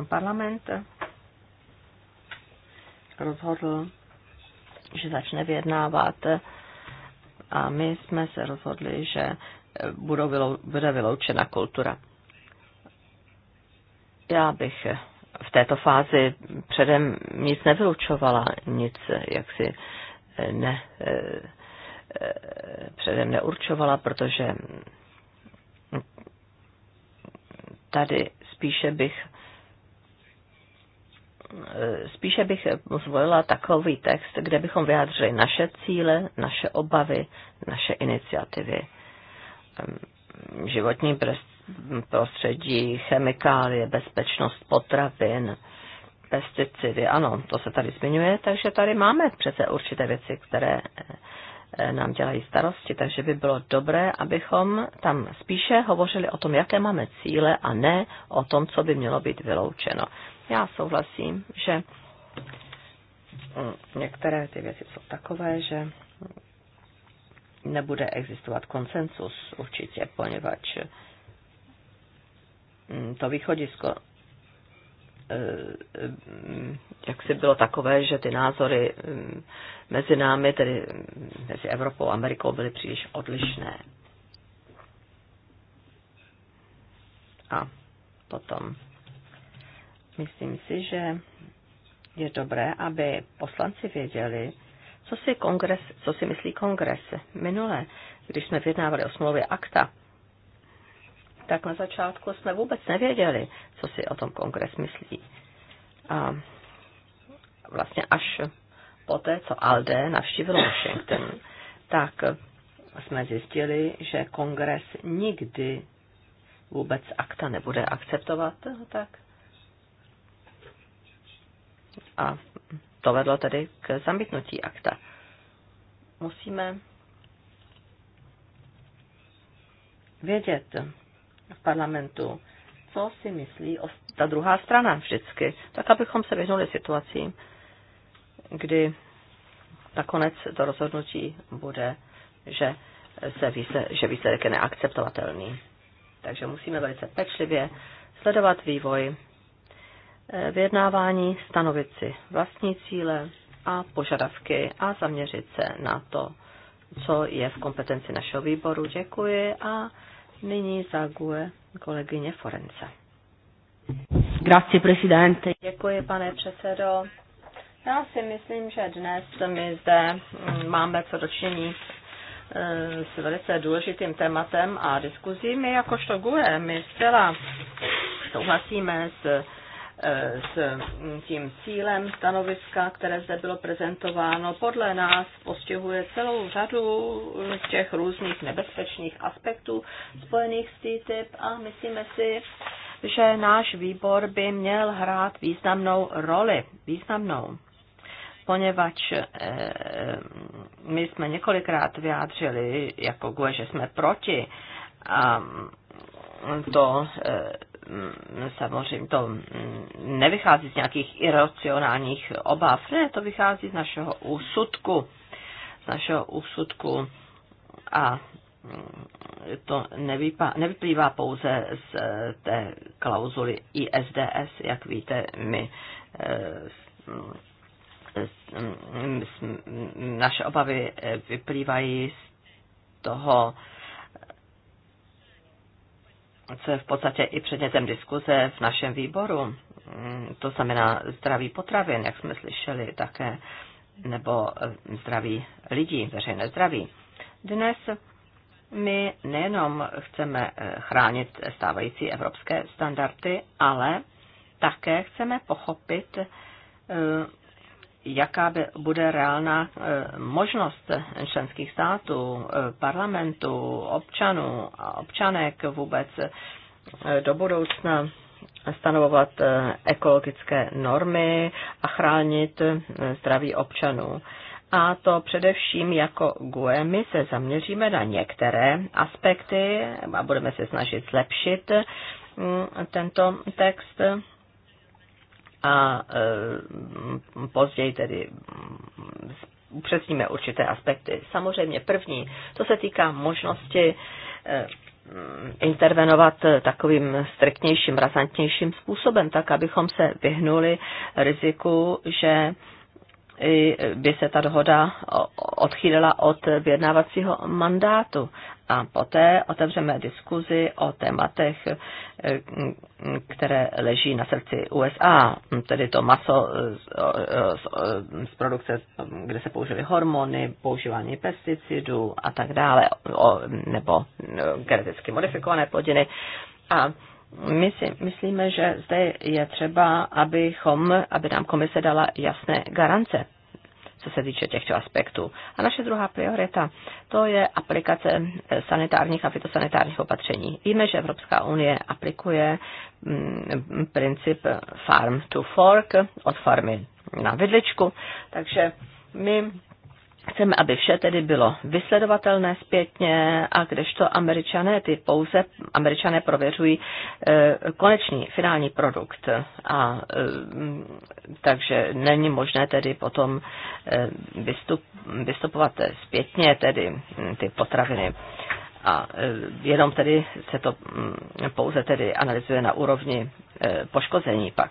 parlament, rozhodl, že začne vyjednávat a my jsme se rozhodli, že budou bude vyloučena kultura. Já bych v této fázi předem nic nevylučovala, nic jaksi eh, ne, eh, předem neurčovala, protože tady spíše bych eh, spíše bych zvolila takový text, kde bychom vyjádřili naše cíle, naše obavy, naše iniciativy. Ehm, životní prostředí, chemikálie, bezpečnost potravin, pesticidy, ano, to se tady zmiňuje, takže tady máme přece určité věci, které eh, nám dělají starosti, takže by bylo dobré, abychom tam spíše hovořili o tom, jaké máme cíle a ne o tom, co by mělo být vyloučeno. Já souhlasím, že mm, některé ty věci jsou takové, že nebude existovat konsensus určitě, poněvadž Mm, to východisko e, e, jak si bylo takové, že ty názory mm, mezi námi, tedy mezi Evropou a Amerikou, byly příliš odlišné. A potom myslím si, že je dobré, aby poslanci věděli, co si, kongres, co si myslí kongres. Minule, když jsme vyjednávali o smlouvě akta, tak na začátku jsme vůbec nevěděli, co si o tom kongres myslí. A vlastně až poté, co Alde navštívil Washington, tak jsme zjistili, že kongres nikdy vůbec akta nebude akceptovat, tak. A to vedlo tedy k zamítnutí akta. Musíme vědět, v parlamentu, co si myslí o ta druhá strana vždycky, tak abychom se vyhnuli situacím, kdy nakonec to rozhodnutí bude, že, se výsled, že výsledek je neakceptovatelný. Takže musíme velice pečlivě sledovat vývoj eh, vyjednávání, stanovit si vlastní cíle a požadavky a zaměřit se na to, co je v kompetenci našeho výboru. Děkuji a Nyní zaguje kolegyně Forence. Grazie, presidente. Děkuji, pane předsedo. Já si myslím, že dnes my zde mm, máme co dočinění eh, s velice důležitým tématem a diskuzí. My jakožto GUE, my zcela souhlasíme s Eh, s mm, tím cílem stanoviska, které zde bylo prezentováno, podle nás postihuje celou řadu těch různých nebezpečných aspektů spojených s TTIP a myslíme si, že náš výbor by měl hrát významnou roli. Významnou poněvadž eh, my jsme několikrát vyjádřili jako GUE, že jsme proti. A to eh, Mm, samozřejmě to mm, nevychází z nějakých iracionálních obav, ne, to vychází z našeho úsudku, z našeho úsudku a mm, to nevypá, nevyplývá pouze z eh, té klauzuly ISDS, jak víte, my eh, naše obavy eh, vyplývají z toho, co je v podstatě i předmětem diskuze v našem výboru, mm, to znamená zdraví potravin, jak jsme slyšeli také, nebo eh, zdraví lidí, veřejné zdraví. Dnes my nejenom chceme eh, chránit stávající evropské standardy, ale také chceme pochopit eh, jaká by bude reálná e, možnost členských států, e, parlamentů, občanů a občanek vůbec e, do budoucna stanovovat ekologické normy a chránit zdraví občanů. A to především jako GUE my se zaměříme na některé aspekty a budeme se snažit zlepšit tento text a e, později tedy upřesníme určité aspekty. Samozřejmě první, to se týká možnosti e, intervenovat takovým striktnějším, razantnějším způsobem, tak abychom se vyhnuli riziku, že by se ta dohoda odchýlila od vyjednávacího mandátu. A poté otevřeme diskuzi o tématech, Eh, které leží na srdci USA, tedy to maso z, z, z produkce, kde se použily hormony, používání pesticidů a tak dále, o, nebo eh, geneticky modifikované plodiny. A my si myslíme, že zde je třeba, abychom, aby nám komise dala jasné garance co se týče těchto aspektů. A naše druhá priorita, to je aplikace eh, sanitárních a fitosanitárních opatření. Víme, že Evropská unie aplikuje mm, princip farm to fork od farmy na vidličku, takže my Chceme, aby vše tedy bylo vysledovatelné zpětně a kdežto američané, ty pouze američané prověřují e, konečný finální produkt. A, e, takže není možné tedy potom e, vystup, vystupovat zpětně tedy hm, ty potraviny. A e, jenom tedy se to hm, pouze tedy analyzuje na úrovni e, poškození pak.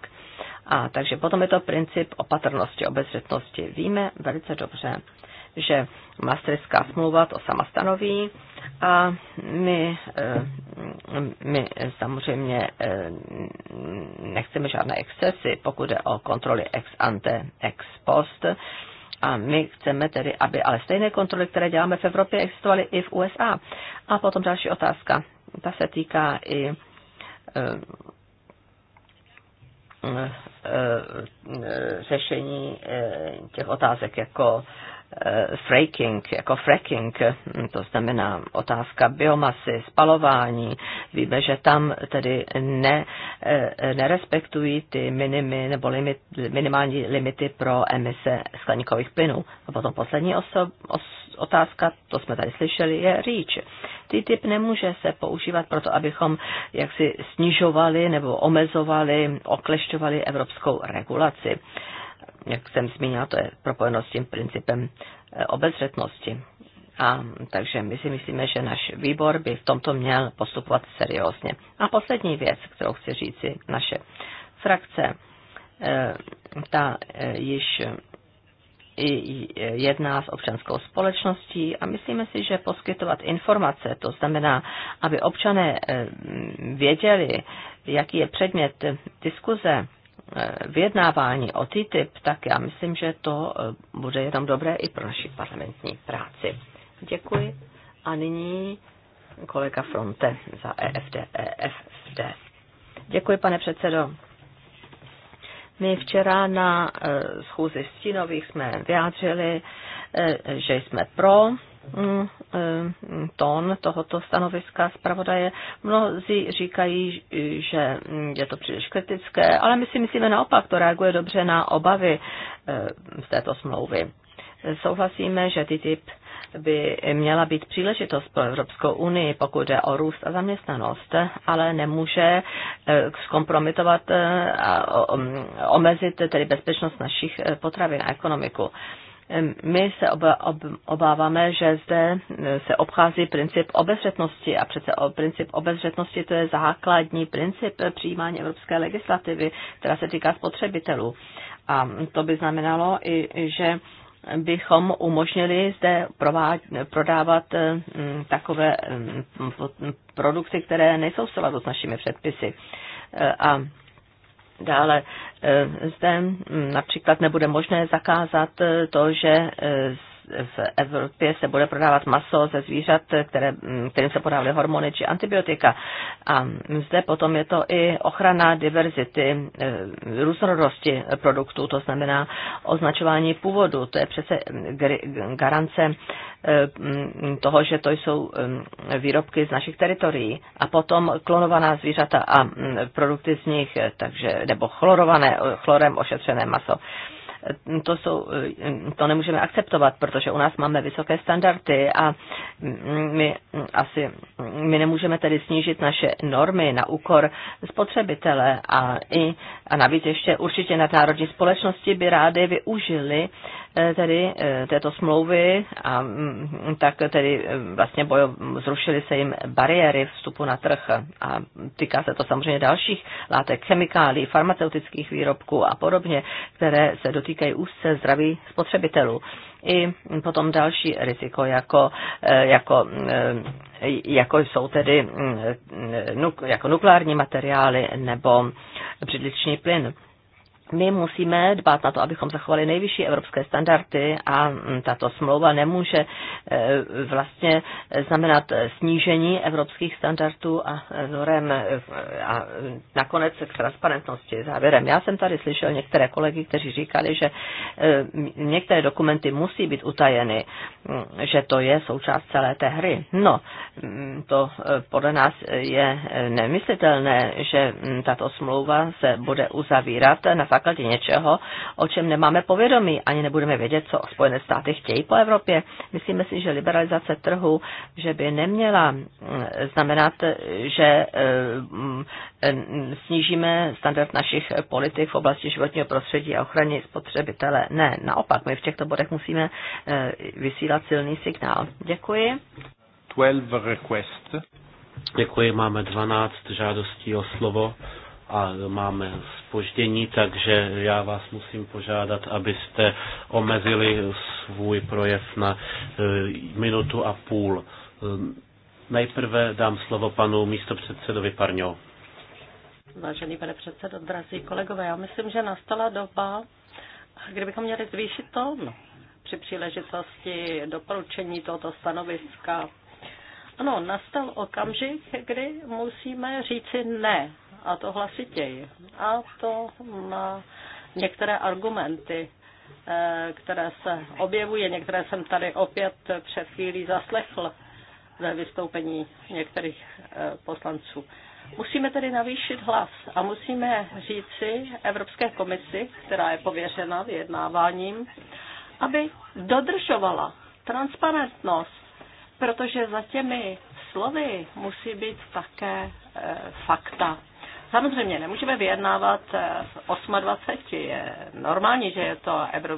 A takže potom je to princip opatrnosti, obezřetnosti. Víme velice dobře, že Maastrichtská smlouva to sama stanoví a my, eh, my samozřejmě eh, nechceme žádné excesy, pokud je o kontroly ex ante, ex post. A my chceme tedy, aby ale stejné kontroly, které děláme v Evropě, existovaly i v USA. A potom další otázka. Ta se týká i eh, řešení těch otázek jako Eh, fracking, jako fracking, hm, to znamená otázka biomasy, spalování. Víme, že tam tedy ne, eh, nerespektují ty minimi, nebo limit, minimální limity pro emise skleníkových plynů. A potom poslední osob, os, otázka, to jsme tady slyšeli, je REACH. typ nemůže se používat proto, abychom jaksi snižovali nebo omezovali, oklešťovali evropskou regulaci jak jsem zmínila, to je propojeno s tím principem eh, obezřetnosti. A takže my si myslíme, že náš výbor by v tomto měl postupovat seriózně. A poslední věc, kterou chci říci, naše frakce, eh, ta eh, již jedná s občanskou společností a myslíme si, že poskytovat informace, to znamená, aby občané věděli, jaký je předmět diskuze, Eh, vyjednávání o TTIP, tak já myslím, že to eh, bude jenom dobré i pro naši parlamentní práci. Děkuji. A nyní kolega Fronte za EFD. EFD. Děkuji, pane předsedo. My včera na eh, schůzi stínových jsme vyjádřili, že jsme pro Mm, mm, tón tohoto stanoviska zpravodaje. Mnozí říkají, že mm, je to příliš kritické, ale my si myslíme naopak, to reaguje dobře na obavy eh, z této smlouvy. Souhlasíme, že TTIP by měla být příležitost pro Evropskou unii, pokud jde o růst a zaměstnanost, ale nemůže eh, zkompromitovat eh, a omezit tedy bezpečnost našich potravin a ekonomiku my se obáváme, že zde se obchází princip obezřetnosti a přece princip obezřetnosti to je základní princip eh, přijímání evropské legislativy, která se týká spotřebitelů. A to by znamenalo i, že bychom umožnili zde provád, prodávat eh, takové produkty, které nejsou v souladu s našimi předpisy. Eh, a Dále eh, zde hm, například nebude možné zakázat eh, to, že eh, v Evropě se bude prodávat maso ze zvířat, které, mm, kterým se podávaly hormony či antibiotika. A zde potom je to i ochrana diverzity, eh, různorodosti produktů, to znamená označování původu. To je přece mm, garance eh, mm, toho, že to jsou výrobky z našich teritorií. A potom klonovaná zvířata a produkty z nich, eh, takže, nebo chlorované, chlorem ošetřené maso to, jsou, to nemůžeme akceptovat, protože u nás máme vysoké standardy a my asi my nemůžeme tedy snížit naše normy na úkor spotřebitele a, i, a navíc ještě určitě nadnárodní společnosti by rády využili Eh, tedy eh, této smlouvy a mm, tak tedy eh, vlastně bojo, zrušily se jim bariéry vstupu na trh a týká se to samozřejmě dalších látek, chemikálí, farmaceutických výrobků a podobně, které se dotýkají úzce zdraví spotřebitelů i potom další riziko, jako, jako, jako jsou tedy mm, jako nukleární materiály nebo břidliční plyn my musíme dbát na to, abychom zachovali nejvyšší evropské standardy a mm, tato smlouva nemůže e, vlastně znamenat snížení evropských standardů a norem e, a nakonec k transparentnosti závěrem. Já jsem tady slyšel některé kolegy, kteří říkali, že e, některé dokumenty musí být utajeny, že to je součást celé té hry. No, to podle nás je nemyslitelné, že tato smlouva se bude uzavírat na základě něčeho, o čem nemáme povědomí, ani nebudeme vědět, co Spojené státy chtějí po Evropě. Myslíme si, že liberalizace trhu, že by neměla mm, znamenat, že eh, mm, snížíme standard našich politik v oblasti životního prostředí a ochrany spotřebitele. Ne, naopak, my v těchto bodech musíme eh, vysílat silný signál. Děkuji. 12 requests. Děkuji, máme 12 žádostí o slovo a máme spoždění, takže já vás musím požádat, abyste omezili svůj projev na e, minutu a půl. E, nejprve dám slovo panu místopředsedovi Parňo. Vážený pane předsedo, drazí kolegové, já myslím, že nastala doba, kdybychom měli zvýšit tón při příležitosti doporučení tohoto stanoviska. Ano, nastal okamžik, kdy musíme říci ne a to hlasitěji. A to na některé argumenty, eh, které se objevují, některé jsem tady opět před chvílí zaslechl ve vystoupení některých eh, poslanců. Musíme tedy navýšit hlas a musíme říci Evropské komisi, která je pověřena vyjednáváním, aby dodržovala transparentnost, protože za těmi slovy musí být také e, fakta. Samozřejmě nemůžeme vyjednávat eh, v 28. Je normální, že je to Evro,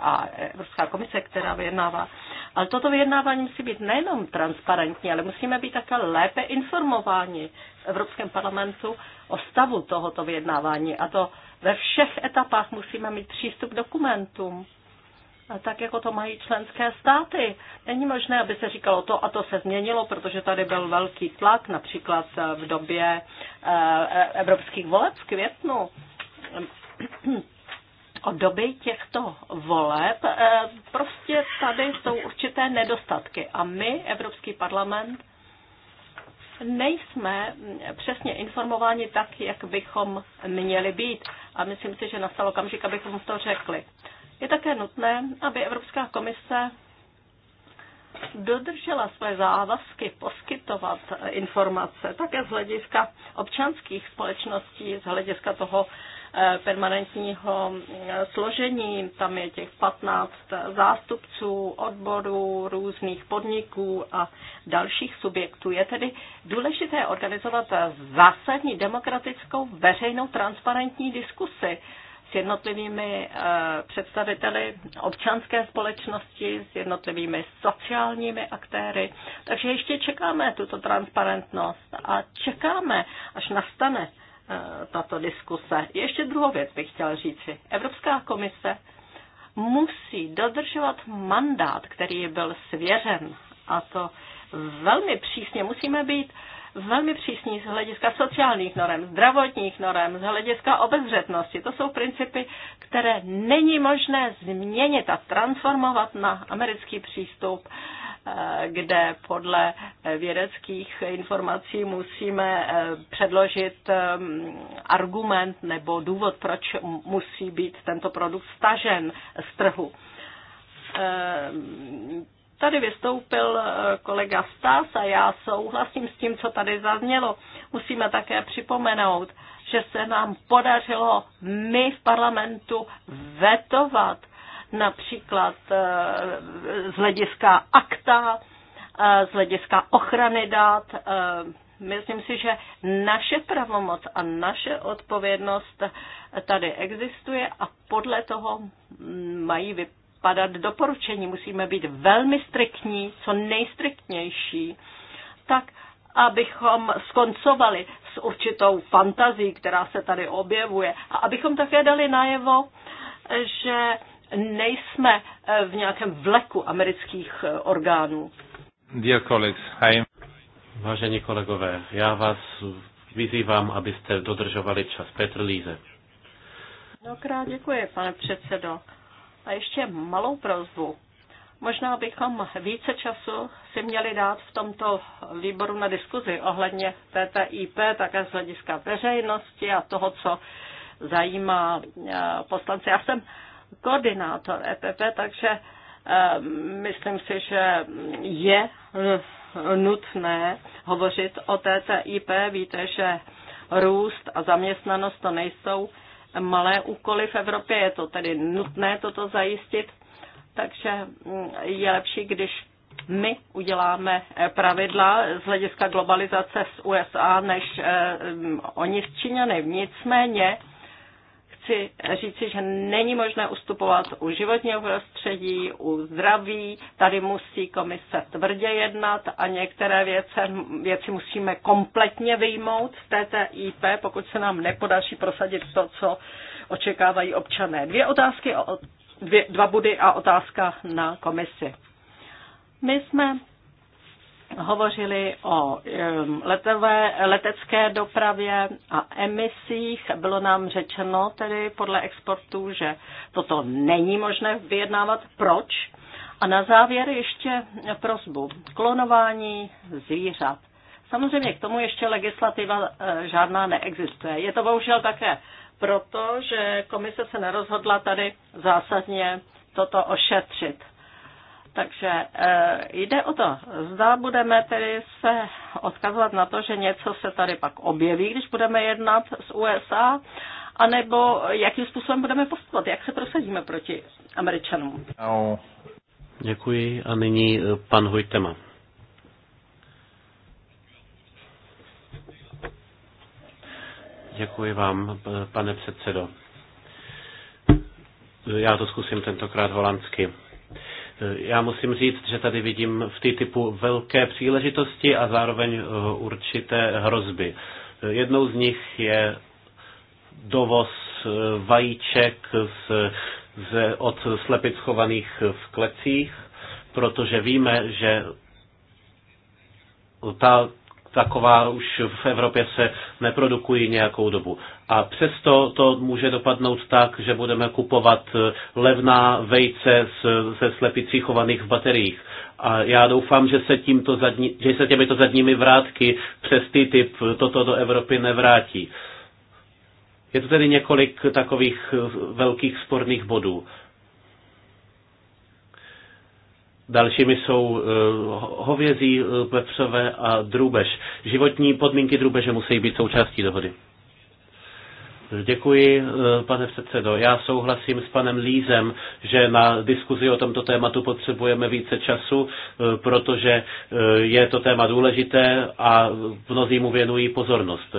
a Evropská komise, která vyjednává. Ale toto vyjednávání musí být nejenom transparentní, ale musíme být také lépe informováni v Evropském parlamentu o stavu tohoto vyjednávání. A to ve všech etapách musíme mít přístup k dokumentům tak jako to mají členské státy. Není možné, aby se říkalo to a to se změnilo, protože tady byl velký tlak, například v době eh, eh, evropských voleb v květnu. Od doby těchto voleb eh, prostě tady jsou určité nedostatky a my, Evropský parlament, nejsme přesně informováni tak, jak bychom měli být. A myslím si, že nastal okamžik, abychom to řekli. Je také nutné, aby Evropská komise dodržela své závazky poskytovat informace také z hlediska občanských společností, z hlediska toho eh, permanentního eh, složení. Tam je těch 15 zástupců odborů, různých podniků a dalších subjektů. Je tedy důležité organizovat zásadní demokratickou veřejnou transparentní diskusi s jednotlivými eh, představiteli občanské společnosti, s jednotlivými sociálními aktéry. Takže ještě čekáme tuto transparentnost a čekáme, až nastane eh, tato diskuse. Ještě druhou věc bych chtěl říci. Evropská komise musí dodržovat mandát, který byl svěřen a to velmi přísně. Musíme být velmi přísní z hlediska sociálních norem, zdravotních norem, z hlediska obezřetnosti. To jsou principy, které není možné změnit a transformovat na americký přístup, eh, kde podle vědeckých informací musíme eh, předložit eh, argument nebo důvod, proč musí být tento produkt stažen z trhu Tady vystoupil eh, kolega Stas a já souhlasím s tím, co tady zaznělo. Musíme také připomenout, že se nám podařilo my v parlamentu vetovat například eh, z hlediska akta, eh, z hlediska ochrany dát. Myslím si, že naše pravomoc a naše odpovědnost tady existuje a podle toho mají vypadat spadat doporučení. Musíme být velmi striktní, co nejstriktnější, tak abychom skoncovali s určitou fantazí, která se tady objevuje a abychom také dali najevo, že nejsme eh, v nějakém vleku amerických eh, orgánů. Dear colleagues, I Vážení kolegové, já vás vyzývám, abyste dodržovali čas. Petr Líze. Mnohokrát děkuji, pane předsedo. A ještě malou prozbu. Možná bychom více času si měli dát v tomto výboru na diskuzi ohledně TTIP, také z hlediska veřejnosti a toho, co zajímá eh, poslance. Já jsem koordinátor EPP, takže eh, myslím si, že je nutné hovořit o TTIP. Víte, že růst a zaměstnanost to nejsou malé úkoly v Evropě, je to tedy nutné toto zajistit, takže je lepší, když my uděláme eh, pravidla z hlediska globalizace z USA, než eh, oni s Číňany. Nicméně chci říci, že není možné ustupovat u životního prostředí, u zdraví. Tady musí komise tvrdě jednat a některé věce, věci musíme kompletně vyjmout z TTIP, pokud se nám nepodaří prosadit to, co očekávají občané. Dvě otázky, dvě, dva body a otázka na komisi. My jsme hovořili o letové, letecké dopravě a emisích. Bylo nám řečeno tedy podle exportů, že toto není možné vyjednávat. Proč? A na závěr ještě prozbu. Klonování zvířat. Samozřejmě k tomu ještě legislativa e, žádná neexistuje. Je to bohužel také proto, že komise se nerozhodla tady zásadně toto ošetřit. Takže e, jde o to, zda budeme tedy se odkazovat na to, že něco se tady pak objeví, když budeme jednat s USA, anebo jakým způsobem budeme postupovat, jak se prosadíme proti Američanům. No. Děkuji a nyní e, pan Hojtema. Děkuji vám, pane předsedo. Já to zkusím tentokrát holandsky. Eh, já musím říct, že tady vidím v té typu velké příležitosti a zároveň eh, určité hrozby. Eh, jednou z nich je dovoz vajíček z, z, od slepic chovaných v klecích, protože víme, že ta taková už v Evropě se neprodukují nějakou dobu. A přesto to může dopadnout tak, že budeme kupovat eh, levná vejce ze slepicí chovaných v bateriích. A já doufám, že se, tímto zadní, že se těmito zadními vrátky přes ty typ eh, toto do Evropy nevrátí. Je to tedy několik takových eh, velkých sporných bodů. Dalšími jsou eh, hovězí, vepřové eh, a drůbež. Životní podmínky drůbeže musí být součástí dohody. Děkuji, eh, pane předsedo. Já souhlasím s panem Lízem, že na diskuzi o tomto tématu potřebujeme více času, protože je to téma důležité a mnozí mu věnují pozornost.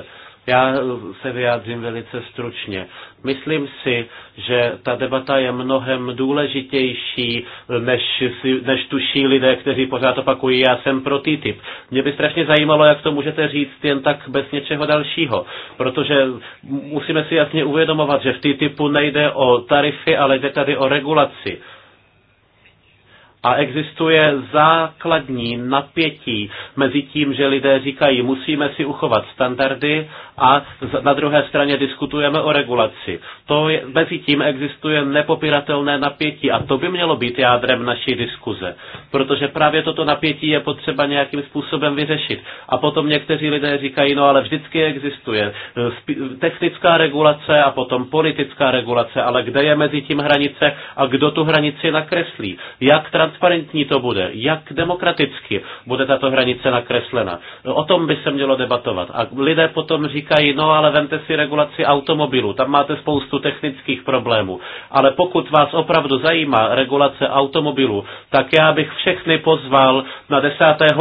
Já se vyjádřím velice stručně. Myslím si, že ta debata je mnohem důležitější, než, než tuší lidé, kteří pořád opakují, já jsem pro TTIP. Mě by strašně zajímalo, jak to můžete říct jen tak bez něčeho dalšího, protože musíme si jasně uvědomovat, že v TTIPu nejde o tarify, ale jde tady o regulaci a existuje základní napětí mezi tím, že lidé říkají, musíme si uchovat standardy a na druhé straně diskutujeme o regulaci. To je, mezi tím existuje nepopiratelné napětí a to by mělo být jádrem naší diskuze, protože právě toto napětí je potřeba nějakým způsobem vyřešit. A potom někteří lidé říkají, no ale vždycky existuje e, technická regulace a potom politická regulace, ale kde je mezi tím hranice a kdo tu hranici nakreslí? Jak transparentní to bude, jak demokraticky bude tato hranice nakreslena. O tom by se mělo debatovat. A lidé potom říkají, no ale vemte si regulaci automobilů, tam máte spoustu technických problémů. Ale pokud vás opravdu zajímá regulace automobilů, tak já bych všechny pozval na 10.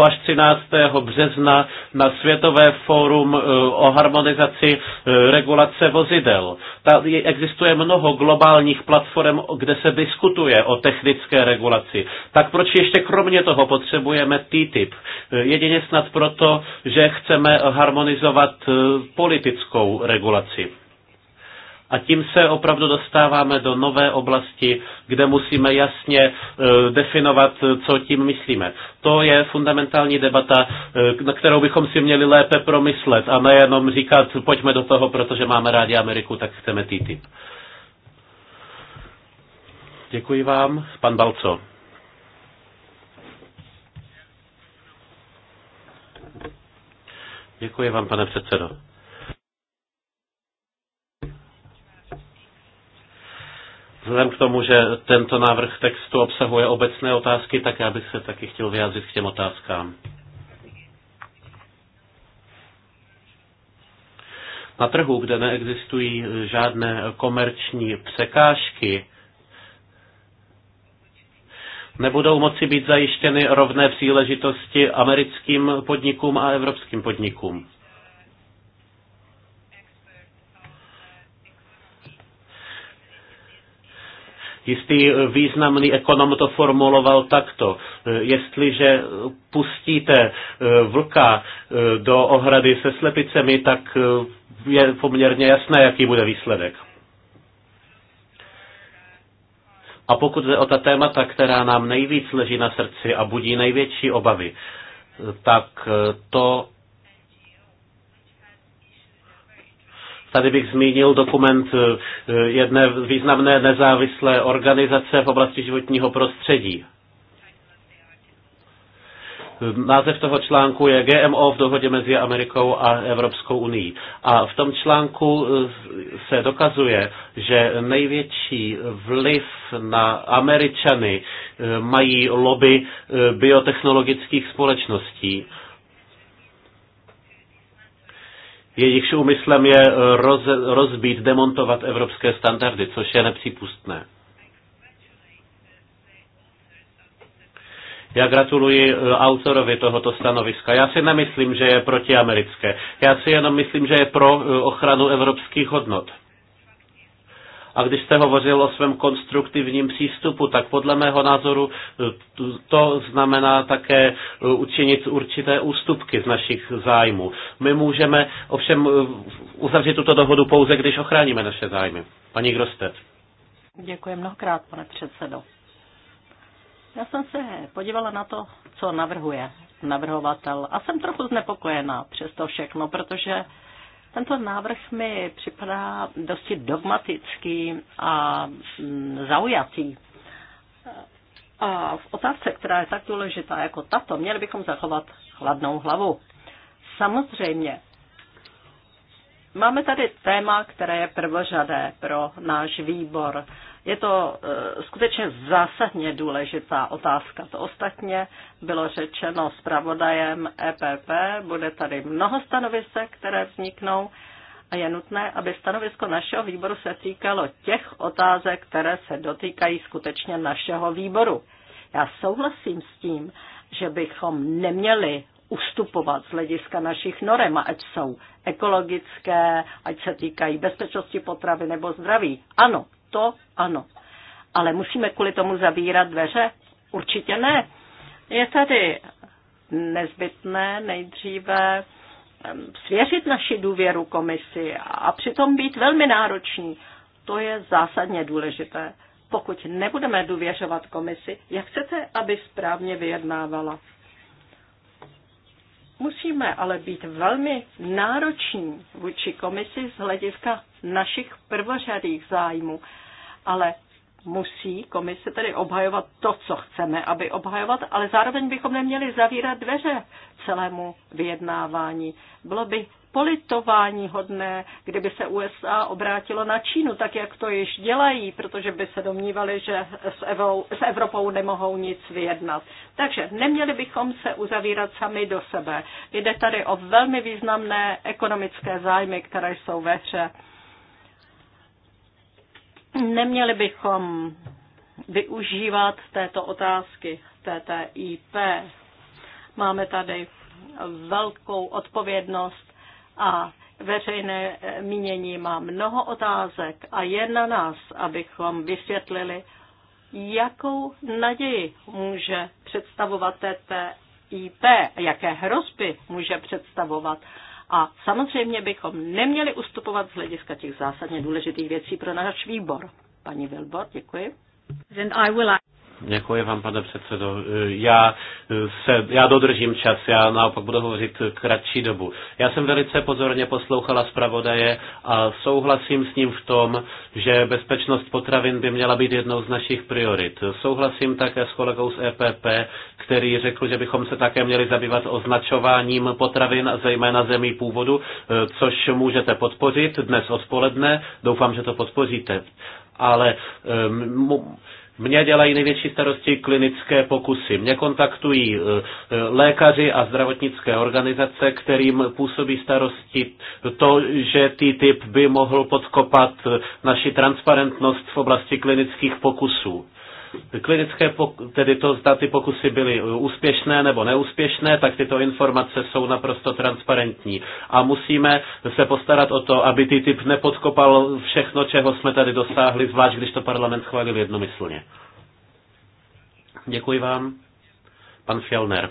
až 13. března na Světové fórum eh, o harmonizaci eh, regulace vozidel. Ta, existuje mnoho globálních platform, kde se diskutuje o technické regulaci tak proč ještě kromě toho potřebujeme TTIP? Jedině snad proto, že chceme harmonizovat eh, politickou regulaci. A tím se opravdu dostáváme do nové oblasti, kde musíme jasně eh, definovat, co tím myslíme. To je fundamentální debata, eh, na kterou bychom si měli lépe promyslet a nejenom říkat, pojďme do toho, protože máme rádi Ameriku, tak chceme TTIP. Děkuji vám. Pan Balco. Děkuji vám, pane předsedo. Vzhledem k tomu, že tento návrh textu obsahuje obecné otázky, tak já bych se taky chtěl vyjádřit k těm otázkám. Na trhu, kde neexistují žádné komerční překážky, nebudou moci být zajištěny rovné příležitosti americkým podnikům a evropským podnikům. Jistý významný ekonom to formuloval takto. Jestliže pustíte eh, vlka eh, do ohrady se slepicemi, tak eh, je poměrně jasné, jaký bude výsledek. A pokud jde o ta témata, která nám nejvíc leží na srdci a budí největší obavy, tak eh, to Tady bych zmínil dokument eh, jedné významné nezávislé organizace v oblasti životního prostředí. Název toho článku je GMO v dohodě mezi Amerikou a Evropskou unii. A v tom článku eh, se dokazuje, že největší vliv na Američany eh, mají lobby eh, biotechnologických společností. Jejichž úmyslem je roz, rozbít, demontovat evropské standardy, což je nepřípustné. Já gratuluji eh, autorovi tohoto stanoviska. Já si nemyslím, že je protiamerické. Já si jenom myslím, že je pro eh, ochranu evropských hodnot. A když jste hovořil o svém konstruktivním přístupu, tak podle mého názoru eh, to znamená také učinit určité ústupky z našich zájmů. My můžeme ovšem uzavřít tuto dohodu pouze, když ochráníme naše zájmy. Paní Grostet. Děkuji mnohokrát, pane předsedo. Já jsem se podívala na to, co navrhuje navrhovatel a jsem trochu znepokojená přes to všechno, protože tento návrh mi připadá dosti dogmatický a mm, zaujatý. A v otázce, která je tak důležitá jako tato, měli bychom zachovat chladnou hlavu. Samozřejmě, máme tady téma, které je prvořadé pro náš výbor. Je to e, skutečně zásadně důležitá otázka. To ostatně bylo řečeno pravodajem EPP. Bude tady mnoho stanovisek, které vzniknou a je nutné, aby stanovisko našeho výboru se týkalo těch otázek, které se dotýkají skutečně našeho výboru. Já souhlasím s tím, že bychom neměli ustupovat z hlediska našich norem, ať jsou ekologické, ať se týkají bezpečnosti potravy nebo zdraví. Ano, to ano. Ale musíme kvůli tomu zavírat dveře? Určitě ne. Je tady nezbytné nejdříve svěřit naši důvěru komisi a přitom být velmi nároční. To je zásadně důležité. Pokud nebudeme důvěřovat komisi, jak chcete, aby správně vyjednávala? Musíme ale být velmi nároční vůči komisi z hlediska našich prvořadých zájmů ale musí komise tedy obhajovat to, co chceme, aby obhajovat, ale zároveň bychom neměli zavírat dveře celému vyjednávání. Bylo by politování hodné, kdyby se USA obrátilo na Čínu, tak jak to již dělají, protože by se domnívali, že s, Evou, s Evropou nemohou nic vyjednat. Takže neměli bychom se uzavírat sami do sebe. Jde tady o velmi významné ekonomické zájmy, které jsou ve hře. Neměli bychom využívat této otázky TTIP. Máme tady velkou odpovědnost a veřejné mínění má mnoho otázek a je na nás, abychom vysvětlili, jakou naději může představovat TTIP, jaké hrozby může představovat a samozřejmě bychom neměli ustupovat z hlediska těch zásadně důležitých věcí pro náš výbor. Paní Wilbor, děkuji. And I will... Děkuji vám, pane předsedo. Já, se, já dodržím čas, já naopak budu hovořit kratší dobu. Já jsem velice pozorně poslouchala zpravodaje a souhlasím s ním v tom, že bezpečnost potravin by měla být jednou z našich priorit. Souhlasím také s kolegou z EPP, který řekl, že bychom se také měli zabývat označováním potravin, zejména zemí původu, což můžete podpořit dnes odpoledne. Doufám, že to podpoříte. Ale um, mně dělají největší starosti klinické pokusy. Mě kontaktují eh, eh, lékaři a zdravotnické organizace, kterým působí starosti to, že TTIP by mohl podkopat eh, naši transparentnost v oblasti klinických pokusů klinické, tedy to, zda ty pokusy byly úspěšné nebo neúspěšné, tak tyto informace jsou naprosto transparentní. A musíme se postarat o to, aby ty typ nepodkopal všechno, čeho jsme tady dosáhli, zvlášť když to parlament schválil jednomyslně. Děkuji vám. Pan Fjellner.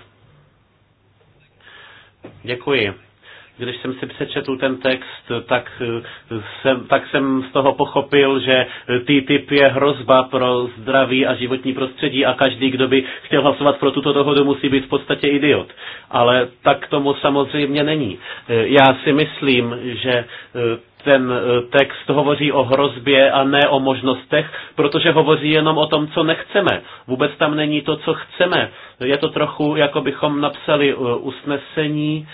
Děkuji když jsem si přečetl ten text, tak eh, jsem, tak jsem z toho pochopil, že TTIP je hrozba pro zdraví a životní prostředí a každý, kdo by chtěl hlasovat pro tuto dohodu, musí být v podstatě idiot. Ale tak tomu samozřejmě není. Eh, já si myslím, že eh, ten text hovoří o hrozbě a ne o možnostech, protože hovoří jenom o tom, co nechceme. Vůbec tam není to, co chceme. Je to trochu, jako bychom napsali usnesení,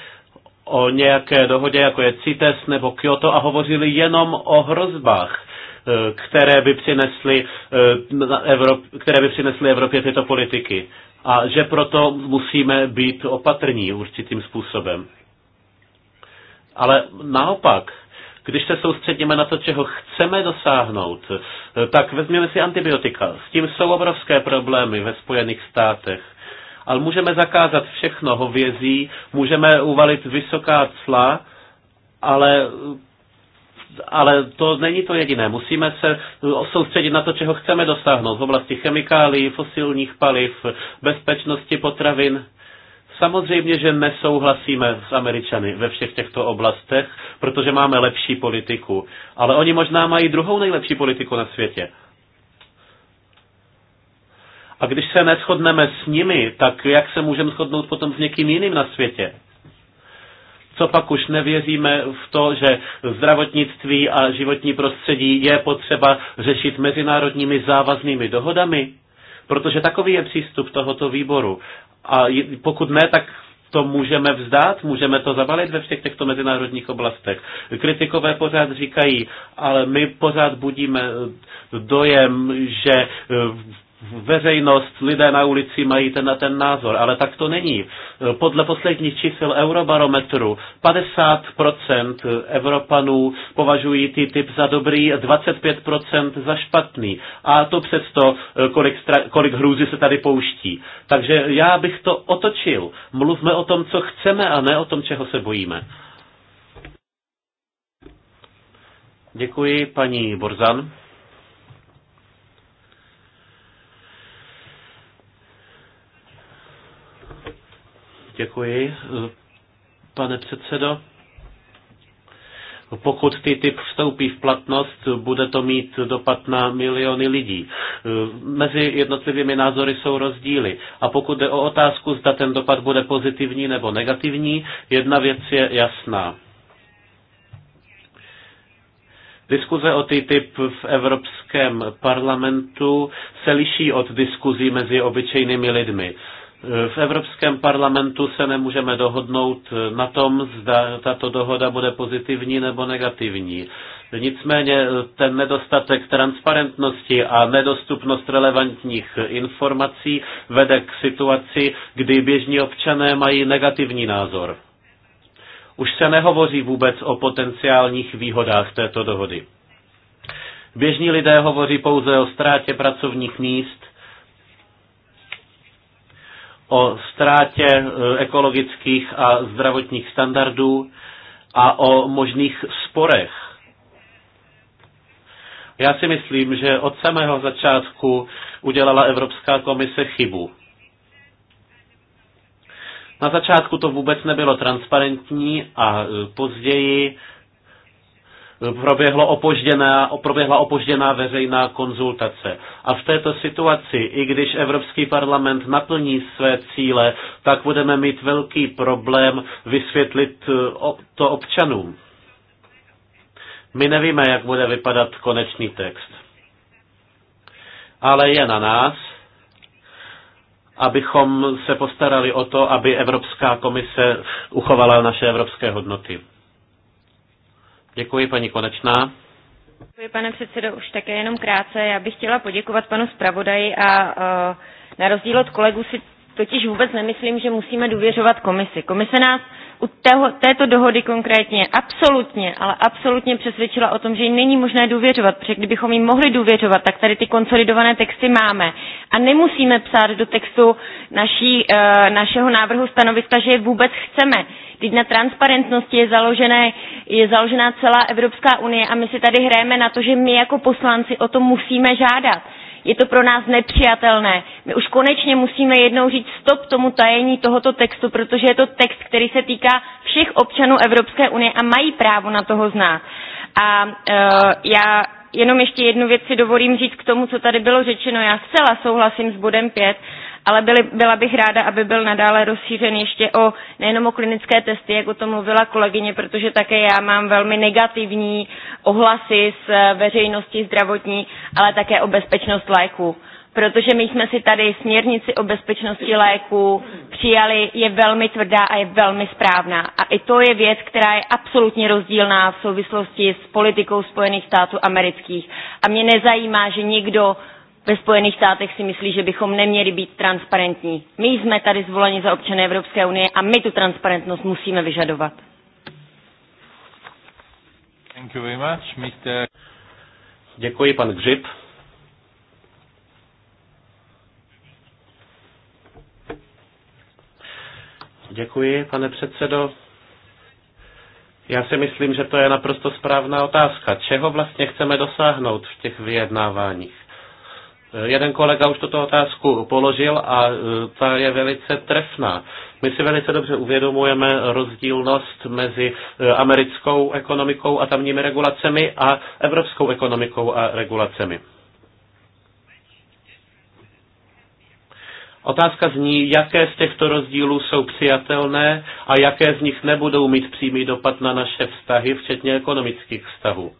o nějaké dohodě, jako je CITES nebo Kyoto, a hovořili jenom o hrozbách eh, které by přinesly, eh, které by přinesly Evropě tyto politiky. A že proto musíme být opatrní určitým způsobem. Ale naopak, když se soustředíme na to, čeho chceme dosáhnout, eh, tak vezměme si antibiotika. S tím jsou obrovské problémy ve Spojených státech ale můžeme zakázat všechno hovězí, můžeme uvalit vysoká cla, ale ale to není to jediné. Musíme se soustředit na to, čeho chceme dosáhnout v oblasti chemikálií, fosilních paliv, bezpečnosti potravin. Samozřejmě, že nesouhlasíme s Američany ve všech těchto oblastech, protože máme lepší politiku. Ale oni možná mají druhou nejlepší politiku na světě. A když se neschodneme s nimi, tak jak se můžeme shodnout potom s někým jiným na světě? Co pak už nevěříme v to, že zdravotnictví a životní prostředí je potřeba řešit mezinárodními závaznými dohodami? Protože takový je přístup tohoto výboru. A pokud ne, tak to můžeme vzdát, můžeme to zabalit ve všech těchto mezinárodních oblastech. Kritikové pořád říkají, ale my pořád budíme dojem, že veřejnost, lidé na ulici mají ten na ten názor, ale tak to není. Podle posledních čísel Eurobarometru 50% Evropanů považují ty typ za dobrý, 25% za špatný. A to přesto, kolik, stra- kolik hrůzy se tady pouští. Takže já bych to otočil. Mluvme o tom, co chceme a ne o tom, čeho se bojíme. Děkuji, paní Borzan. Děkuji, pane předsedo. Pokud typ vstoupí v platnost, bude to mít dopad na miliony lidí. Mezi jednotlivými názory jsou rozdíly. A pokud jde o otázku, zda ten dopad bude pozitivní nebo negativní, jedna věc je jasná. Diskuze o TTIP v Evropském parlamentu se liší od diskuzí mezi obyčejnými lidmi. V Evropském parlamentu se nemůžeme dohodnout na tom, zda tato dohoda bude pozitivní nebo negativní. Nicméně ten nedostatek transparentnosti a nedostupnost relevantních informací vede k situaci, kdy běžní občané mají negativní názor. Už se nehovoří vůbec o potenciálních výhodách této dohody. Běžní lidé hovoří pouze o ztrátě pracovních míst, o ztrátě e, ekologických a zdravotních standardů a o možných sporech. Já si myslím, že od samého začátku udělala Evropská komise chybu. Na začátku to vůbec nebylo transparentní a e, později proběhlo opožděná, proběhla opožděná veřejná konzultace. A v této situaci, i když Evropský parlament naplní své cíle, tak budeme mít velký problém vysvětlit eh, to občanům. My nevíme, jak bude vypadat konečný text. Ale je na nás, abychom se postarali o to, aby Evropská komise uchovala naše evropské hodnoty. Děkuji, paní Konečná. Děkuji, pane předsedo, už také jenom krátce. Já bych chtěla poděkovat panu zpravodaji a e, na rozdíl od kolegů si totiž vůbec nemyslím, že musíme důvěřovat komisi. Komise nás u tého, této dohody konkrétně absolutně, ale absolutně přesvědčila o tom, že jí není možné důvěřovat, protože kdybychom jí mohli důvěřovat, tak tady ty konsolidované texty máme. A nemusíme psát do textu naší, eh, našeho návrhu stanoviska, že je vůbec chceme. Teď na transparentnosti je, založené, je založená celá Evropská unie a my si tady hrajeme na to, že my jako poslanci o to musíme žádat je to pro nás nepřijatelné. My už konečně musíme jednou říct stop tomu tajení tohoto textu, protože je to text, který se týká všech občanů Evropské unie a mají právo na toho znát. A uh, já jenom ještě jednu věc si dovolím říct k tomu, co tady bylo řečeno. Já zcela souhlasím s bodem 5 ale byly, byla bych ráda, aby byl nadále rozšířen ještě o nejenom o klinické testy, jak o tom mluvila kolegyně, protože také já mám velmi negativní ohlasy z eh, veřejnosti zdravotní, ale také o bezpečnost léků protože my jsme si tady směrnici o bezpečnosti léků přijali, je velmi tvrdá a je velmi správná. A i to je věc, která je absolutně rozdílná v souvislosti s politikou Spojených států amerických. A mě nezajímá, že někdo ve Spojených státech si myslí, že bychom neměli být transparentní. My jsme tady zvoleni za občany Evropské unie a my tu transparentnost musíme vyžadovat. Thank you very much, Mr. Děkuji, pan Gřib. Děkuji, pane předsedo. Já si myslím, že to je naprosto správná otázka. Čeho vlastně chceme dosáhnout v těch vyjednáváních? Eh, jeden kolega už tuto otázku položil a eh, ta je velice trefná. My si velice dobře uvědomujeme rozdílnost mezi eh, americkou ekonomikou a tamními regulacemi a evropskou ekonomikou a regulacemi. Otázka zní, jaké z těchto rozdílů jsou přijatelné a jaké z nich nebudou mít přímý dopad na naše vztahy, včetně ekonomických vztahů.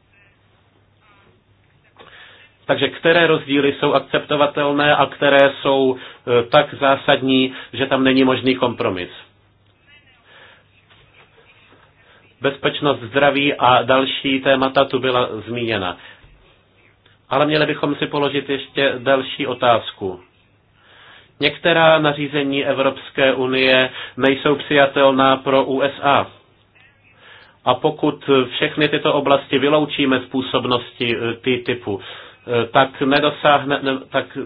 Takže které rozdíly jsou akceptovatelné a které jsou e, tak zásadní, že tam není možný kompromis. Bezpečnost zdraví a další témata tu byla zmíněna. Ale měli bychom si položit ještě další otázku. Některá nařízení Evropské unie nejsou přijatelná pro USA. A pokud všechny tyto oblasti vyloučíme z působnosti e, ty typu, Eh, tak, nedosáhne, ne, tak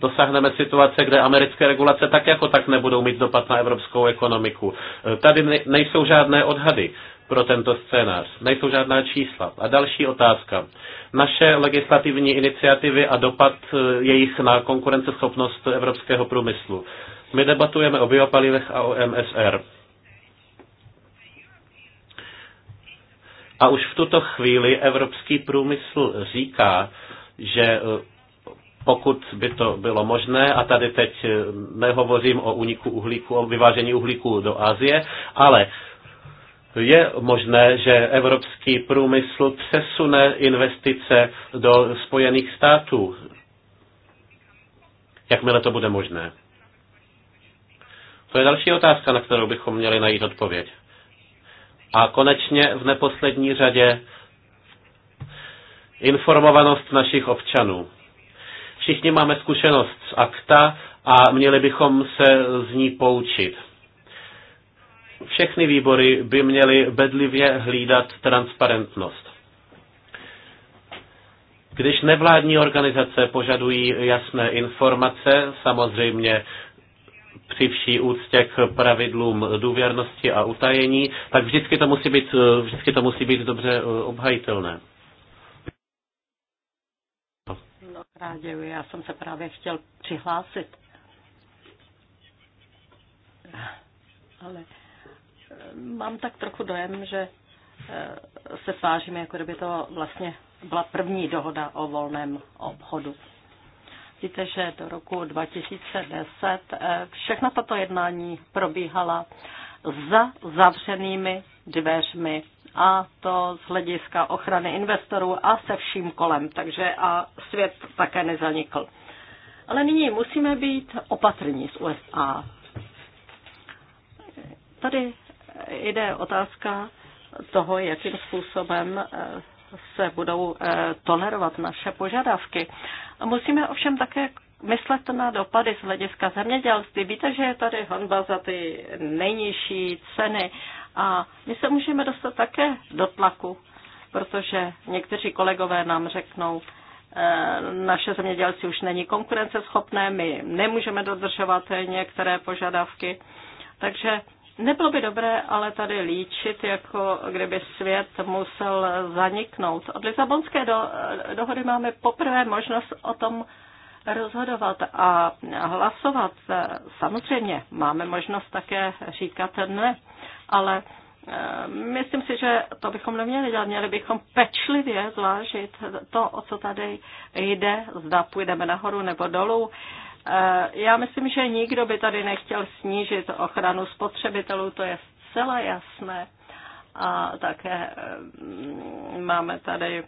dosáhneme situace, kde americké regulace tak jako tak nebudou mít dopad na evropskou ekonomiku. Eh, tady nejsou žádné odhady pro tento scénář. Nejsou žádná čísla. A další otázka. Naše legislativní iniciativy a dopad eh, jejich na konkurenceschopnost evropského průmyslu. My debatujeme o biopalivech a o MSR. A už v tuto chvíli evropský průmysl říká, že eh, pokud by to bylo možné, a tady teď eh, nehovořím o uniku uhlíku, o vyvážení uhlíku do Asie, ale je možné, že evropský průmysl přesune investice do Spojených států, jakmile to bude možné. To je další otázka, na kterou bychom měli najít odpověď. A konečně v neposlední řadě informovanost našich občanů. Všichni máme zkušenost z akta a měli bychom se z ní poučit. Všechny výbory by měly bedlivě hlídat transparentnost. Když nevládní organizace požadují jasné informace, samozřejmě při vší úctě k pravidlům důvěrnosti a utajení, tak vždycky to musí být, vždycky to musí být dobře eh, obhajitelné. No, děkuji, já jsem se právě chtěl přihlásit. Ale eh, mám tak trochu dojem, že eh, se tváříme, jako kdyby to vlastně byla první dohoda o volném obchodu. Víte, že do roku 2010 eh, všechna tato jednání probíhala za zavřenými dveřmi a to z hlediska ochrany investorů a se vším kolem, takže a svět také nezanikl. Ale nyní musíme být opatrní z USA. Tady jde otázka toho, jakým způsobem eh, se budou eh, tolerovat naše požadavky. Musíme ovšem také myslet na dopady z hlediska zemědělství. Víte, že je tady honba za ty nejnižší ceny a my se můžeme dostat také do tlaku, protože někteří kolegové nám řeknou, eh, naše zemědělství už není konkurenceschopné, my nemůžeme dodržovat některé požadavky. Takže Nebylo by dobré ale tady líčit, jako kdyby svět musel zaniknout. Od Lisabonské do, dohody máme poprvé možnost o tom rozhodovat a hlasovat. Samozřejmě máme možnost také říkat ne, ale eh, myslím si, že to bychom neměli dělat. Měli bychom pečlivě zvážit to, o co tady jde, zda půjdeme nahoru nebo dolů. Eh, já myslím, že nikdo by tady nechtěl snížit ochranu spotřebitelů, to je zcela jasné. A také eh, máme tady eh,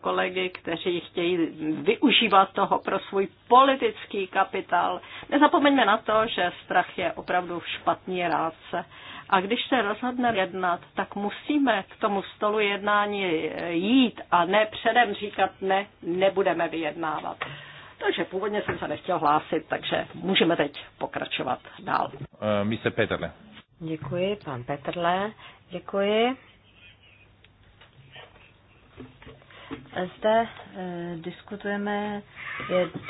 kolegy, kteří chtějí využívat toho pro svůj politický kapitál. Nezapomeňme na to, že strach je opravdu špatný rádce. A když se rozhodne jednat, tak musíme k tomu stolu jednání jít a ne předem říkat, ne, nebudeme vyjednávat. Takže původně jsem se nechtěl hlásit, takže můžeme teď pokračovat dál. Uh, eh, Mr. Petrle. Děkuji, pan Petrle. Děkuji. Zde e, diskutujeme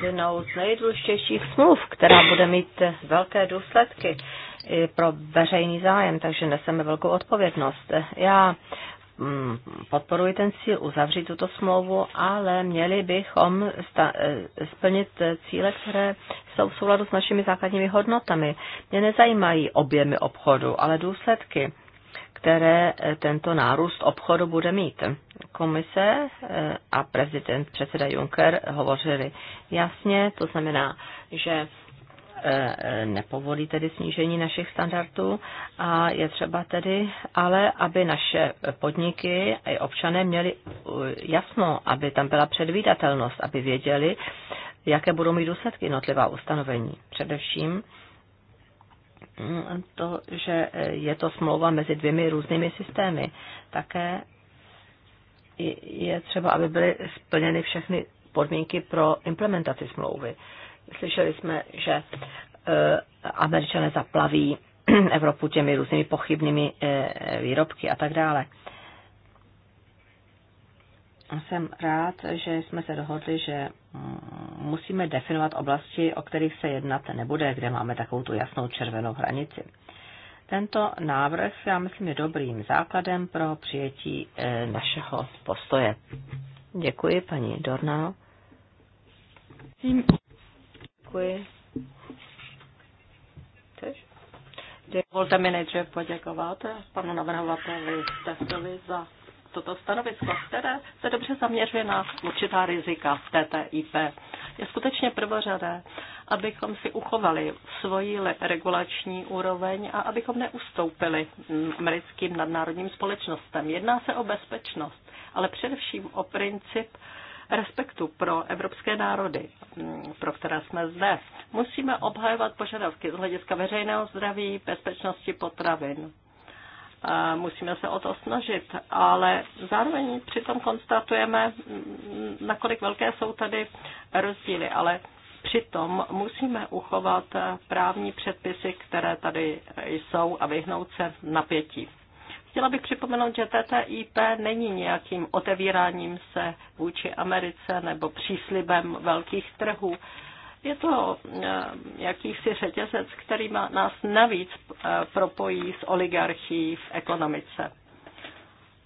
jednou z nejdůležitějších smluv, která bude mít velké důsledky pro veřejný zájem, takže neseme velkou odpovědnost. Já Mm, podporuji ten cíl uzavřít tuto smlouvu, ale měli bychom sta- e, splnit cíle, které jsou v souladu s našimi základními hodnotami. Mě nezajímají objemy obchodu, ale důsledky, které e, tento nárůst obchodu bude mít. Komise e, a prezident předseda Juncker hovořili jasně, to znamená, že Eh, eh, nepovolí tedy snížení našich standardů a je třeba tedy, ale aby naše podniky i občané měli eh, jasno, aby tam byla předvídatelnost, aby věděli, jaké budou mít důsledky jednotlivá ustanovení. Především mm, to, že je to smlouva mezi dvěmi různými systémy. Také je třeba, aby byly splněny všechny podmínky pro implementaci smlouvy. Slyšeli jsme, že e, američané zaplaví Evropu těmi různými pochybnými e, výrobky a tak dále. Jsem rád, že jsme se dohodli, že mm, musíme definovat oblasti, o kterých se jednat nebude, kde máme takovou tu jasnou červenou hranici. Tento návrh, já myslím, je dobrým základem pro přijetí e, našeho postoje. Děkuji, paní Dornal. Děkuji. Dovolte mi nejdřív poděkovat panu navrhovateli Testovi za toto stanovisko, které se dobře zaměřuje na určitá rizika v TTIP. Je skutečně prvořadé, abychom si uchovali svoji regulační úroveň a abychom neustoupili mm, americkým nadnárodním společnostem. Jedná se o bezpečnost, ale především o princip respektu pro evropské národy, mm, pro které jsme zde. Musíme obhajovat požadavky z hlediska veřejného zdraví, bezpečnosti potravin. Musíme se o to snažit, ale zároveň přitom konstatujeme, mm, nakolik velké jsou tady rozdíly, ale Přitom musíme uchovat právní předpisy, které tady jsou a vyhnout se napětí. Chtěla bych připomenout, že TTIP není nějakým otevíráním se vůči Americe nebo příslibem velkých trhů. Je to eh, jakýsi řetězec, který má, nás navíc eh, propojí s oligarchií v ekonomice.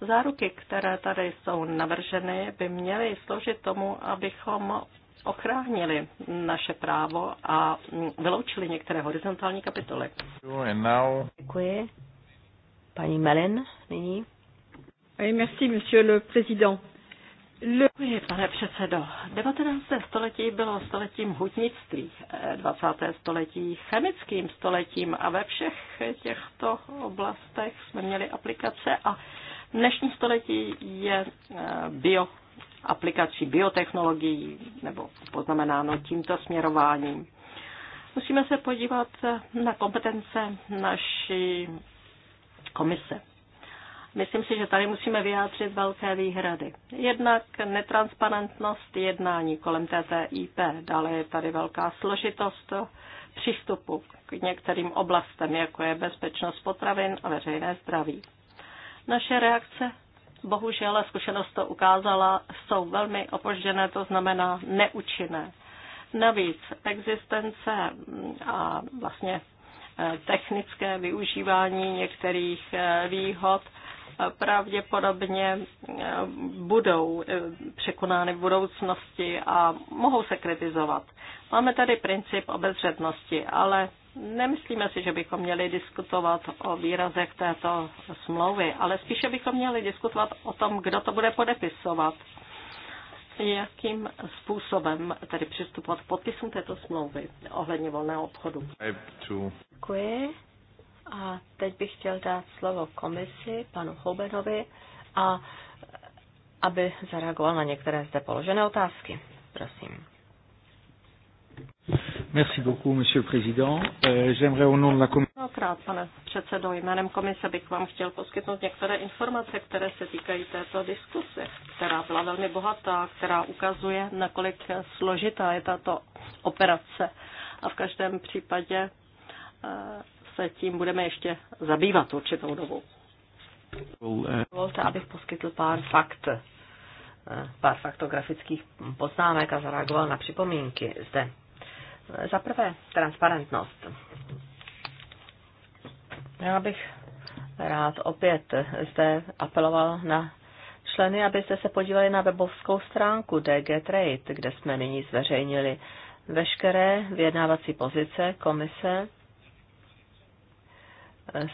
Záruky, které tady jsou navrženy, by měly sloužit tomu, abychom ochránili naše právo a mm, vyloučili některé horizontální kapitoly. Děkuji. Paní Melin nyní. Merci, monsieur le président. Děkuji, pane předsedo. 19. století bylo stoletím hutnictví, 20. století chemickým stoletím a ve všech těchto oblastech jsme měli aplikace a dnešní století je eh, bio aplikací biotechnologií nebo poznamenáno tímto směrováním. Musíme se podívat na kompetence naší komise. Myslím si, že tady musíme vyjádřit velké výhrady. Jednak netransparentnost jednání kolem TTIP, dále je tady velká složitost přístupu k některým oblastem, jako je bezpečnost potravin a veřejné zdraví. Naše reakce, bohužel, zkušenost to ukázala, jsou velmi opožděné, to znamená neúčinné. Navíc existence a vlastně technické využívání některých eh, výhod eh, pravděpodobně eh, budou překonány v budoucnosti a mohou se kritizovat. Máme tady princip obezřetnosti, ale nemyslíme si, že bychom měli diskutovat o výrazech této smlouvy, ale spíše bychom měli diskutovat o tom, kdo to bude podepisovat jakým způsobem tedy přistupovat k podpisům této smlouvy ohledně volného obchodu. Děkuji. A teď bych chtěl dát slovo komisi, panu Houbenovi, a aby zareagoval na některé zde položené otázky. Prosím. Merci beaucoup, monsieur le président. Euh, J'aimerais au nom de la commission mnohokrát, pane předsedo. Jménem komise bych vám chtěl poskytnout některé informace, které se týkají této diskuse, která byla velmi bohatá, která ukazuje, nakolik složitá je tato operace. A v každém případě eh, se tím budeme ještě zabývat určitou dobu. Dovolte, abych poskytl pár fakt, eh, pár faktografických poznámek a zareagoval na připomínky zde. Za prvé, transparentnost. Já bych rád opět zde apeloval na členy, abyste se podívali na webovskou stránku DG Trade, kde jsme nyní zveřejnili veškeré vyjednávací pozice komise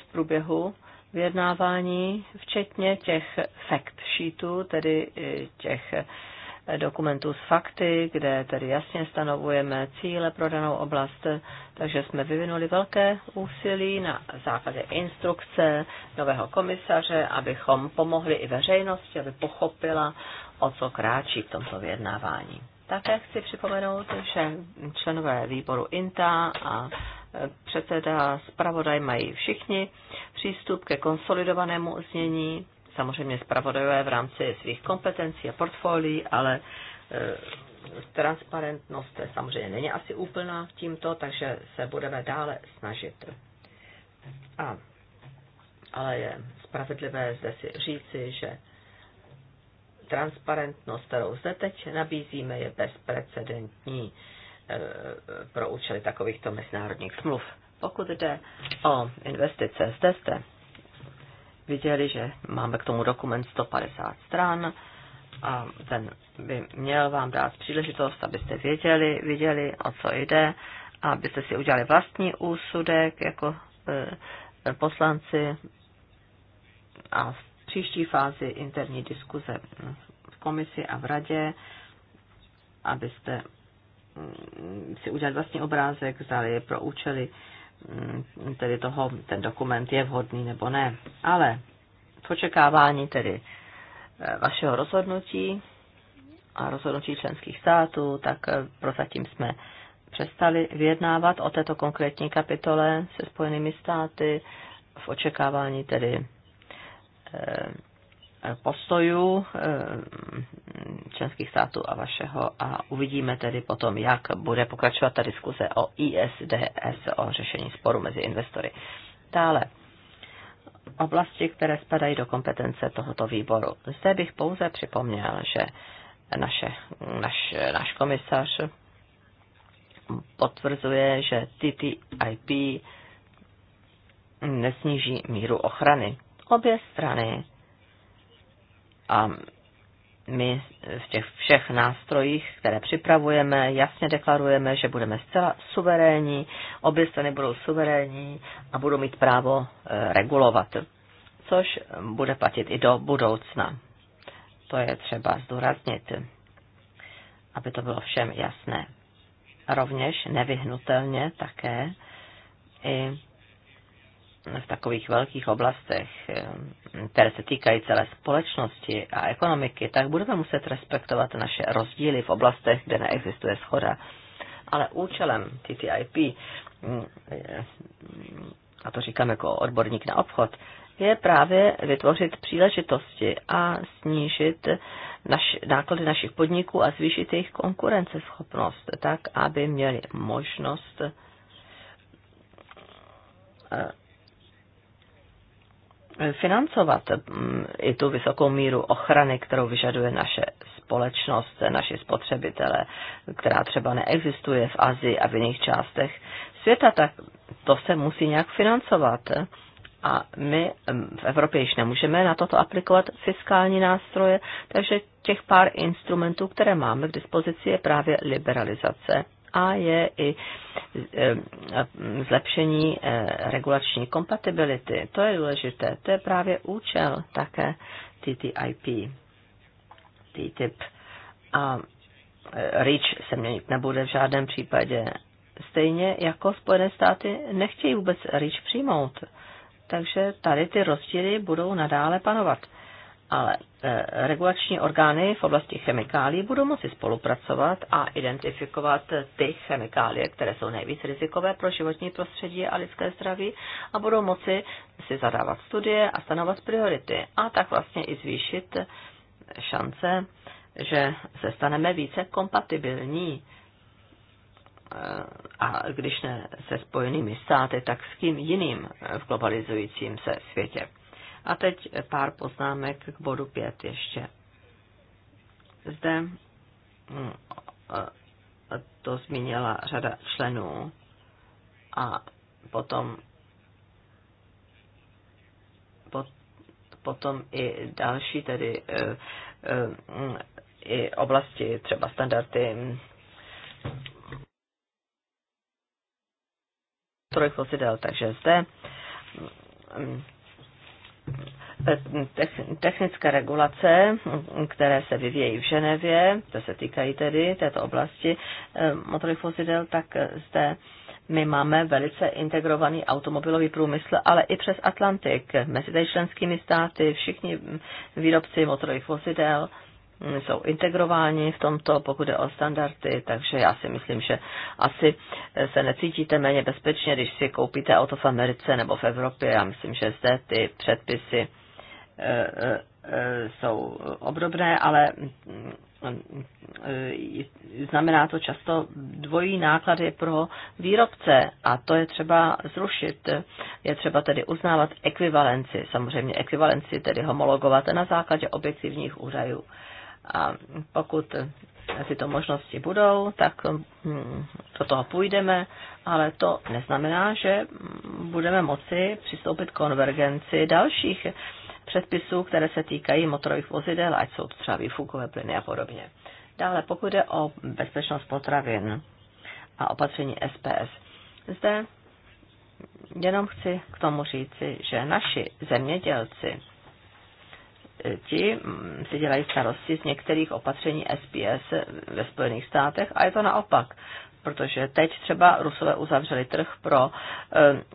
z průběhu vyjednávání, včetně těch fact sheetů, tedy těch dokumentů s fakty, kde tedy jasně stanovujeme cíle pro danou oblast. Takže jsme vyvinuli velké úsilí na základě instrukce nového komisaře, abychom pomohli i veřejnosti, aby pochopila, o co kráčí v tomto vyjednávání. Také chci připomenout, že členové výboru INTA a e, předseda zpravodaj mají všichni přístup ke konsolidovanému znění samozřejmě zpravodajové v rámci svých kompetencí a portfolií, ale e, transparentnost samozřejmě není asi úplná v tímto, takže se budeme dále snažit. A, ale je spravedlivé zde si říci, že transparentnost, kterou zde teď nabízíme, je bezprecedentní e, pro účely takovýchto mezinárodních smluv. Pokud jde o investice, zde jste viděli, že máme k tomu dokument 150 stran a ten by měl vám dát příležitost, abyste věděli, viděli, o co jde, abyste si udělali vlastní úsudek jako e, poslanci a v příští fázi interní diskuze v komisi a v radě, abyste mm, si udělali vlastní obrázek, zdali je pro účely e, Mm, tedy toho, ten dokument je vhodný nebo ne. Ale v očekávání tedy eh, vašeho rozhodnutí a rozhodnutí členských států, tak eh, prozatím jsme přestali vyjednávat o této konkrétní kapitole se Spojenými státy v očekávání tedy eh, postojů eh, členských států a vašeho a uvidíme tedy potom, jak bude pokračovat ta diskuse o ISDS, o řešení sporu mezi investory. Dále, oblasti, které spadají do kompetence tohoto výboru. Zde bych pouze připomněl, že naše, naš, náš komisař potvrzuje, že TTIP nesníží míru ochrany. Obě strany a my v těch všech nástrojích, které připravujeme, jasně deklarujeme, že budeme zcela suverénní, obě strany budou suverénní a budou mít právo eh, regulovat, což bude platit i do budoucna. To je třeba zdůraznit, aby to bylo všem jasné. Rovněž nevyhnutelně také i v takových velkých oblastech, eh, které se týkají celé společnosti a ekonomiky, tak budeme muset respektovat naše rozdíly v oblastech, kde neexistuje schoda. Ale účelem TTIP, mm, a to říkám jako odborník na obchod, je právě vytvořit příležitosti a snížit naš, náklady našich podniků a zvýšit jejich konkurenceschopnost, tak aby měli možnost eh, financovat mm, i tu vysokou míru ochrany, kterou vyžaduje naše společnost, naši spotřebitele, která třeba neexistuje v Azii a v jiných částech světa, tak to se musí nějak financovat. A my mm, v Evropě již nemůžeme na toto aplikovat fiskální nástroje, takže těch pár instrumentů, které máme k dispozici, je právě liberalizace a je i eh, zlepšení eh, regulační kompatibility. To je důležité. To je právě účel také TTIP. TTIP. A eh, REACH se měnit nebude v žádném případě. Stejně jako Spojené státy nechtějí vůbec REACH přijmout. Takže tady ty rozdíly budou nadále panovat ale eh, regulační orgány v oblasti chemikálií budou moci spolupracovat a identifikovat ty chemikálie, které jsou nejvíc rizikové pro životní prostředí a lidské zdraví a budou moci si zadávat studie a stanovat priority a tak vlastně i zvýšit šance, že se staneme více kompatibilní eh, a když ne se spojenými státy, tak s kým jiným v globalizujícím se světě. A teď pár poznámek k bodu 5 ještě. Zde mm, to zmínila řada členů a potom potom i další tedy e, e, mm, i oblasti, třeba standardy trojvozidel. Takže zde mm, Eh, technické regulace, které se vyvějí v Ženevě, to se týkají tedy této oblasti eh, motorových vozidel, tak zde my máme velice integrovaný automobilový průmysl, ale i přes Atlantik, mezi členskými státy, všichni výrobci motorových vozidel, jsou integrováni v tomto, pokud je o standardy, takže já si myslím, že asi se necítíte méně bezpečně, když si koupíte auto v Americe nebo v Evropě. Já myslím, že zde ty předpisy e, e, e, jsou obdobné, ale znamená to často dvojí náklady pro výrobce a to je třeba zrušit. Je třeba tedy uznávat ekvivalenci, samozřejmě ekvivalenci, tedy homologovat na základě objektivních údajů. A pokud tyto možnosti budou, tak mm, do toho půjdeme, ale to neznamená, že budeme moci přistoupit k konvergenci dalších předpisů, které se týkají motorových vozidel, ať jsou třeba výfukové plyny a podobně. Dále, pokud jde o bezpečnost potravin a opatření SPS, zde jenom chci k tomu říci, že naši zemědělci ti mm, si dělají starosti z některých opatření SPS ve Spojených státech a je to naopak. Protože teď třeba Rusové uzavřeli trh pro,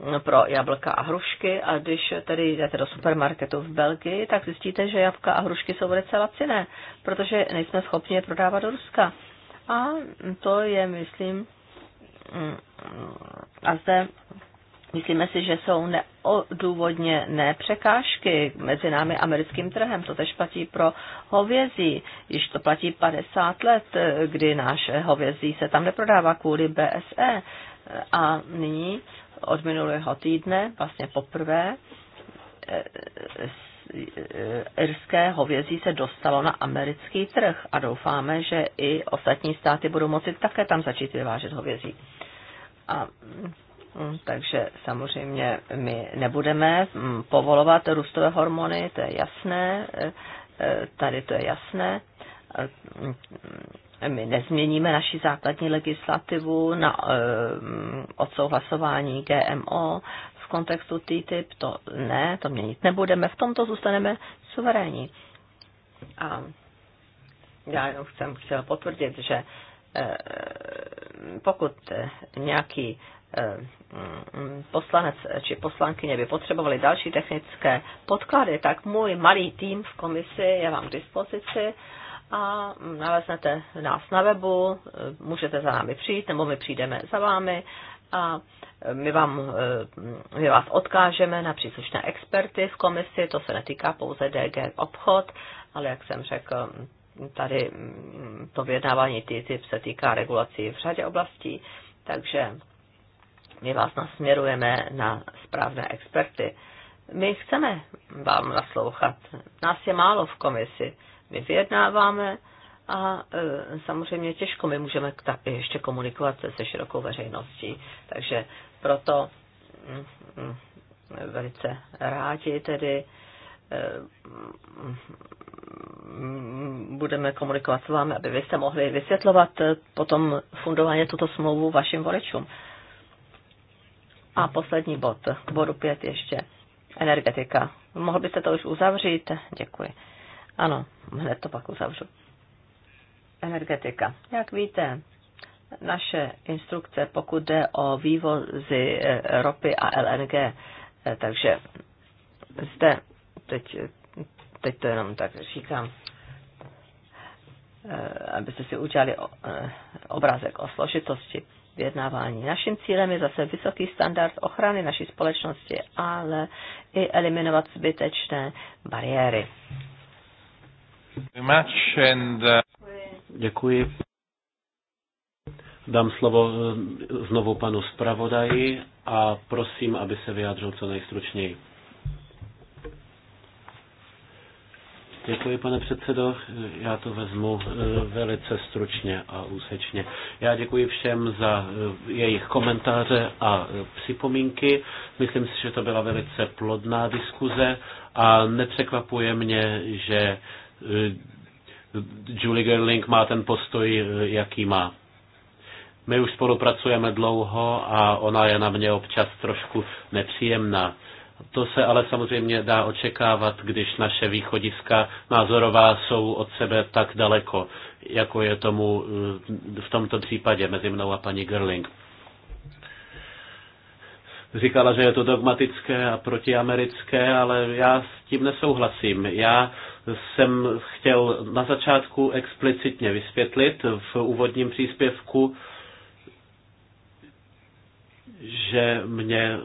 eh, pro jablka a hrušky a když tedy jdete do supermarketu v Belgii, tak zjistíte, že jablka a hrušky jsou velice laciné, protože nejsme schopni je prodávat do Ruska. A to je, myslím, mm, mm, a zde Myslíme si, že jsou neodůvodně nepřekážky mezi námi americkým trhem. To tež platí pro hovězí. Již to platí 50 let, kdy náš hovězí se tam neprodává kvůli BSE. A nyní od minulého týdne, vlastně poprvé, eh, eh, irské hovězí se dostalo na americký trh a doufáme, že i ostatní státy budou moci také tam začít vyvážet hovězí. A takže samozřejmě my nebudeme mm, povolovat růstové hormony, to je jasné, eh, eh, tady to je jasné. Eh, my nezměníme naši základní legislativu na mm, odsouhlasování GMO v kontextu TTIP, to ne, to měnit nebudeme, v tomto zůstaneme suverénní. A já jenom jsem chtěl potvrdit, že pokud nějaký Eh, mm, poslanec či poslankyně by potřebovali další technické podklady, tak můj malý tým v komisi je vám k dispozici a naleznete nás na webu, eh, můžete za námi přijít, nebo my přijdeme za vámi a eh, my, vám, my vás odkážeme na příslušné experty v komisi, to se netýká pouze DG obchod, ale jak jsem řekl, tady mm, to vyjednávání TTIP se týká regulací v řadě oblastí, takže my vás nasměrujeme na správné experty. My chceme vám naslouchat. Nás je málo v komisi. My vyjednáváme a e, samozřejmě těžko my můžeme ta, ještě komunikovat se, se širokou veřejností. Takže proto mm, mm, velice rádi tedy e, mm, budeme komunikovat s vámi, aby vy jste mohli vysvětlovat e, potom fundovaně tuto smlouvu vašim voličům. A poslední bod, k bodu 5 ještě, energetika. Mohl byste to už uzavřít? Děkuji. Ano, hned to pak uzavřu. Energetika. Jak víte, naše instrukce, pokud jde o vývozy eh, ropy a LNG, eh, takže zde, teď, teď to jenom tak říkám, eh, abyste si udělali obrázek o složitosti vyjednávání. Naším cílem je zase vysoký standard ochrany naší společnosti, ale i eliminovat zbytečné bariéry. Děkuji. Dám slovo eh, znovu panu zpravodaji a prosím, aby se vyjádřil co nejstručněji. Děkuji, pane předsedo. Já to vezmu eh, velice stručně a úsečně. Já děkuji všem za eh, jejich komentáře a eh, připomínky. Myslím si, že to byla velice plodná diskuze a nepřekvapuje mě, že Julie Gerling má ten postoj, jaký má. My už spolupracujeme dlouho a ona je na mě občas trošku nepříjemná. To se ale samozřejmě dá očekávat, když naše východiska názorová jsou od sebe tak daleko, jako je tomu eh, v tomto případě mezi mnou a paní Gerling. Říkala, že je to dogmatické a protiamerické, ale já s tím nesouhlasím. Já jsem chtěl na začátku explicitně vysvětlit v úvodním příspěvku, že mě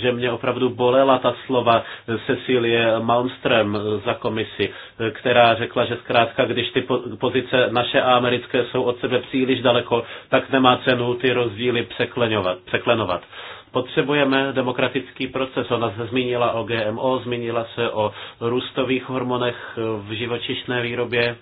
že mě opravdu bolela ta slova Cecilie Malmström za komisi, která řekla, že zkrátka, když ty pozice naše a americké jsou od sebe příliš daleko, tak nemá cenu ty rozdíly překlenovat. Potřebujeme demokratický proces. Ona se zmínila o GMO, zmínila se o růstových hormonech v živočišné výrobě.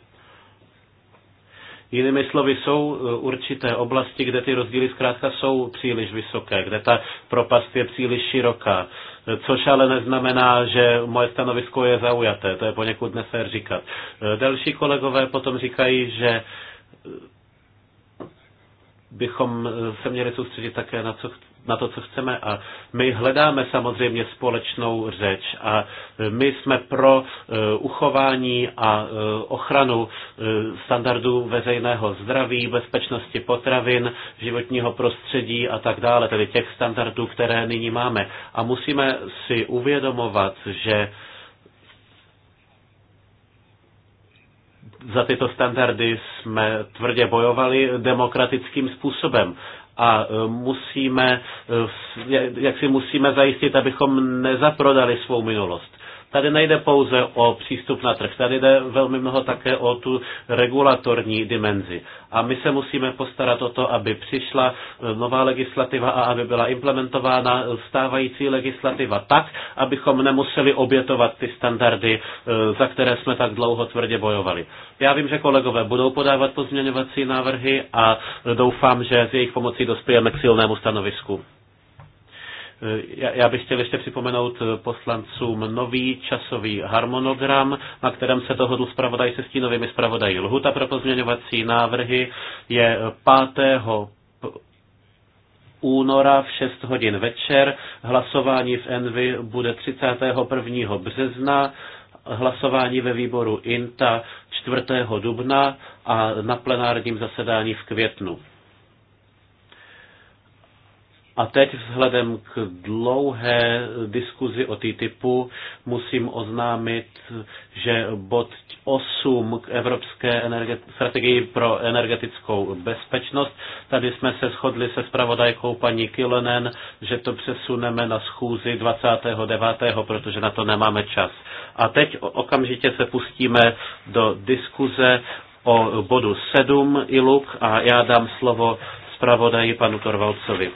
Jinými slovy, jsou e, určité oblasti, kde ty rozdíly zkrátka jsou příliš vysoké, kde ta propast je příliš široká, e, což ale neznamená, že moje stanovisko je zaujaté, to je poněkud nefér říkat. E, další kolegové potom říkají, že bychom se měli soustředit také na, co, na to, co chceme. A my hledáme samozřejmě společnou řeč a my jsme pro e, uchování a e, ochranu e, standardů veřejného zdraví, bezpečnosti potravin, životního prostředí a tak dále, tedy těch standardů, které nyní máme. A musíme si uvědomovat, že za tyto standardy jsme tvrdě bojovali demokratickým způsobem a e, musíme, e, jak si musíme zajistit, abychom nezaprodali svou minulost. Tady nejde pouze o přístup na trh, tady jde velmi mnoho také o tu regulatorní dimenzi. A my se musíme postarat o to, aby přišla eh, nová legislativa a aby byla implementována stávající legislativa tak, abychom nemuseli obětovat ty standardy, eh, za které jsme tak dlouho tvrdě bojovali. Já vím, že kolegové budou podávat pozměňovací návrhy a eh, doufám, že s jejich pomocí dospějeme k silnému stanovisku. Eh, já bych chtěl ještě připomenout eh, poslancům nový časový harmonogram, na kterém se dohodl zpravodaj se stínovými zpravodají. Lhuta pro pozměňovací návrhy je 5 února v 6 hodin večer. Hlasování v Envy bude 31. března, hlasování ve výboru INTA 4. dubna a na plenárním zasedání v květnu. A teď vzhledem k dlouhé diskuzi o TTIPu musím oznámit, že bod 8 k Evropské strategii pro energetickou bezpečnost. Tady jsme se shodli se zpravodajkou paní Kilonen, že to přesuneme na schůzi 29., protože na to nemáme čas. A teď okamžitě se pustíme do diskuze o bodu 7 ILUK a já dám slovo zpravodaji panu Torvalcovi.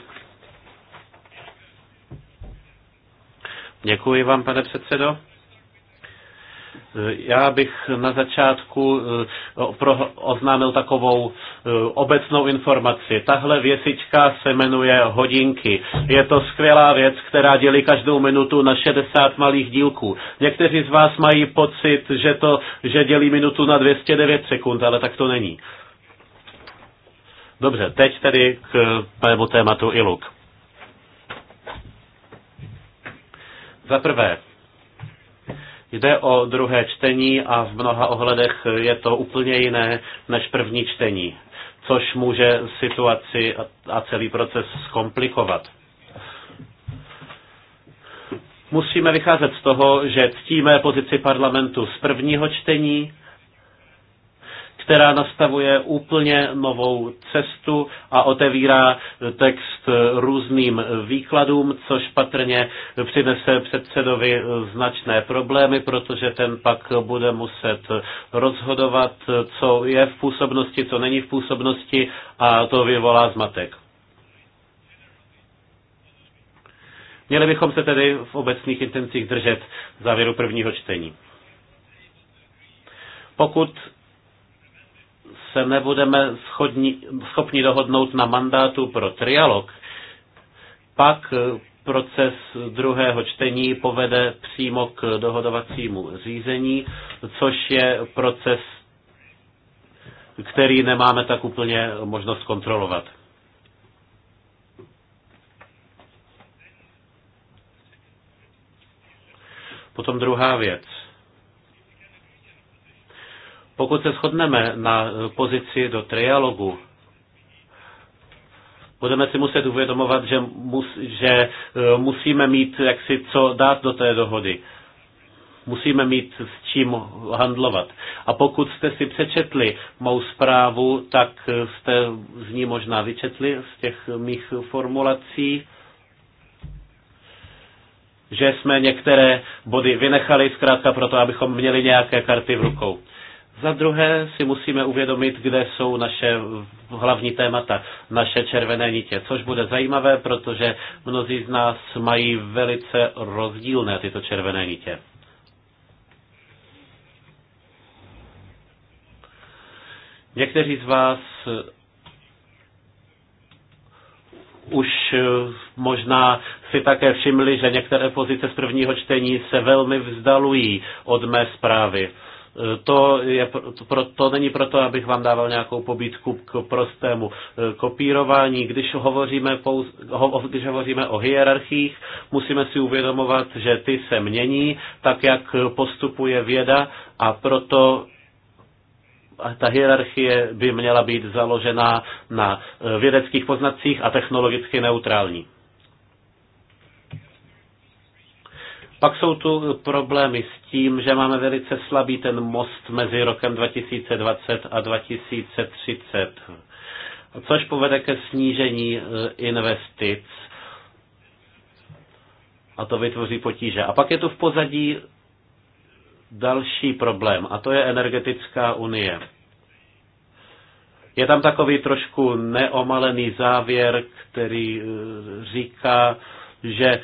Děkuji vám, pane předsedo. Já bych na začátku eh, oznámil takovou eh, obecnou informaci. Tahle věsička se jmenuje hodinky. Je to skvělá věc, která dělí každou minutu na 60 malých dílků. Někteří z vás mají pocit, že, to, že dělí minutu na 209 sekund, ale tak to není. Dobře, teď tedy k eh, mému tématu ILUK. Za prvé, Jde o druhé čtení a v mnoha ohledech je to úplně jiné než první čtení, což může situaci a celý proces zkomplikovat. Musíme vycházet z toho, že ctíme pozici parlamentu z prvního čtení která nastavuje úplně novou cestu a otevírá text různým výkladům, což patrně přinese předsedovi značné problémy, protože ten pak bude muset rozhodovat, co je v působnosti, co není v působnosti a to vyvolá zmatek. Měli bychom se tedy v obecných intencích držet závěru prvního čtení. Pokud se nebudeme schodni, schopni dohodnout na mandátu pro trialog, pak eh, proces druhého čtení povede přímo k dohodovacímu řízení, což je proces, který nemáme tak úplně možnost kontrolovat. Potom druhá věc. Pokud se shodneme na pozici do trialogu, budeme si muset uvědomovat, že, mus, že e, musíme mít jak si co dát do té dohody. Musíme mít s čím handlovat. A pokud jste si přečetli mou zprávu, tak jste z ní možná vyčetli z těch mých formulací, že jsme některé body vynechali zkrátka proto, abychom měli nějaké karty v rukou. Za druhé si musíme uvědomit, kde jsou naše hlavní témata, naše červené nitě, což bude zajímavé, protože mnozí z nás mají velice rozdílné tyto červené nitě. Někteří z vás už možná si také všimli, že některé pozice z prvního čtení se velmi vzdalují od mé zprávy. To, je, to, to není proto, abych vám dával nějakou pobídku k prostému e, kopírování. Když hovoříme, pouz, ho, když hovoříme o hierarchiích, musíme si uvědomovat, že ty se mění, tak jak postupuje věda a proto ta hierarchie by měla být založená na e, vědeckých poznacích a technologicky neutrální. Pak jsou tu problémy s tím, že máme velice slabý ten most mezi rokem 2020 a 2030, což povede ke snížení e, investic a to vytvoří potíže. A pak je tu v pozadí další problém a to je energetická unie. Je tam takový trošku neomalený závěr, který e, říká, že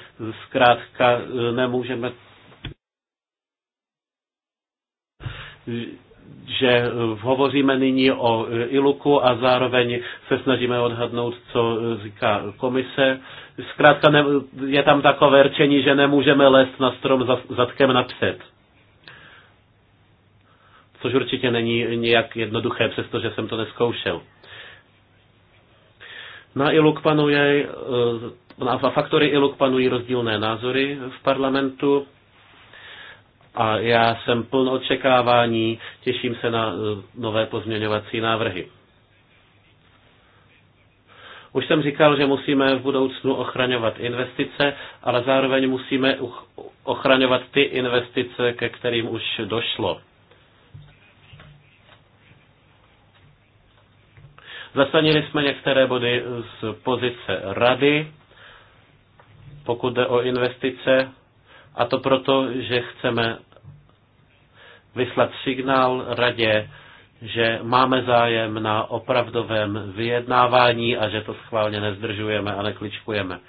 zkrátka e, nemůžeme že hovoříme nyní o e, iluku a zároveň se snažíme odhadnout, co e, říká komise. Zkrátka ne, je tam takové řečení, že nemůžeme lézt na strom za, zadkem napřed. Což určitě není nějak jednoduché, přestože jsem to neskoušel. Na iluk panuje na faktory ILUK panují rozdílné názory v parlamentu a já jsem pln očekávání, těším se na eh, nové pozměňovací návrhy. Už jsem říkal, že musíme v budoucnu ochraňovat investice, ale zároveň musíme ochraňovat ty investice, ke kterým už došlo. Zasadili jsme některé body z pozice rady pokud jde o investice, a to proto, že chceme vyslat signál radě, že máme zájem na opravdovém vyjednávání a že to schválně nezdržujeme a nekličkujeme.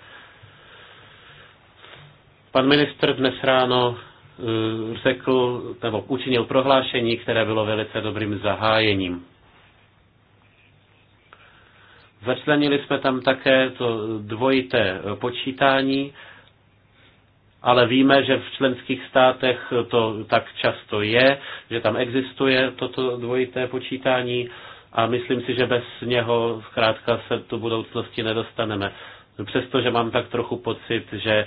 Pan ministr dnes ráno eh, řekl nebo učinil prohlášení, které bylo velice dobrým zahájením. Začlenili jsme tam také to dvojité počítání, ale víme, že v členských státech to tak často je, že tam existuje toto dvojité počítání a myslím si, že bez něho zkrátka se do budoucnosti nedostaneme. Přestože mám tak trochu pocit, že e,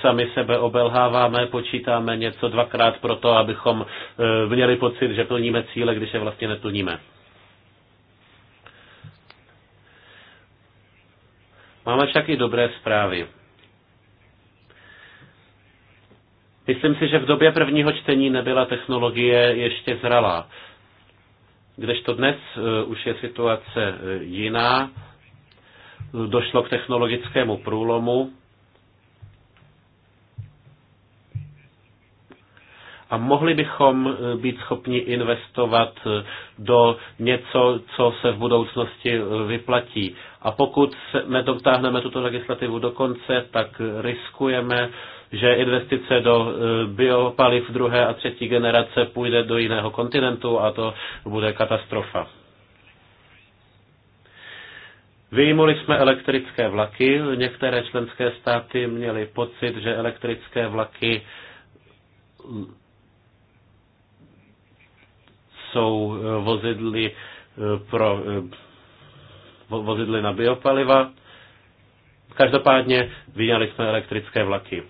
sami sebe obelháváme, počítáme něco dvakrát proto, abychom e, měli pocit, že plníme cíle, když je vlastně neplníme. Máme však i dobré zprávy. Myslím si, že v době prvního čtení nebyla technologie ještě zralá. Kdežto dnes eh, už je situace eh, jiná. Došlo k technologickému průlomu. a mohli bychom eh, být schopni investovat do něco, co se v budoucnosti vyplatí. A pokud nedotáhneme tuto legislativu do konce, tak riskujeme, že investice do e, biopaliv druhé a třetí generace půjde do jiného kontinentu a to bude katastrofa. Vyjmuli jsme elektrické vlaky. Některé členské státy měly pocit, že elektrické vlaky jsou e, vozidly e, pro vozidly na biopaliva. Každopádně vyňali jsme elektrické vlaky.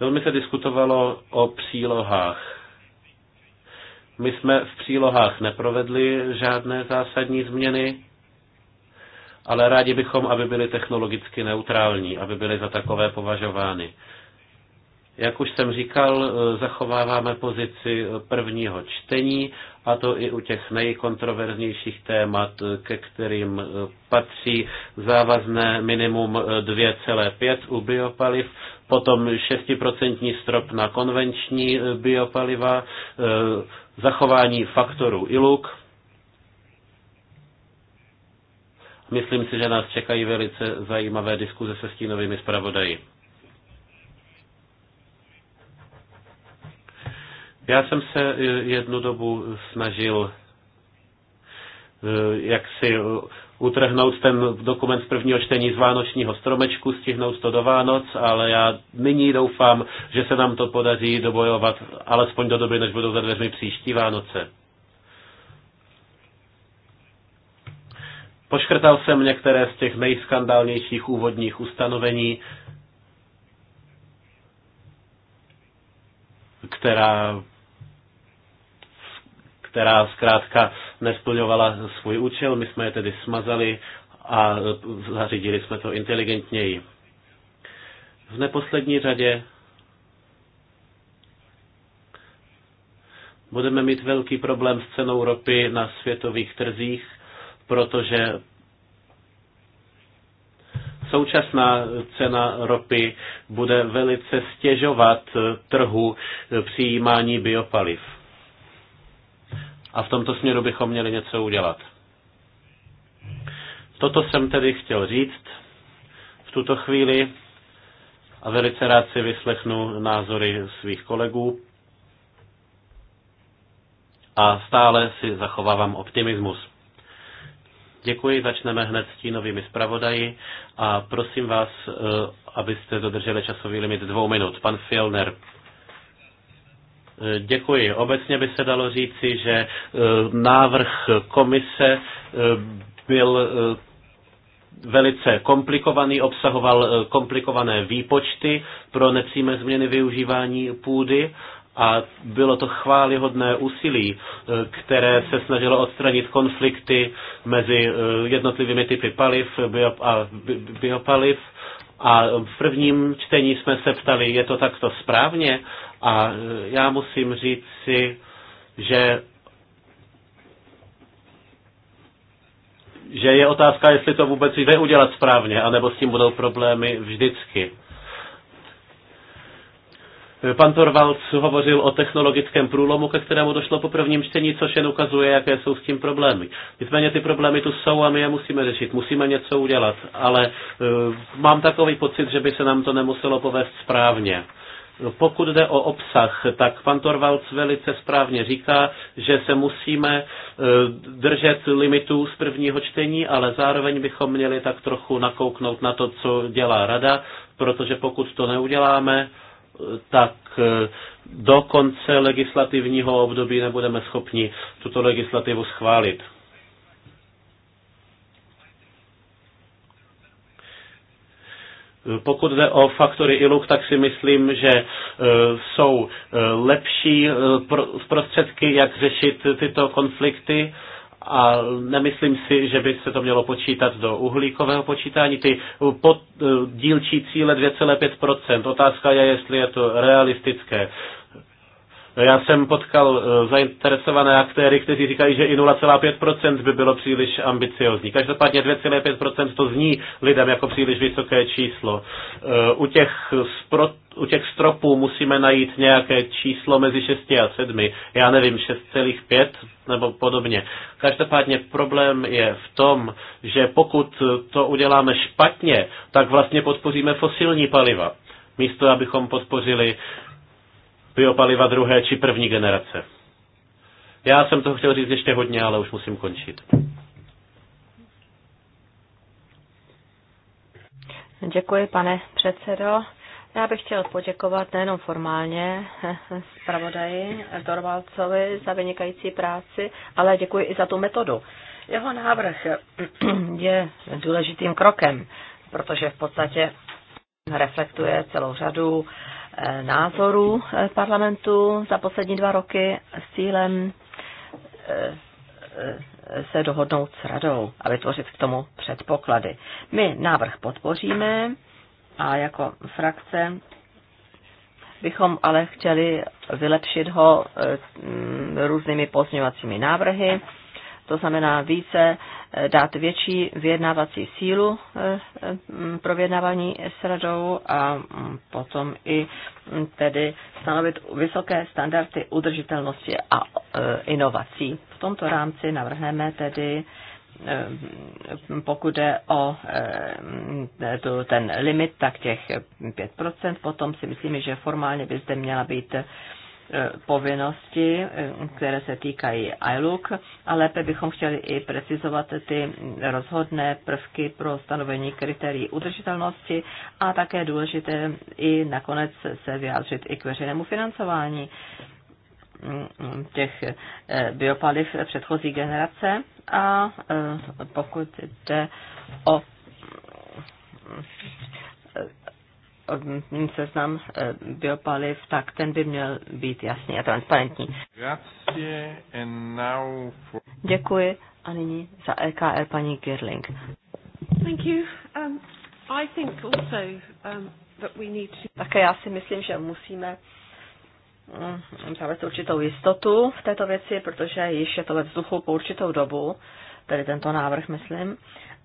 Velmi se diskutovalo o přílohách. My jsme v přílohách neprovedli žádné zásadní změny, ale rádi bychom, aby byly technologicky neutrální, aby byly za takové považovány. Jak už jsem říkal, eh, zachováváme pozici eh, prvního čtení, a to i u těch nejkontroverznějších témat, eh, ke kterým patří závazné minimum 2,5 u biopaliv, potom 6% strop na konvenční biopaliva, zachování faktorů ILUK, Myslím si, že nás čekají velice zajímavé diskuze se stínovými zpravodaji. Já jsem se eh, jednu dobu snažil eh, jak si utrhnout ten dokument z prvního čtení z Vánočního stromečku, stihnout to do Vánoc, ale já nyní doufám, že se nám to podaří dobojovat alespoň do doby, než budou za dveřmi příští Vánoce. Poškrtal jsem některé z těch nejskandálnějších úvodních ustanovení, která která zkrátka nesplňovala svůj účel. My jsme je tedy smazali a zařídili jsme to inteligentněji. V neposlední řadě budeme mít velký problém s cenou ropy na světových trzích, protože současná cena ropy bude velice stěžovat trhu přijímání biopaliv. A v tomto směru bychom měli něco udělat. Toto jsem tedy chtěl říct v tuto chvíli a velice rád si vyslechnu názory svých kolegů a stále si zachovávám optimismus. Děkuji, začneme hned s novými zpravodaji a prosím vás, eh, abyste dodrželi časový limit dvou minut. Pan Fielner. Děkuji. Obecně by se dalo říci, že e, návrh komise e, byl e, velice komplikovaný, obsahoval komplikované výpočty pro nepřímé změny využívání půdy a bylo to chválihodné úsilí, které se snažilo odstranit konflikty mezi jednotlivými typy paliv a biopaliv a v prvním čtení jsme se ptali, je to takto správně? A já musím říct si, že že je otázka, jestli to vůbec jde udělat správně, anebo s tím budou problémy vždycky. Eh, pan Torvalds hovořil o technologickém průlomu, ke kterému došlo po prvním čtení, což jen ukazuje, jaké jsou s tím problémy. Nicméně ty problémy tu jsou a my je musíme řešit, musíme něco udělat, ale uh, mám takový pocit, že by se nám to nemuselo povést správně. Pokud jde o obsah, tak pan Torvalds velice správně říká, že se musíme eh, držet limitů z prvního čtení, ale zároveň bychom měli tak trochu nakouknout na to, co dělá rada, protože pokud to neuděláme, tak eh, do konce legislativního období nebudeme schopni tuto legislativu schválit. Pokud jde o faktory ILUK, tak si myslím, že eh, jsou eh, lepší prostředky, jak řešit tyto konflikty a nemyslím si, že by se to mělo počítat do uhlíkového počítání. Ty pod, eh, dílčí cíle 2,5%. Otázka je, jestli je to realistické. Já jsem potkal eh, zainteresované aktéry, kteří říkají, že i 0,5% by bylo příliš ambiciozní. Každopádně 2,5% to zní lidem jako příliš vysoké číslo. Eh, u těch, spro, u těch stropů musíme najít nějaké číslo mezi 6 a 7. Já nevím, 6,5 nebo podobně. Každopádně problém je v tom, že pokud to uděláme špatně, tak vlastně podpoříme fosilní paliva místo abychom podpořili biopaliva druhé či první generace. Já jsem toho chtěl říct ještě hodně, ale už musím končit. Děkuji, pane předsedo. Já bych chtěl poděkovat nejenom formálně zpravodaji Dorvalcovi za vynikající práci, ale děkuji i za tu metodu. Jeho návrh je důležitým krokem, protože v podstatě reflektuje celou řadu Eh, názorů eh, parlamentu za poslední dva roky s cílem eh, se dohodnout s radou a vytvořit k tomu předpoklady. My návrh podpoříme a jako frakce bychom ale chtěli vylepšit ho různými pozměňovacími návrhy to znamená více eh, dát větší vyjednávací sílu eh, eh, pro vyjednávání s radou a mm, potom i mm, tedy stanovit vysoké standardy udržitelnosti a inovací. V tomto rámci navrhneme tedy pokud jde o ten limit, tak těch 5%, potom si myslíme, že formálně by zde měla být Eh, povinnosti, eh, které se týkají ILUK, a lépe bychom chtěli i precizovat ty rozhodné prvky pro stanovení kritérií udržitelnosti a také důležité i nakonec se vyjádřit i k veřejnému financování mm, těch eh, biopaliv předchozí generace a pokud jde o Mm, seznam eh, biopaliv, tak ten by měl být jasný a transparentní. Děkuji a nyní za EKR paní Girling. Thank you. Um, I think also um, that we need to... Také já si myslím, že musíme mm, zavést určitou jistotu v této věci, protože již je to ve vzduchu po určitou dobu, tedy tento návrh, myslím.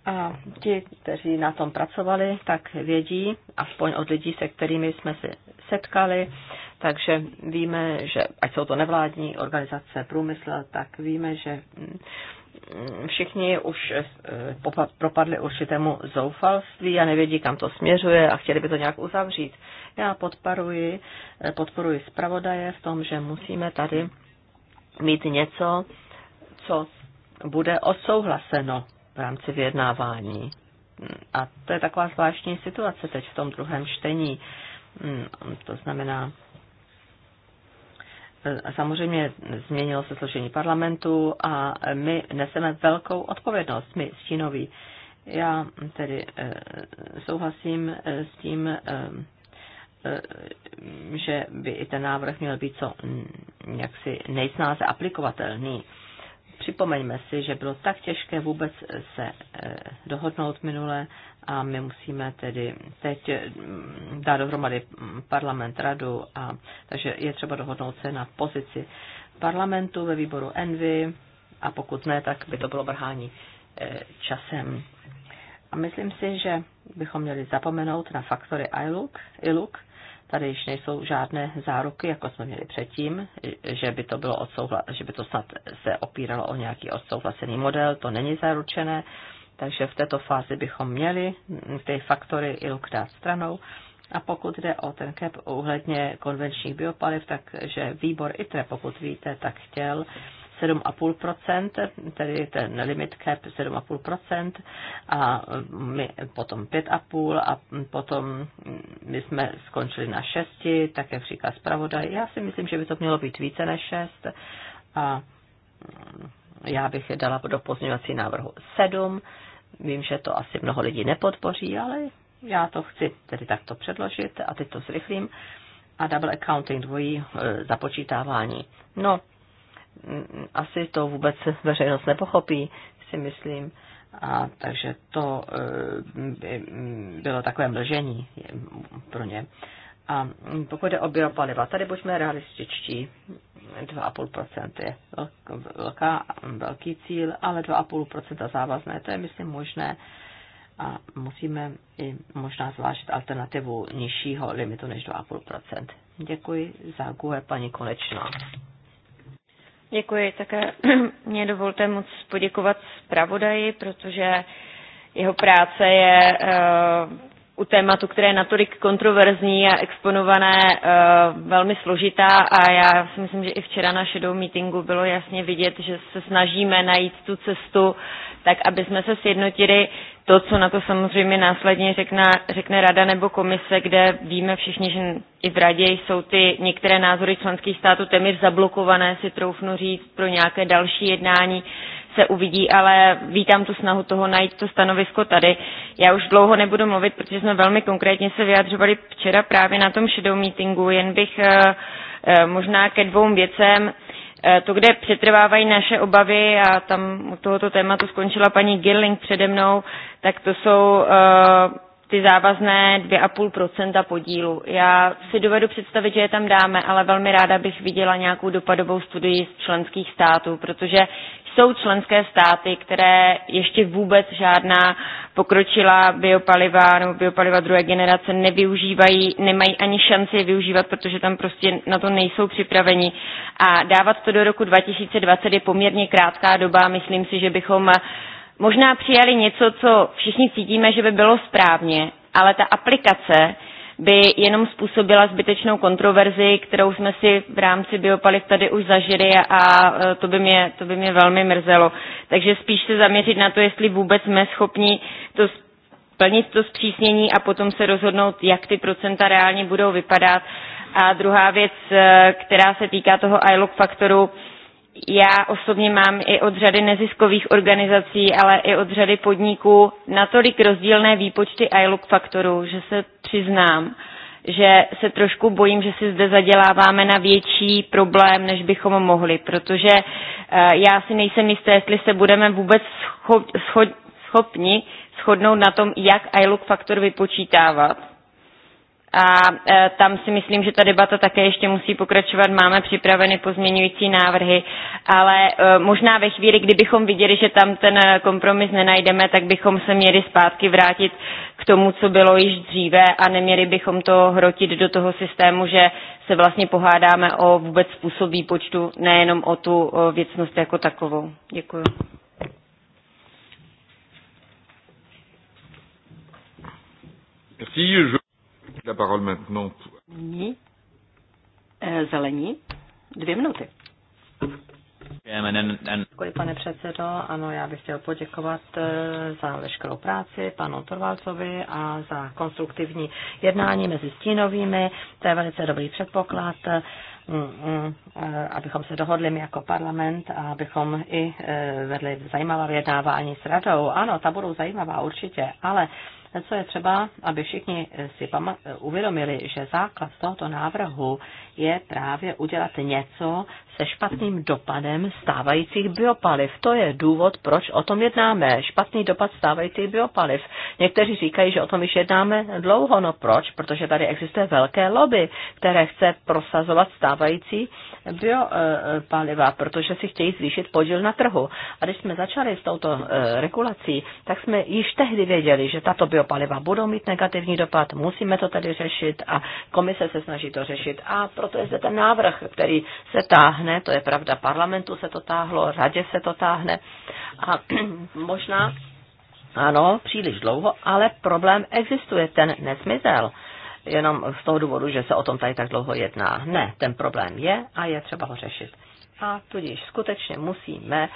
A ti, kteří na tom pracovali, tak vědí, aspoň od lidí, se kterými jsme se setkali, takže víme, že ať jsou to nevládní organizace, průmysl, tak víme, že mm, všichni už e, propadli určitému zoufalství a nevědí, kam to směřuje a chtěli by to nějak uzavřít. Já podporuji, e, podporuji zpravodaje v tom, že musíme tady mít něco, co bude odsouhlaseno v rámci vyjednávání. A to je taková zvláštní situace teď v tom druhém čtení. Hmm, to znamená, e, samozřejmě změnilo se složení parlamentu a my neseme velkou odpovědnost, my stínoví. Já tedy e, souhlasím e, s tím, že by i ten návrh měl být co jaksi nejsnáze aplikovatelný. Připomeňme si, že bylo tak těžké vůbec se eh, dohodnout minule a my musíme tedy teď mm, dát dohromady mm, parlament, radu, a, takže je třeba dohodnout se na pozici parlamentu ve výboru Envy a pokud ne, tak by to bylo brhání eh, časem. A myslím si, že bychom měli zapomenout na faktory ILUK, ILUK Tady již nejsou žádné záruky, jako jsme měli předtím, že by to, bylo odsouhla, že by to snad se opíralo o nějaký odsouhlasený model, to není zaručené, takže v této fázi bychom měli ty faktory luk dát stranou. A pokud jde o ten CAP ohledně konvenčních biopaliv, takže výbor ITRE, pokud víte, tak chtěl, 7,5%, tedy ten limit cap 7,5% a my potom 5,5% a potom my jsme skončili na 6, tak jak říká zpravodaj. Já si myslím, že by to mělo být více než 6 a já bych je dala do pozměňovací návrhu 7. Vím, že to asi mnoho lidí nepodpoří, ale já to chci tedy takto předložit a teď to zrychlím. A double accounting dvojí e, započítávání. No, asi to vůbec veřejnost nepochopí, si myslím. A takže to eh, by mm, bylo takové mlžení pro ně. A pokud jde o biopaliva, tady buďme realističtí. 2,5% je velká, velký cíl, ale 2,5% závazné, to je, myslím, možné. A musíme i možná zvážit alternativu nižšího limitu než 2,5%. Děkuji za GUE, paní Konečná. Děkuji. Také mě dovolte moc poděkovat zpravodaji, protože jeho práce je eh, u tématu, které je natolik kontroverzní a exponované, eh, velmi složitá a já si myslím, že i včera na shadow meetingu bylo jasně vidět, že se snažíme najít tu cestu tak, aby jsme se sjednotili to, co na to samozřejmě následně řekne, řekne rada nebo komise, kde víme všichni, že i v radě jsou ty některé názory členských států téměř zablokované, si troufnu říct, pro nějaké další jednání se uvidí, ale vítám tu snahu toho najít to stanovisko tady. Já už dlouho nebudu mluvit, protože jsme velmi konkrétně se vyjadřovali včera právě na tom shadow meetingu, jen bych eh, eh, možná ke dvou věcem Eh, to, kde přetrvávají naše obavy, a tam u tohoto tématu skončila paní Girling přede mnou, tak to jsou eh, ty závazné 2,5 podílu. Já si dovedu představit, že je tam dáme, ale velmi ráda bych viděla nějakou dopadovou studii z členských států, protože jsou členské státy, které ještě vůbec žádná pokročila biopaliva nebo biopaliva druhé generace nevyužívají, nemají ani šanci je využívat, protože tam prostě na to nejsou připraveni a dávat to do roku 2020 je poměrně krátká doba. Myslím si, že bychom eh, možná přijali něco, co všichni cítíme, že by bylo správně, ale ta aplikace by jenom způsobila zbytečnou kontroverzi, kterou jsme si v rámci biopaliv tady už zažili a eh, to by mě, to by mě velmi mrzelo. Takže spíš se zaměřit na to, jestli vůbec jsme schopni to plnit to zpřísnění a potom se rozhodnout, jak ty procenta reálně budou vypadat a druhá věc, eh, která se týká toho ILOC faktoru, já osobně mám i od řady neziskových organizací, ale i od řady podniků natolik rozdílné výpočty ILOC faktoru, že se přiznám, že se trošku bojím, že si zde zaděláváme na větší problém, než bychom mohli, protože eh, já si nejsem jistá, jestli se budeme vůbec schopni shodnout na tom, jak ILOC faktor vypočítávat a e, tam si myslím, že ta debata také ještě musí pokračovat. Máme připraveny pozměňující návrhy, ale e, možná ve chvíli, kdybychom viděli, že tam ten e, kompromis nenajdeme, tak bychom se měli zpátky vrátit k tomu, co bylo již dříve a neměli bychom to hrotit do toho systému, že se vlastně pohádáme o vůbec způsob výpočtu, nejenom o tu věcnost jako takovou. Děkuji. Merci. La parole maintenant. Nyní eh, zelení. Dvě minuty. Děkuji, pane předsedo. Ano, já bych chtěl poděkovat eh, za veškerou práci panu Torvalcovi a za konstruktivní jednání mezi stínovými. To je velice dobrý předpoklad eh, mm, mm, abychom se dohodli my jako parlament a abychom i vedli zajímavá vyjednávání s radou. Ano, ta budou zajímavá určitě, ale co je třeba, aby všichni si uvědomili, že základ tohoto návrhu je právě udělat něco, se špatným dopadem stávajících biopaliv. To je důvod, proč o tom jednáme. Špatný dopad stávajících biopaliv. Někteří říkají, že o tom již jednáme dlouho. No proč? Protože tady existuje velké lobby, které chce prosazovat stávající biopaliva, protože si chtějí zvýšit podíl na trhu. A když jsme začali s touto eh, regulací, tak jsme již tehdy věděli, že tato biopaliva budou mít negativní dopad, musíme to tedy řešit a komise se snaží to řešit. A proto je zde ten návrh, který se táhne táhne, to je pravda, parlamentu se to táhlo, radě se to táhne a možná, ano, příliš dlouho, ale problém existuje, ten nesmizel. Jenom z toho důvodu, že se o tom tady tak dlouho jedná. Ne, ten problém je a je třeba ho řešit. A tudíž skutečně musíme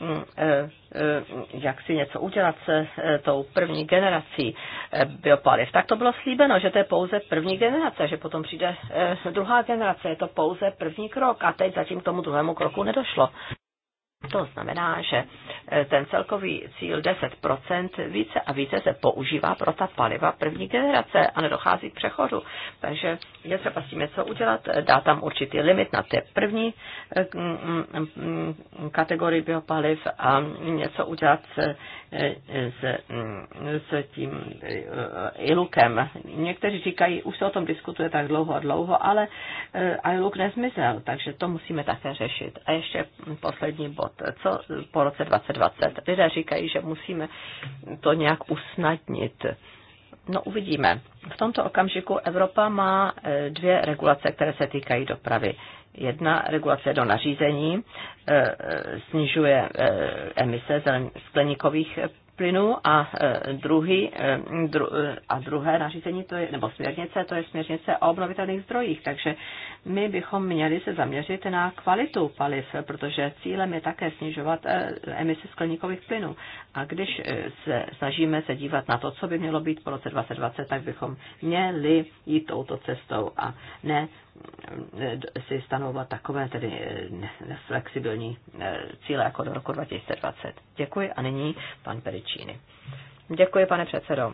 Eh, eh, jak si něco udělat se eh, tou první generací biopaliv. Tak to bylo slíbeno, že to je pouze první generace, že potom přijde druhá generace, je to pouze první krok a teď zatím k tomu druhému kroku nedošlo. To znamená, že eh, ten celkový cíl 10% více a více se používá pro ta paliva první generace a nedochází k přechodu. Takže je třeba s tím něco udělat, eh, dá tam určitý limit na té první eh, kategorii biopaliv a něco udělat s s, s tím eh, ilukem. Někteří říkají, už se o tom diskutuje tak dlouho a dlouho, ale eh, iluk nezmizel, takže to musíme také řešit. A ještě poslední bod, co po roce 2020. Lidé říkají, že musíme to nějak usnadnit. No uvidíme. V tomto okamžiku Evropa má eh, dvě regulace, které se týkají dopravy jedna regulace do nařízení e, e, snižuje e, emise skleníkových plynů a, druhý, dru, a druhé nařízení, to je, nebo směrnice, to je směrnice o obnovitelných zdrojích. Takže my bychom měli se zaměřit na kvalitu paliv, protože cílem je také snižovat eh, emise skleníkových plynů. A když eh, se snažíme se dívat na to, co by mělo být po roce 2020, tak bychom měli jít touto cestou a ne eh, si stanovat takové tedy neflexibilní cíle jako do roku 2020. Děkuji a nyní pan Pericíny. Děkuji, pane předsedo.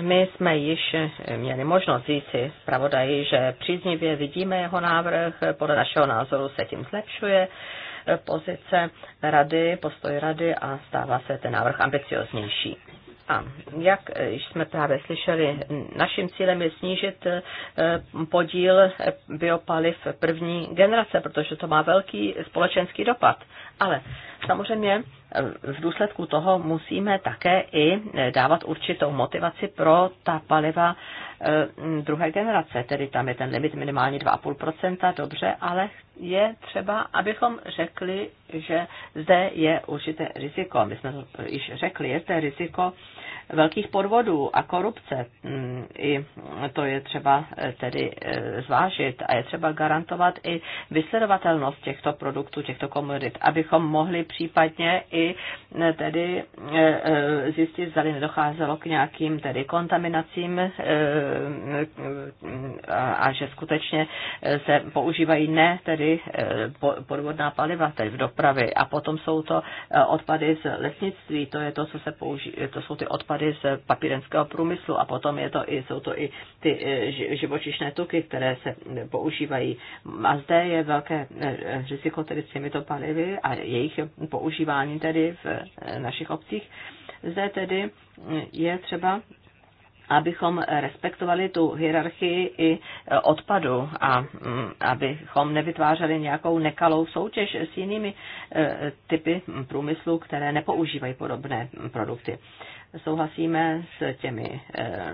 My jsme již měli možnost říci zpravodaji, že příznivě vidíme jeho návrh, podle našeho názoru se tím zlepšuje pozice rady, postoj rady a stává se ten návrh ambicioznější. A jak jsme právě slyšeli, naším cílem je snížit eh, podíl biopaliv první generace, protože to má velký společenský dopad. Ale samozřejmě v důsledku toho musíme také i dávat určitou motivaci pro ta paliva Eh, druhé generace, tedy tam je ten limit minimálně 2,5%, dobře, ale je třeba, abychom řekli, že zde je určité riziko. My jsme to již řekli, je zde riziko velkých podvodů a korupce. Mm, I to je třeba eh, tedy eh, zvážit a je třeba garantovat i vysledovatelnost těchto produktů, těchto komodit, abychom mohli případně i tedy zjistit, zda nedocházelo k nějakým tedy kontaminacím a že skutečně se používají ne tedy e, podvodná paliva tedy v dopravě. A potom jsou to e, odpady z lesnictví, to je to, co se použí, to jsou ty odpady z papírenského průmyslu a potom je to i, jsou to i ty e, živočišné tuky, které se používají. A zde je velké riziko tedy s těmito palivy a jejich používání tedy v našich obcích. Zde tedy je třeba abychom respektovali tu hierarchii i odpadu a mm, abychom nevytvářeli nějakou nekalou soutěž s jinými e, typy průmyslu, které nepoužívají podobné produkty. Souhlasíme s těmi, e,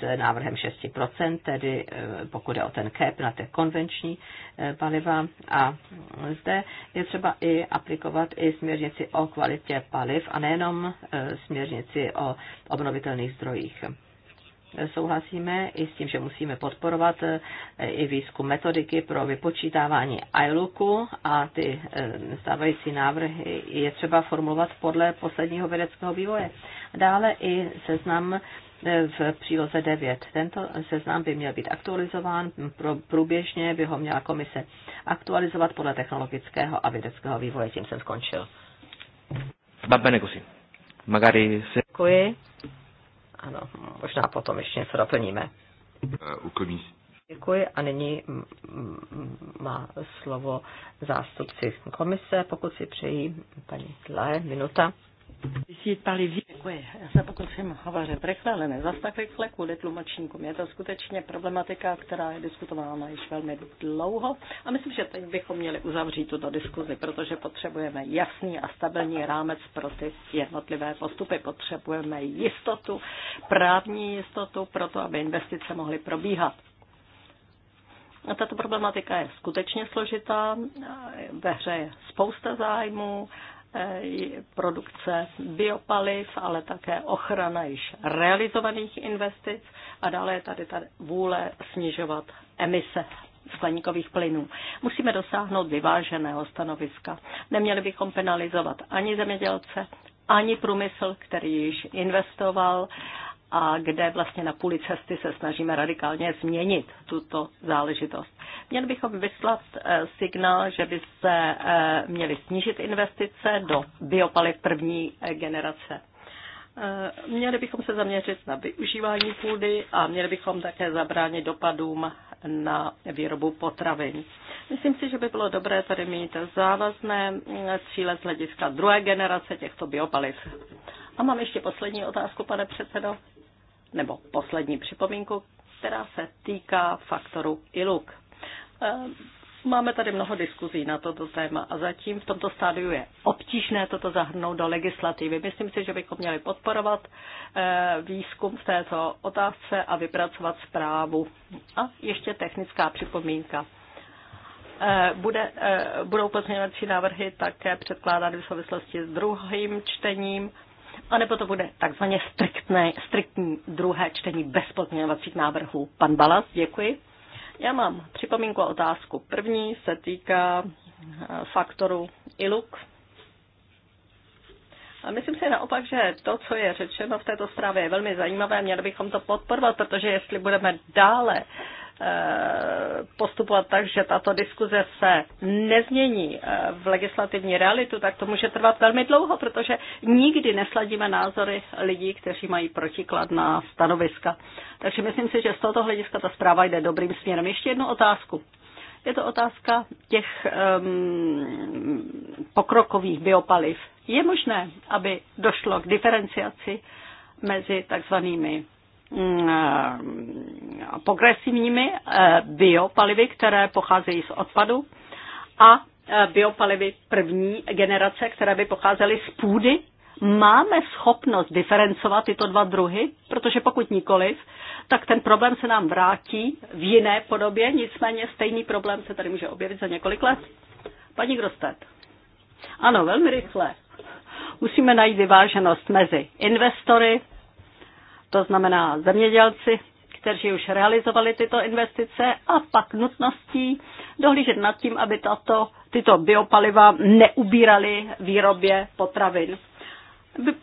s návrhem 6%, tedy e, pokud je o ten cap na té konvenční paliva. A zde je třeba i aplikovat i směrnici o kvalitě paliv a nejenom směrnici o obnovitelných zdrojích souhlasíme i s tím, že musíme podporovat eh, i výzkum metodiky pro vypočítávání ILUKu a ty eh, stávající návrhy je třeba formulovat podle posledního vědeckého vývoje. Dále i seznam eh, v příloze 9. Tento seznam by měl být aktualizován, průběžně by ho měla komise aktualizovat podle technologického a vědeckého vývoje. Tím jsem skončil. Magari se... Děkuji. Ano, možná potom ještě něco doplníme. U eh, komise. Děkuji a nyní má slovo zástupci komise, pokud si přejí paní Dle, minuta. Děkuji. Já se pokusím hovořit rychle, ale ne zas tak rychle kvůli tlumočníkům. Je to skutečně problematika, která je diskutována již velmi dlouho a myslím, že teď bychom měli uzavřít tuto diskuzi, protože potřebujeme jasný a stabilní rámec pro ty jednotlivé postupy. Potřebujeme jistotu, právní jistotu pro to, aby investice mohly probíhat. A tato problematika je skutečně složitá, ve hře je spousta zájmů produkce biopaliv, ale také ochrana již realizovaných investic a dále je tady ta vůle snižovat emise skleníkových plynů. Musíme dosáhnout vyváženého stanoviska. Neměli bychom penalizovat ani zemědělce, ani průmysl, který již investoval a kde vlastně na půli cesty se snažíme radikálně změnit tuto záležitost. Měli bychom vyslat eh, signál, že by se eh, měly snížit investice do biopaliv první eh, generace. Měli bychom se zaměřit na využívání půdy a měli bychom také zabránit dopadům na výrobu potravin. Myslím si, že by bylo dobré tady mít závazné cíle z hlediska druhé generace těchto biopaliv. A mám ještě poslední otázku, pane předsedo nebo poslední připomínku, která se týká faktoru ILUK. Eh, máme tady mnoho diskuzí na toto téma a zatím v tomto stádiu je obtížné toto zahrnout do legislativy. Myslím si, že bychom měli podporovat eh, výzkum v této otázce a vypracovat zprávu. A ještě technická připomínka. Eh, bude, budou pozměňovací návrhy také předkládány v souvislosti s druhým čtením anebo to bude takzvaně striktné, striktní druhé čtení bez pozměňovacích návrhů. Pan Balas, děkuji. Já mám připomínku a otázku. První se týká eh, faktoru ILUK. A myslím si naopak, že to, co je řečeno v této zprávě, je velmi zajímavé. Měli bychom to podporovat, protože jestli budeme dále Eh, postupovat tak, že tato diskuze se nezmění eh, v legislativní realitu, tak to může trvat velmi dlouho, protože nikdy nesladíme názory lidí, kteří mají protikladná stanoviska. Takže myslím si, že z tohoto hlediska ta zpráva jde dobrým směrem. Ještě jednu otázku. Je to otázka těch um, pokrokových biopaliv. Je možné, aby došlo k diferenciaci mezi takzvanými Mm, progresivními eh, biopalivy, které pocházejí z odpadu a eh, biopalivy první generace, které by pocházely z půdy. Máme schopnost diferencovat tyto dva druhy, protože pokud nikoliv, tak ten problém se nám vrátí v jiné podobě, nicméně stejný problém se tady může objevit za několik let. Paní Grostet. Ano, velmi rychle. Musíme najít vyváženost mezi investory, to znamená zemědělci, kteří už realizovali tyto investice a pak nutností dohlížet nad tím, aby tato, tyto biopaliva neubíraly výrobě potravin.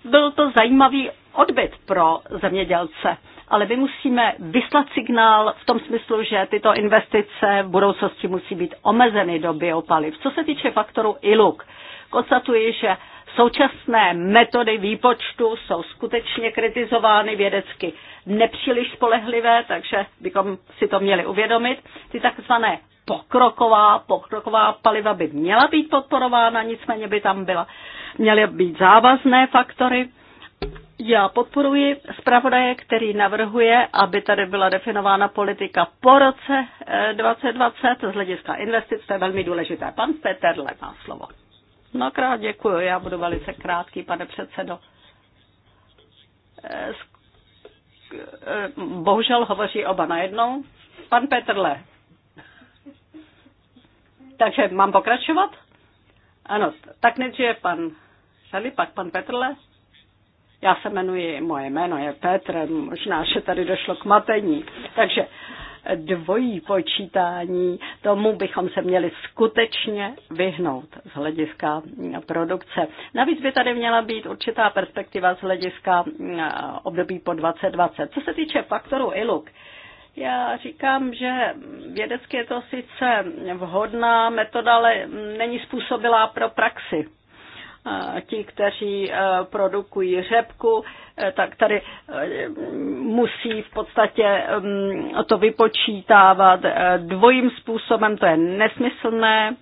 Byl to zajímavý odbyt pro zemědělce, ale my musíme vyslat signál v tom smyslu, že tyto investice v budoucnosti musí být omezeny do biopaliv. Co se týče faktoru ILUK, konstatuji, že Současné metody výpočtu jsou skutečně kritizovány vědecky nepříliš spolehlivé, takže bychom si to měli uvědomit. Ty takzvané pokroková, pokroková paliva by měla být podporována, nicméně by tam byla, měly být závazné faktory. Já podporuji zpravodaje, který navrhuje, aby tady byla definována politika po roce 2020 eh, z hlediska investic, to je velmi důležité. Pan Peterle má slovo. Mnohokrát děkuji, já budu velice krátký, pane předsedo. Eh, eh, bohužel hovoří oba najednou. Pan Petrle. Takže mám pokračovat? Ano, tak nejdříve pan Šali, pak pan Petrle. Já se jmenuji, moje jméno je Petr, možná, že tady došlo k matení. Takže dvojí počítání, tomu bychom se měli skutečně vyhnout z hlediska produkce. Navíc by tady měla být určitá perspektiva z hlediska eh, období po 2020. Co se týče faktoru ILUK, já říkám, že vědecky je to sice vhodná metoda, ale není způsobilá pro praxi ti, kteří e, produkují řepku, e, tak tady e, musí v podstatě mm, to vypočítávat dvojím způsobem, to je nesmyslné.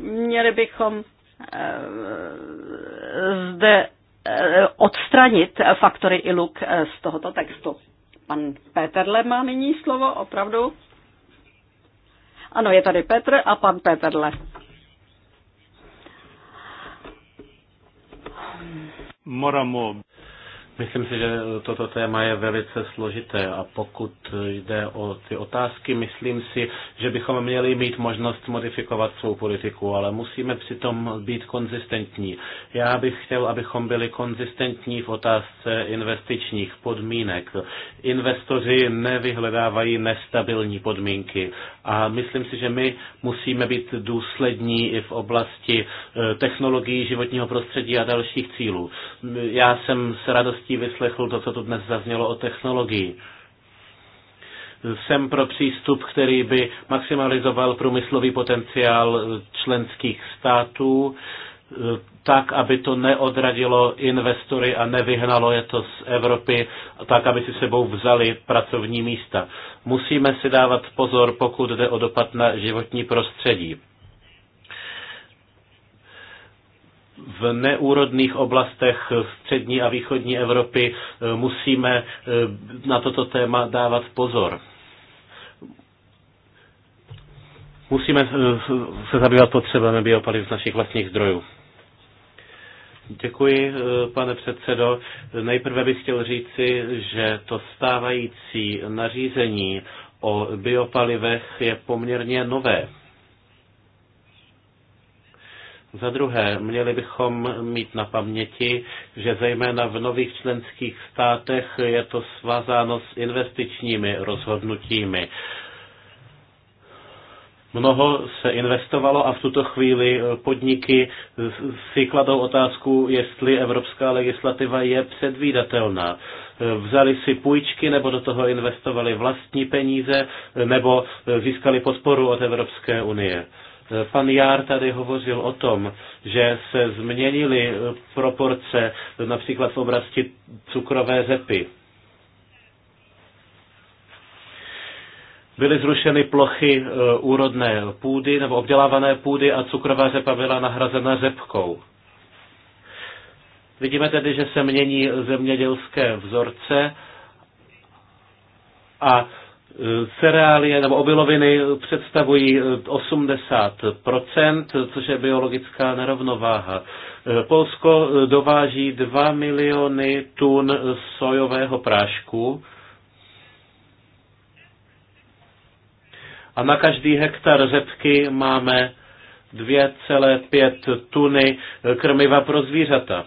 Měli bychom zde odstranit faktory iluk z tohoto textu. Pan Peterle má nyní slovo, opravdu. Ano, je tady Petr a pan Peterle. moramo Myslím si, že toto téma je velice složité a pokud jde o ty otázky, myslím si, že bychom měli mít možnost modifikovat svou politiku, ale musíme přitom být konzistentní. Já bych chtěl, abychom byli konzistentní v otázce investičních podmínek. Investoři nevyhledávají nestabilní podmínky a myslím si, že my musíme být důslední i v oblasti eh, technologií, životního prostředí a dalších cílů. Já jsem s radostí zážitostí vyslechl to, co tu dnes zaznělo o technologii. Jsem pro přístup, který by maximalizoval průmyslový potenciál členských států, tak, aby to neodradilo investory a nevyhnalo je to z Evropy, tak, aby si sebou vzali pracovní místa. Musíme si dávat pozor, pokud jde o dopad na životní prostředí. v neúrodných oblastech střední a východní Evropy eh, musíme eh, na toto téma dávat pozor. Musíme eh, se zabývat potřebami biopaliv z našich vlastních zdrojů. Děkuji, pane předsedo. Nejprve bych chtěl říci, že to stávající nařízení o biopalivech je poměrně nové. Za druhé, měli bychom mít na paměti, že zejména v nových členských státech je to svázáno s investičními rozhodnutími. Mnoho se investovalo a v tuto chvíli podniky si kladou otázku, jestli evropská legislativa je předvídatelná. Vzali si půjčky nebo do toho investovali vlastní peníze nebo získali podporu od Evropské unie. Pan Jár tady hovořil o tom, že se změnily proporce například v oblasti cukrové řepy. Byly zrušeny plochy e, úrodné půdy nebo obdělávané půdy a cukrová řepa byla nahrazena řepkou. Vidíme tedy, že se mění zemědělské vzorce a Eh, Cereálie nebo obiloviny představují 80%, eh, což je biologická nerovnováha. Eh, Polsko dováží 2 miliony tun sojového prášku a na každý hektar řepky máme 2,5 tuny krmiva pro zvířata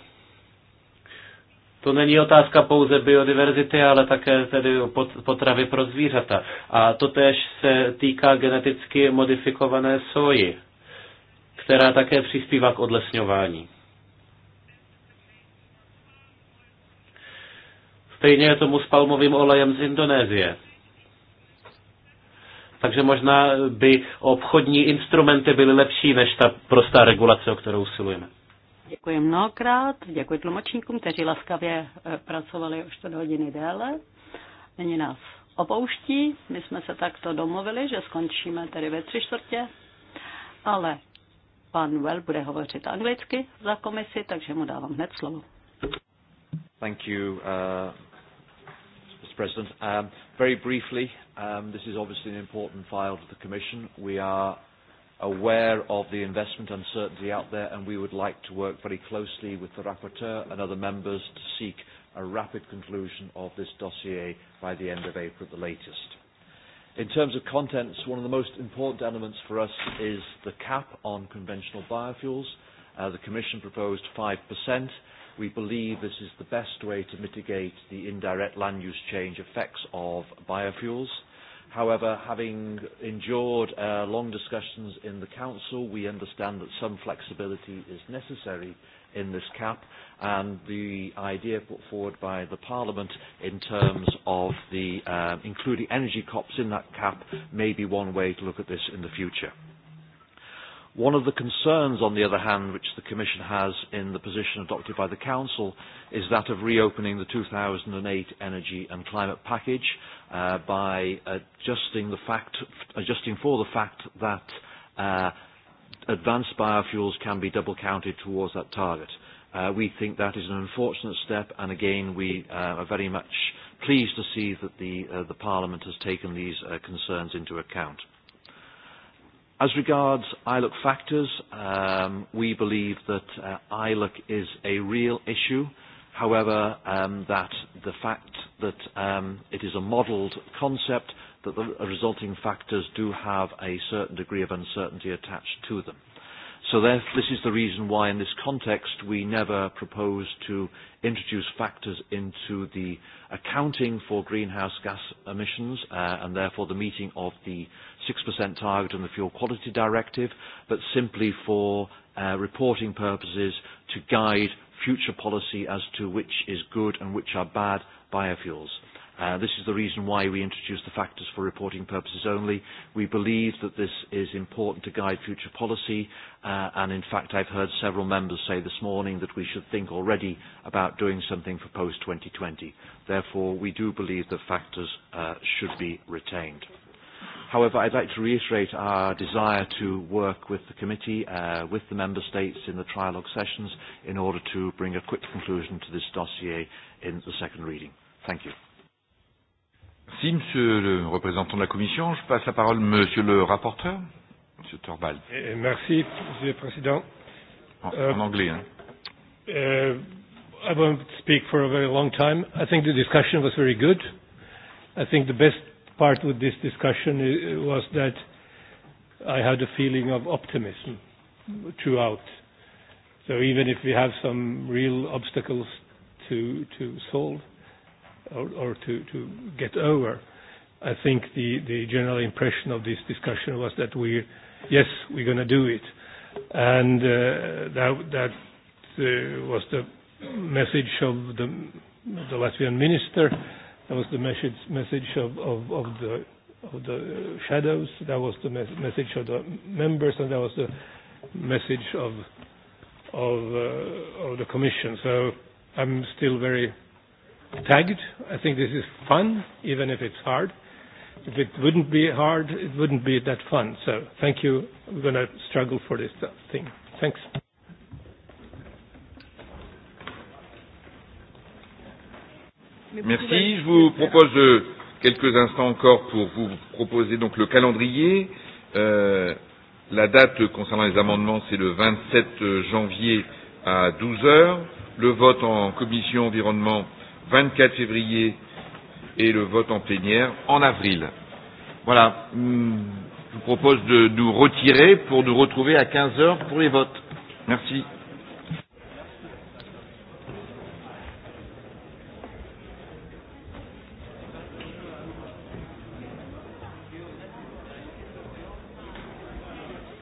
to není otázka pouze biodiverzity, ale také tedy potravy pro zvířata. A to tež se týká geneticky modifikované soji, která také přispívá k odlesňování. Stejně je tomu s palmovým olejem z Indonésie. Takže možná by obchodní instrumenty byly lepší než ta prostá regulace, o kterou usilujeme. Děkuji mnohokrát, děkuji tlumočníkům, kteří laskavě eh, pracovali o 4 hodiny déle. Není nás opouští, my jsme se takto domluvili, že skončíme tedy ve tři čtvrtě, ale pan Well bude hovořit anglicky za komisi, takže mu dávám hned slovo. Thank you, uh, Mr. President. Um, very briefly, um, this is obviously an important file to the Commission. We are aware of the investment uncertainty out there, and we would like to work very closely with the rapporteur and other members to seek a rapid conclusion of this dossier by the end of April at the latest. In terms of contents, one of the most important elements for us is the cap on conventional biofuels. Uh, the Commission proposed 5%. We believe this is the best way to mitigate the indirect land use change effects of biofuels. However, having endured uh, long discussions in the Council, we understand that some flexibility is necessary in this cap and the idea put forward by the Parliament in terms of the uh, including energy COPs in that cap may be one way to look at this in the future. One of the concerns, on the other hand, which the Commission has in the position adopted by the Council is that of reopening the 2008 Energy and Climate Package uh, by adjusting, the fact, adjusting for the fact that uh, advanced biofuels can be double counted towards that target. Uh, we think that is an unfortunate step, and again, we uh, are very much pleased to see that the, uh, the Parliament has taken these uh, concerns into account. As regards ILUC factors, um, we believe that uh, ILUC is a real issue. However, um, that the fact that um, it is a modelled concept, that the resulting factors do have a certain degree of uncertainty attached to them. So this is the reason why in this context we never propose to introduce factors into the accounting for greenhouse gas emissions uh, and therefore the meeting of the 6% target on the Fuel Quality Directive, but simply for uh, reporting purposes to guide future policy as to which is good and which are bad biofuels. Uh, this is the reason why we introduced the factors for reporting purposes only. We believe that this is important to guide future policy, uh, and in fact I've heard several members say this morning that we should think already about doing something for post-2020. Therefore, we do believe that factors uh, should be retained. However, I'd like to reiterate our desire to work with the committee, uh, with the member states in the trialogue sessions in order to bring a quick conclusion to this dossier in the second reading. Thank you. Merci, Monsieur le représentant de la Commission. Je passe la parole à Monsieur le rapporteur, Monsieur Torbal. Eh, eh, merci, Monsieur le Président. En, uh, en anglais, hein. Uh, I won't speak for a very long time. I think the discussion was very good. I think the best part with this discussion was that I had a feeling of optimism throughout. So even if we have some real obstacles to to solve or, or to to get over, I think the the general impression of this discussion was that we, yes, we're going to do it, and uh, that that uh, was the message of the the Latvian minister That was the message, message of, of, of the of the uh, shadows. That was the me- message of the members, and that was the message of of uh, of the commission. So I'm still very tagged. I think this is fun, even if it's hard. If it wouldn't be hard, it wouldn't be that fun. So thank you. We're going to struggle for this thing. Thanks. Merci. Je vous propose euh, quelques instants encore pour vous proposer donc le calendrier. Euh, la date concernant les amendements, c'est le 27 euh, janvier à 12 heures. Le vote en commission environnement 24 février et le vote en plénière en avril. Voilà. Hmm, je vous propose de nous retirer pour nous retrouver à 15 heures pour les votes. Merci.